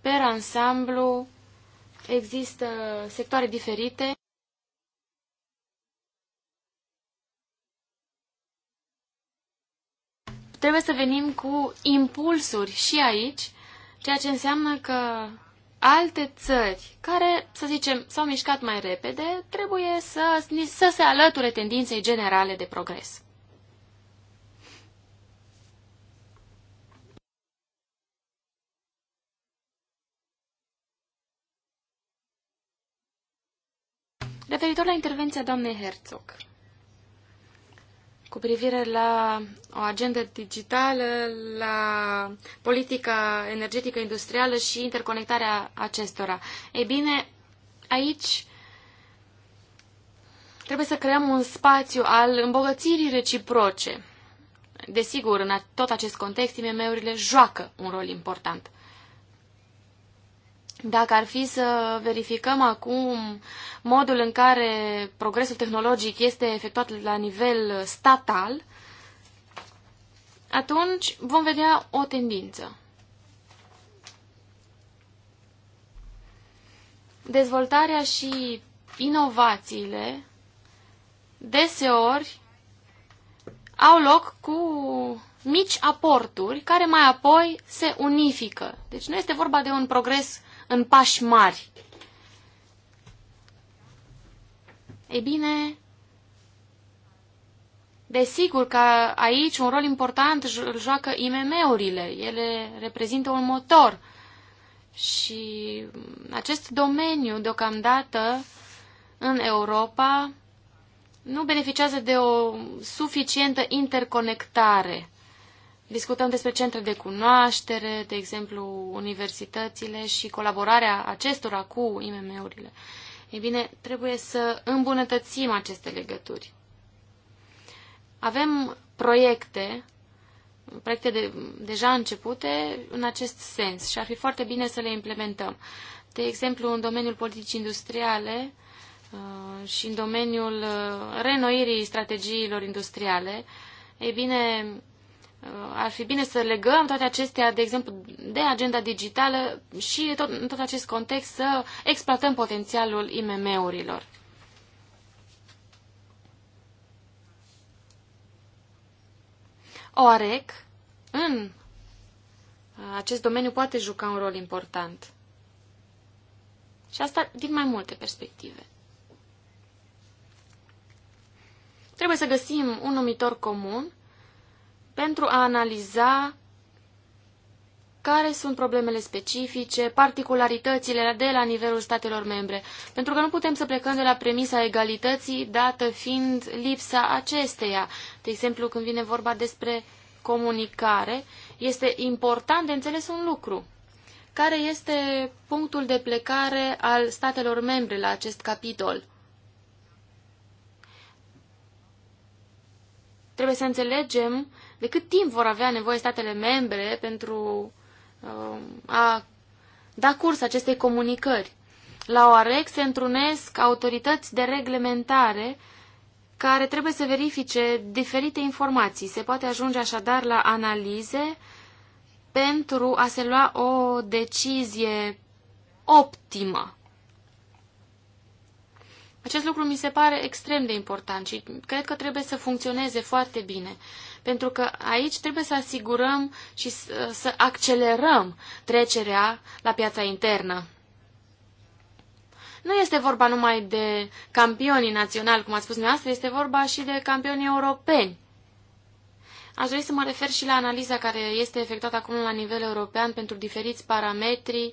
Per ansamblu există sectoare diferite trebuie să venim cu impulsuri și aici, ceea ce înseamnă că alte țări care, să zicem, s-au mișcat mai repede, trebuie să, să se alăture tendinței generale de progres. Referitor la intervenția doamnei Herzog cu privire la o agendă digitală, la politica energetică industrială și interconectarea acestora. Ei bine, aici trebuie să creăm un spațiu al îmbogățirii reciproce. Desigur, în tot acest context, IMM-urile joacă un rol important. Dacă ar fi să verificăm acum modul în care progresul tehnologic este efectuat la nivel statal, atunci vom vedea o tendință. Dezvoltarea și inovațiile deseori au loc cu mici aporturi care mai apoi se unifică. Deci nu este vorba de un progres în pași mari. Ei bine, desigur că aici un rol important îl joacă IMM-urile. Ele reprezintă un motor. Și acest domeniu, deocamdată, în Europa, nu beneficiază de o suficientă interconectare. Discutăm despre centre de cunoaștere, de exemplu universitățile și colaborarea acestora cu IMM-urile. Ei bine, trebuie să îmbunătățim aceste legături. Avem proiecte, proiecte de, deja începute în acest sens și ar fi foarte bine să le implementăm. De exemplu, în domeniul politicii industriale uh, și în domeniul uh, renoirii strategiilor industriale, ei bine, Uh, ar fi bine să legăm toate acestea, de exemplu, de agenda digitală și tot, în tot acest context să exploatăm potențialul IMM-urilor. OAREC în uh, acest domeniu poate juca un rol important. Și asta din mai multe perspective. Trebuie să găsim un numitor comun pentru a analiza care sunt problemele specifice, particularitățile de la nivelul statelor membre, pentru că nu putem să plecăm de la premisa egalității, dată fiind lipsa acesteia. De exemplu, când vine vorba despre comunicare, este important de înțeles un lucru. Care este punctul de plecare al statelor membre la acest capitol? Trebuie să înțelegem de cât timp vor avea nevoie statele membre pentru uh, a da curs acestei comunicări. La OAREC se întrunesc autorități de reglementare care trebuie să verifice diferite informații. Se poate ajunge așadar la analize pentru a se lua o decizie optimă. Acest lucru mi se pare extrem de important și cred că trebuie să funcționeze foarte bine pentru că aici trebuie să asigurăm și uh, să accelerăm trecerea la piața internă. Nu este vorba numai de campionii naționali, cum ați spus dumneavoastră, este vorba și de campionii europeni. Aș dori să mă refer și la analiza care este efectuată acum la nivel european pentru diferiți parametri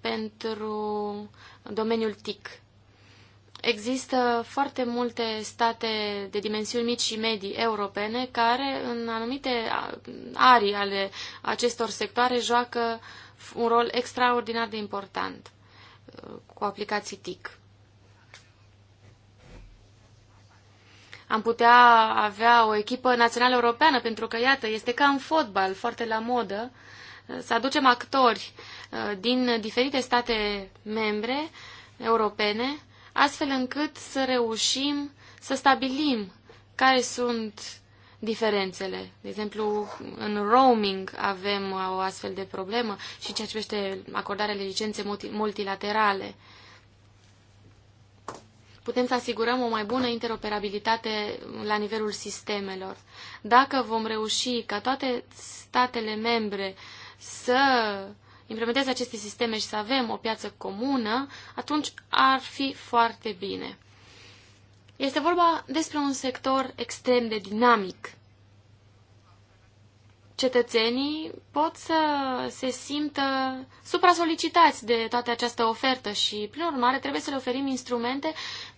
pentru domeniul TIC. Există foarte multe state de dimensiuni mici și medii europene care în anumite arii ale acestor sectoare joacă un rol extraordinar de important uh, cu aplicații TIC. Am putea avea o echipă națională europeană, pentru că, iată, este ca în fotbal, foarte la modă, uh, să aducem actori uh, din diferite state membre europene astfel încât să reușim să stabilim care sunt diferențele. De exemplu, în roaming avem o astfel de problemă și ceea ce privește acordarea de licențe multilaterale. Putem să asigurăm o mai bună interoperabilitate la nivelul sistemelor. Dacă vom reuși ca toate statele membre să uh, implementeze aceste sisteme și să avem o piață comună, atunci ar fi foarte bine. Este vorba despre un sector extrem de dinamic. Cetățenii pot să se simtă supra-solicitați de toată această ofertă și, prin urmare, trebuie să le oferim instrumente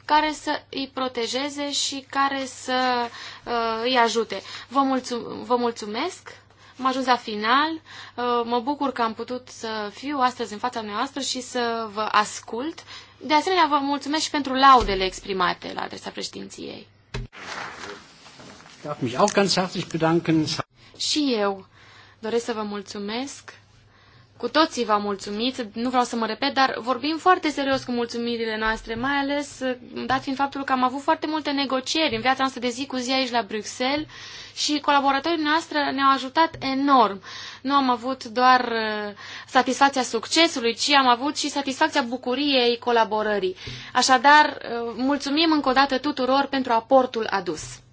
care să îi protejeze și care să uh, îi ajute. Vă, mulțum- vă mulțumesc! Am ajuns la final. Uh, mă bucur că am putut să fiu astăzi în fața noastră și să vă ascult. De asemenea, vă mulțumesc și pentru laudele exprimate la adresa președinției. Și eu doresc să vă mulțumesc cu toții v-am mulțumit, nu vreau să mă repet, dar vorbim foarte serios cu mulțumirile noastre, mai ales uh, dat fiind faptul că am avut foarte multe negocieri în viața noastră de zi cu zi aici la Bruxelles și colaboratorii noastre ne-au ajutat enorm. Nu am avut doar uh, satisfacția succesului, ci am avut și satisfacția bucuriei colaborării. Așadar, uh, mulțumim încă o dată tuturor pentru aportul adus.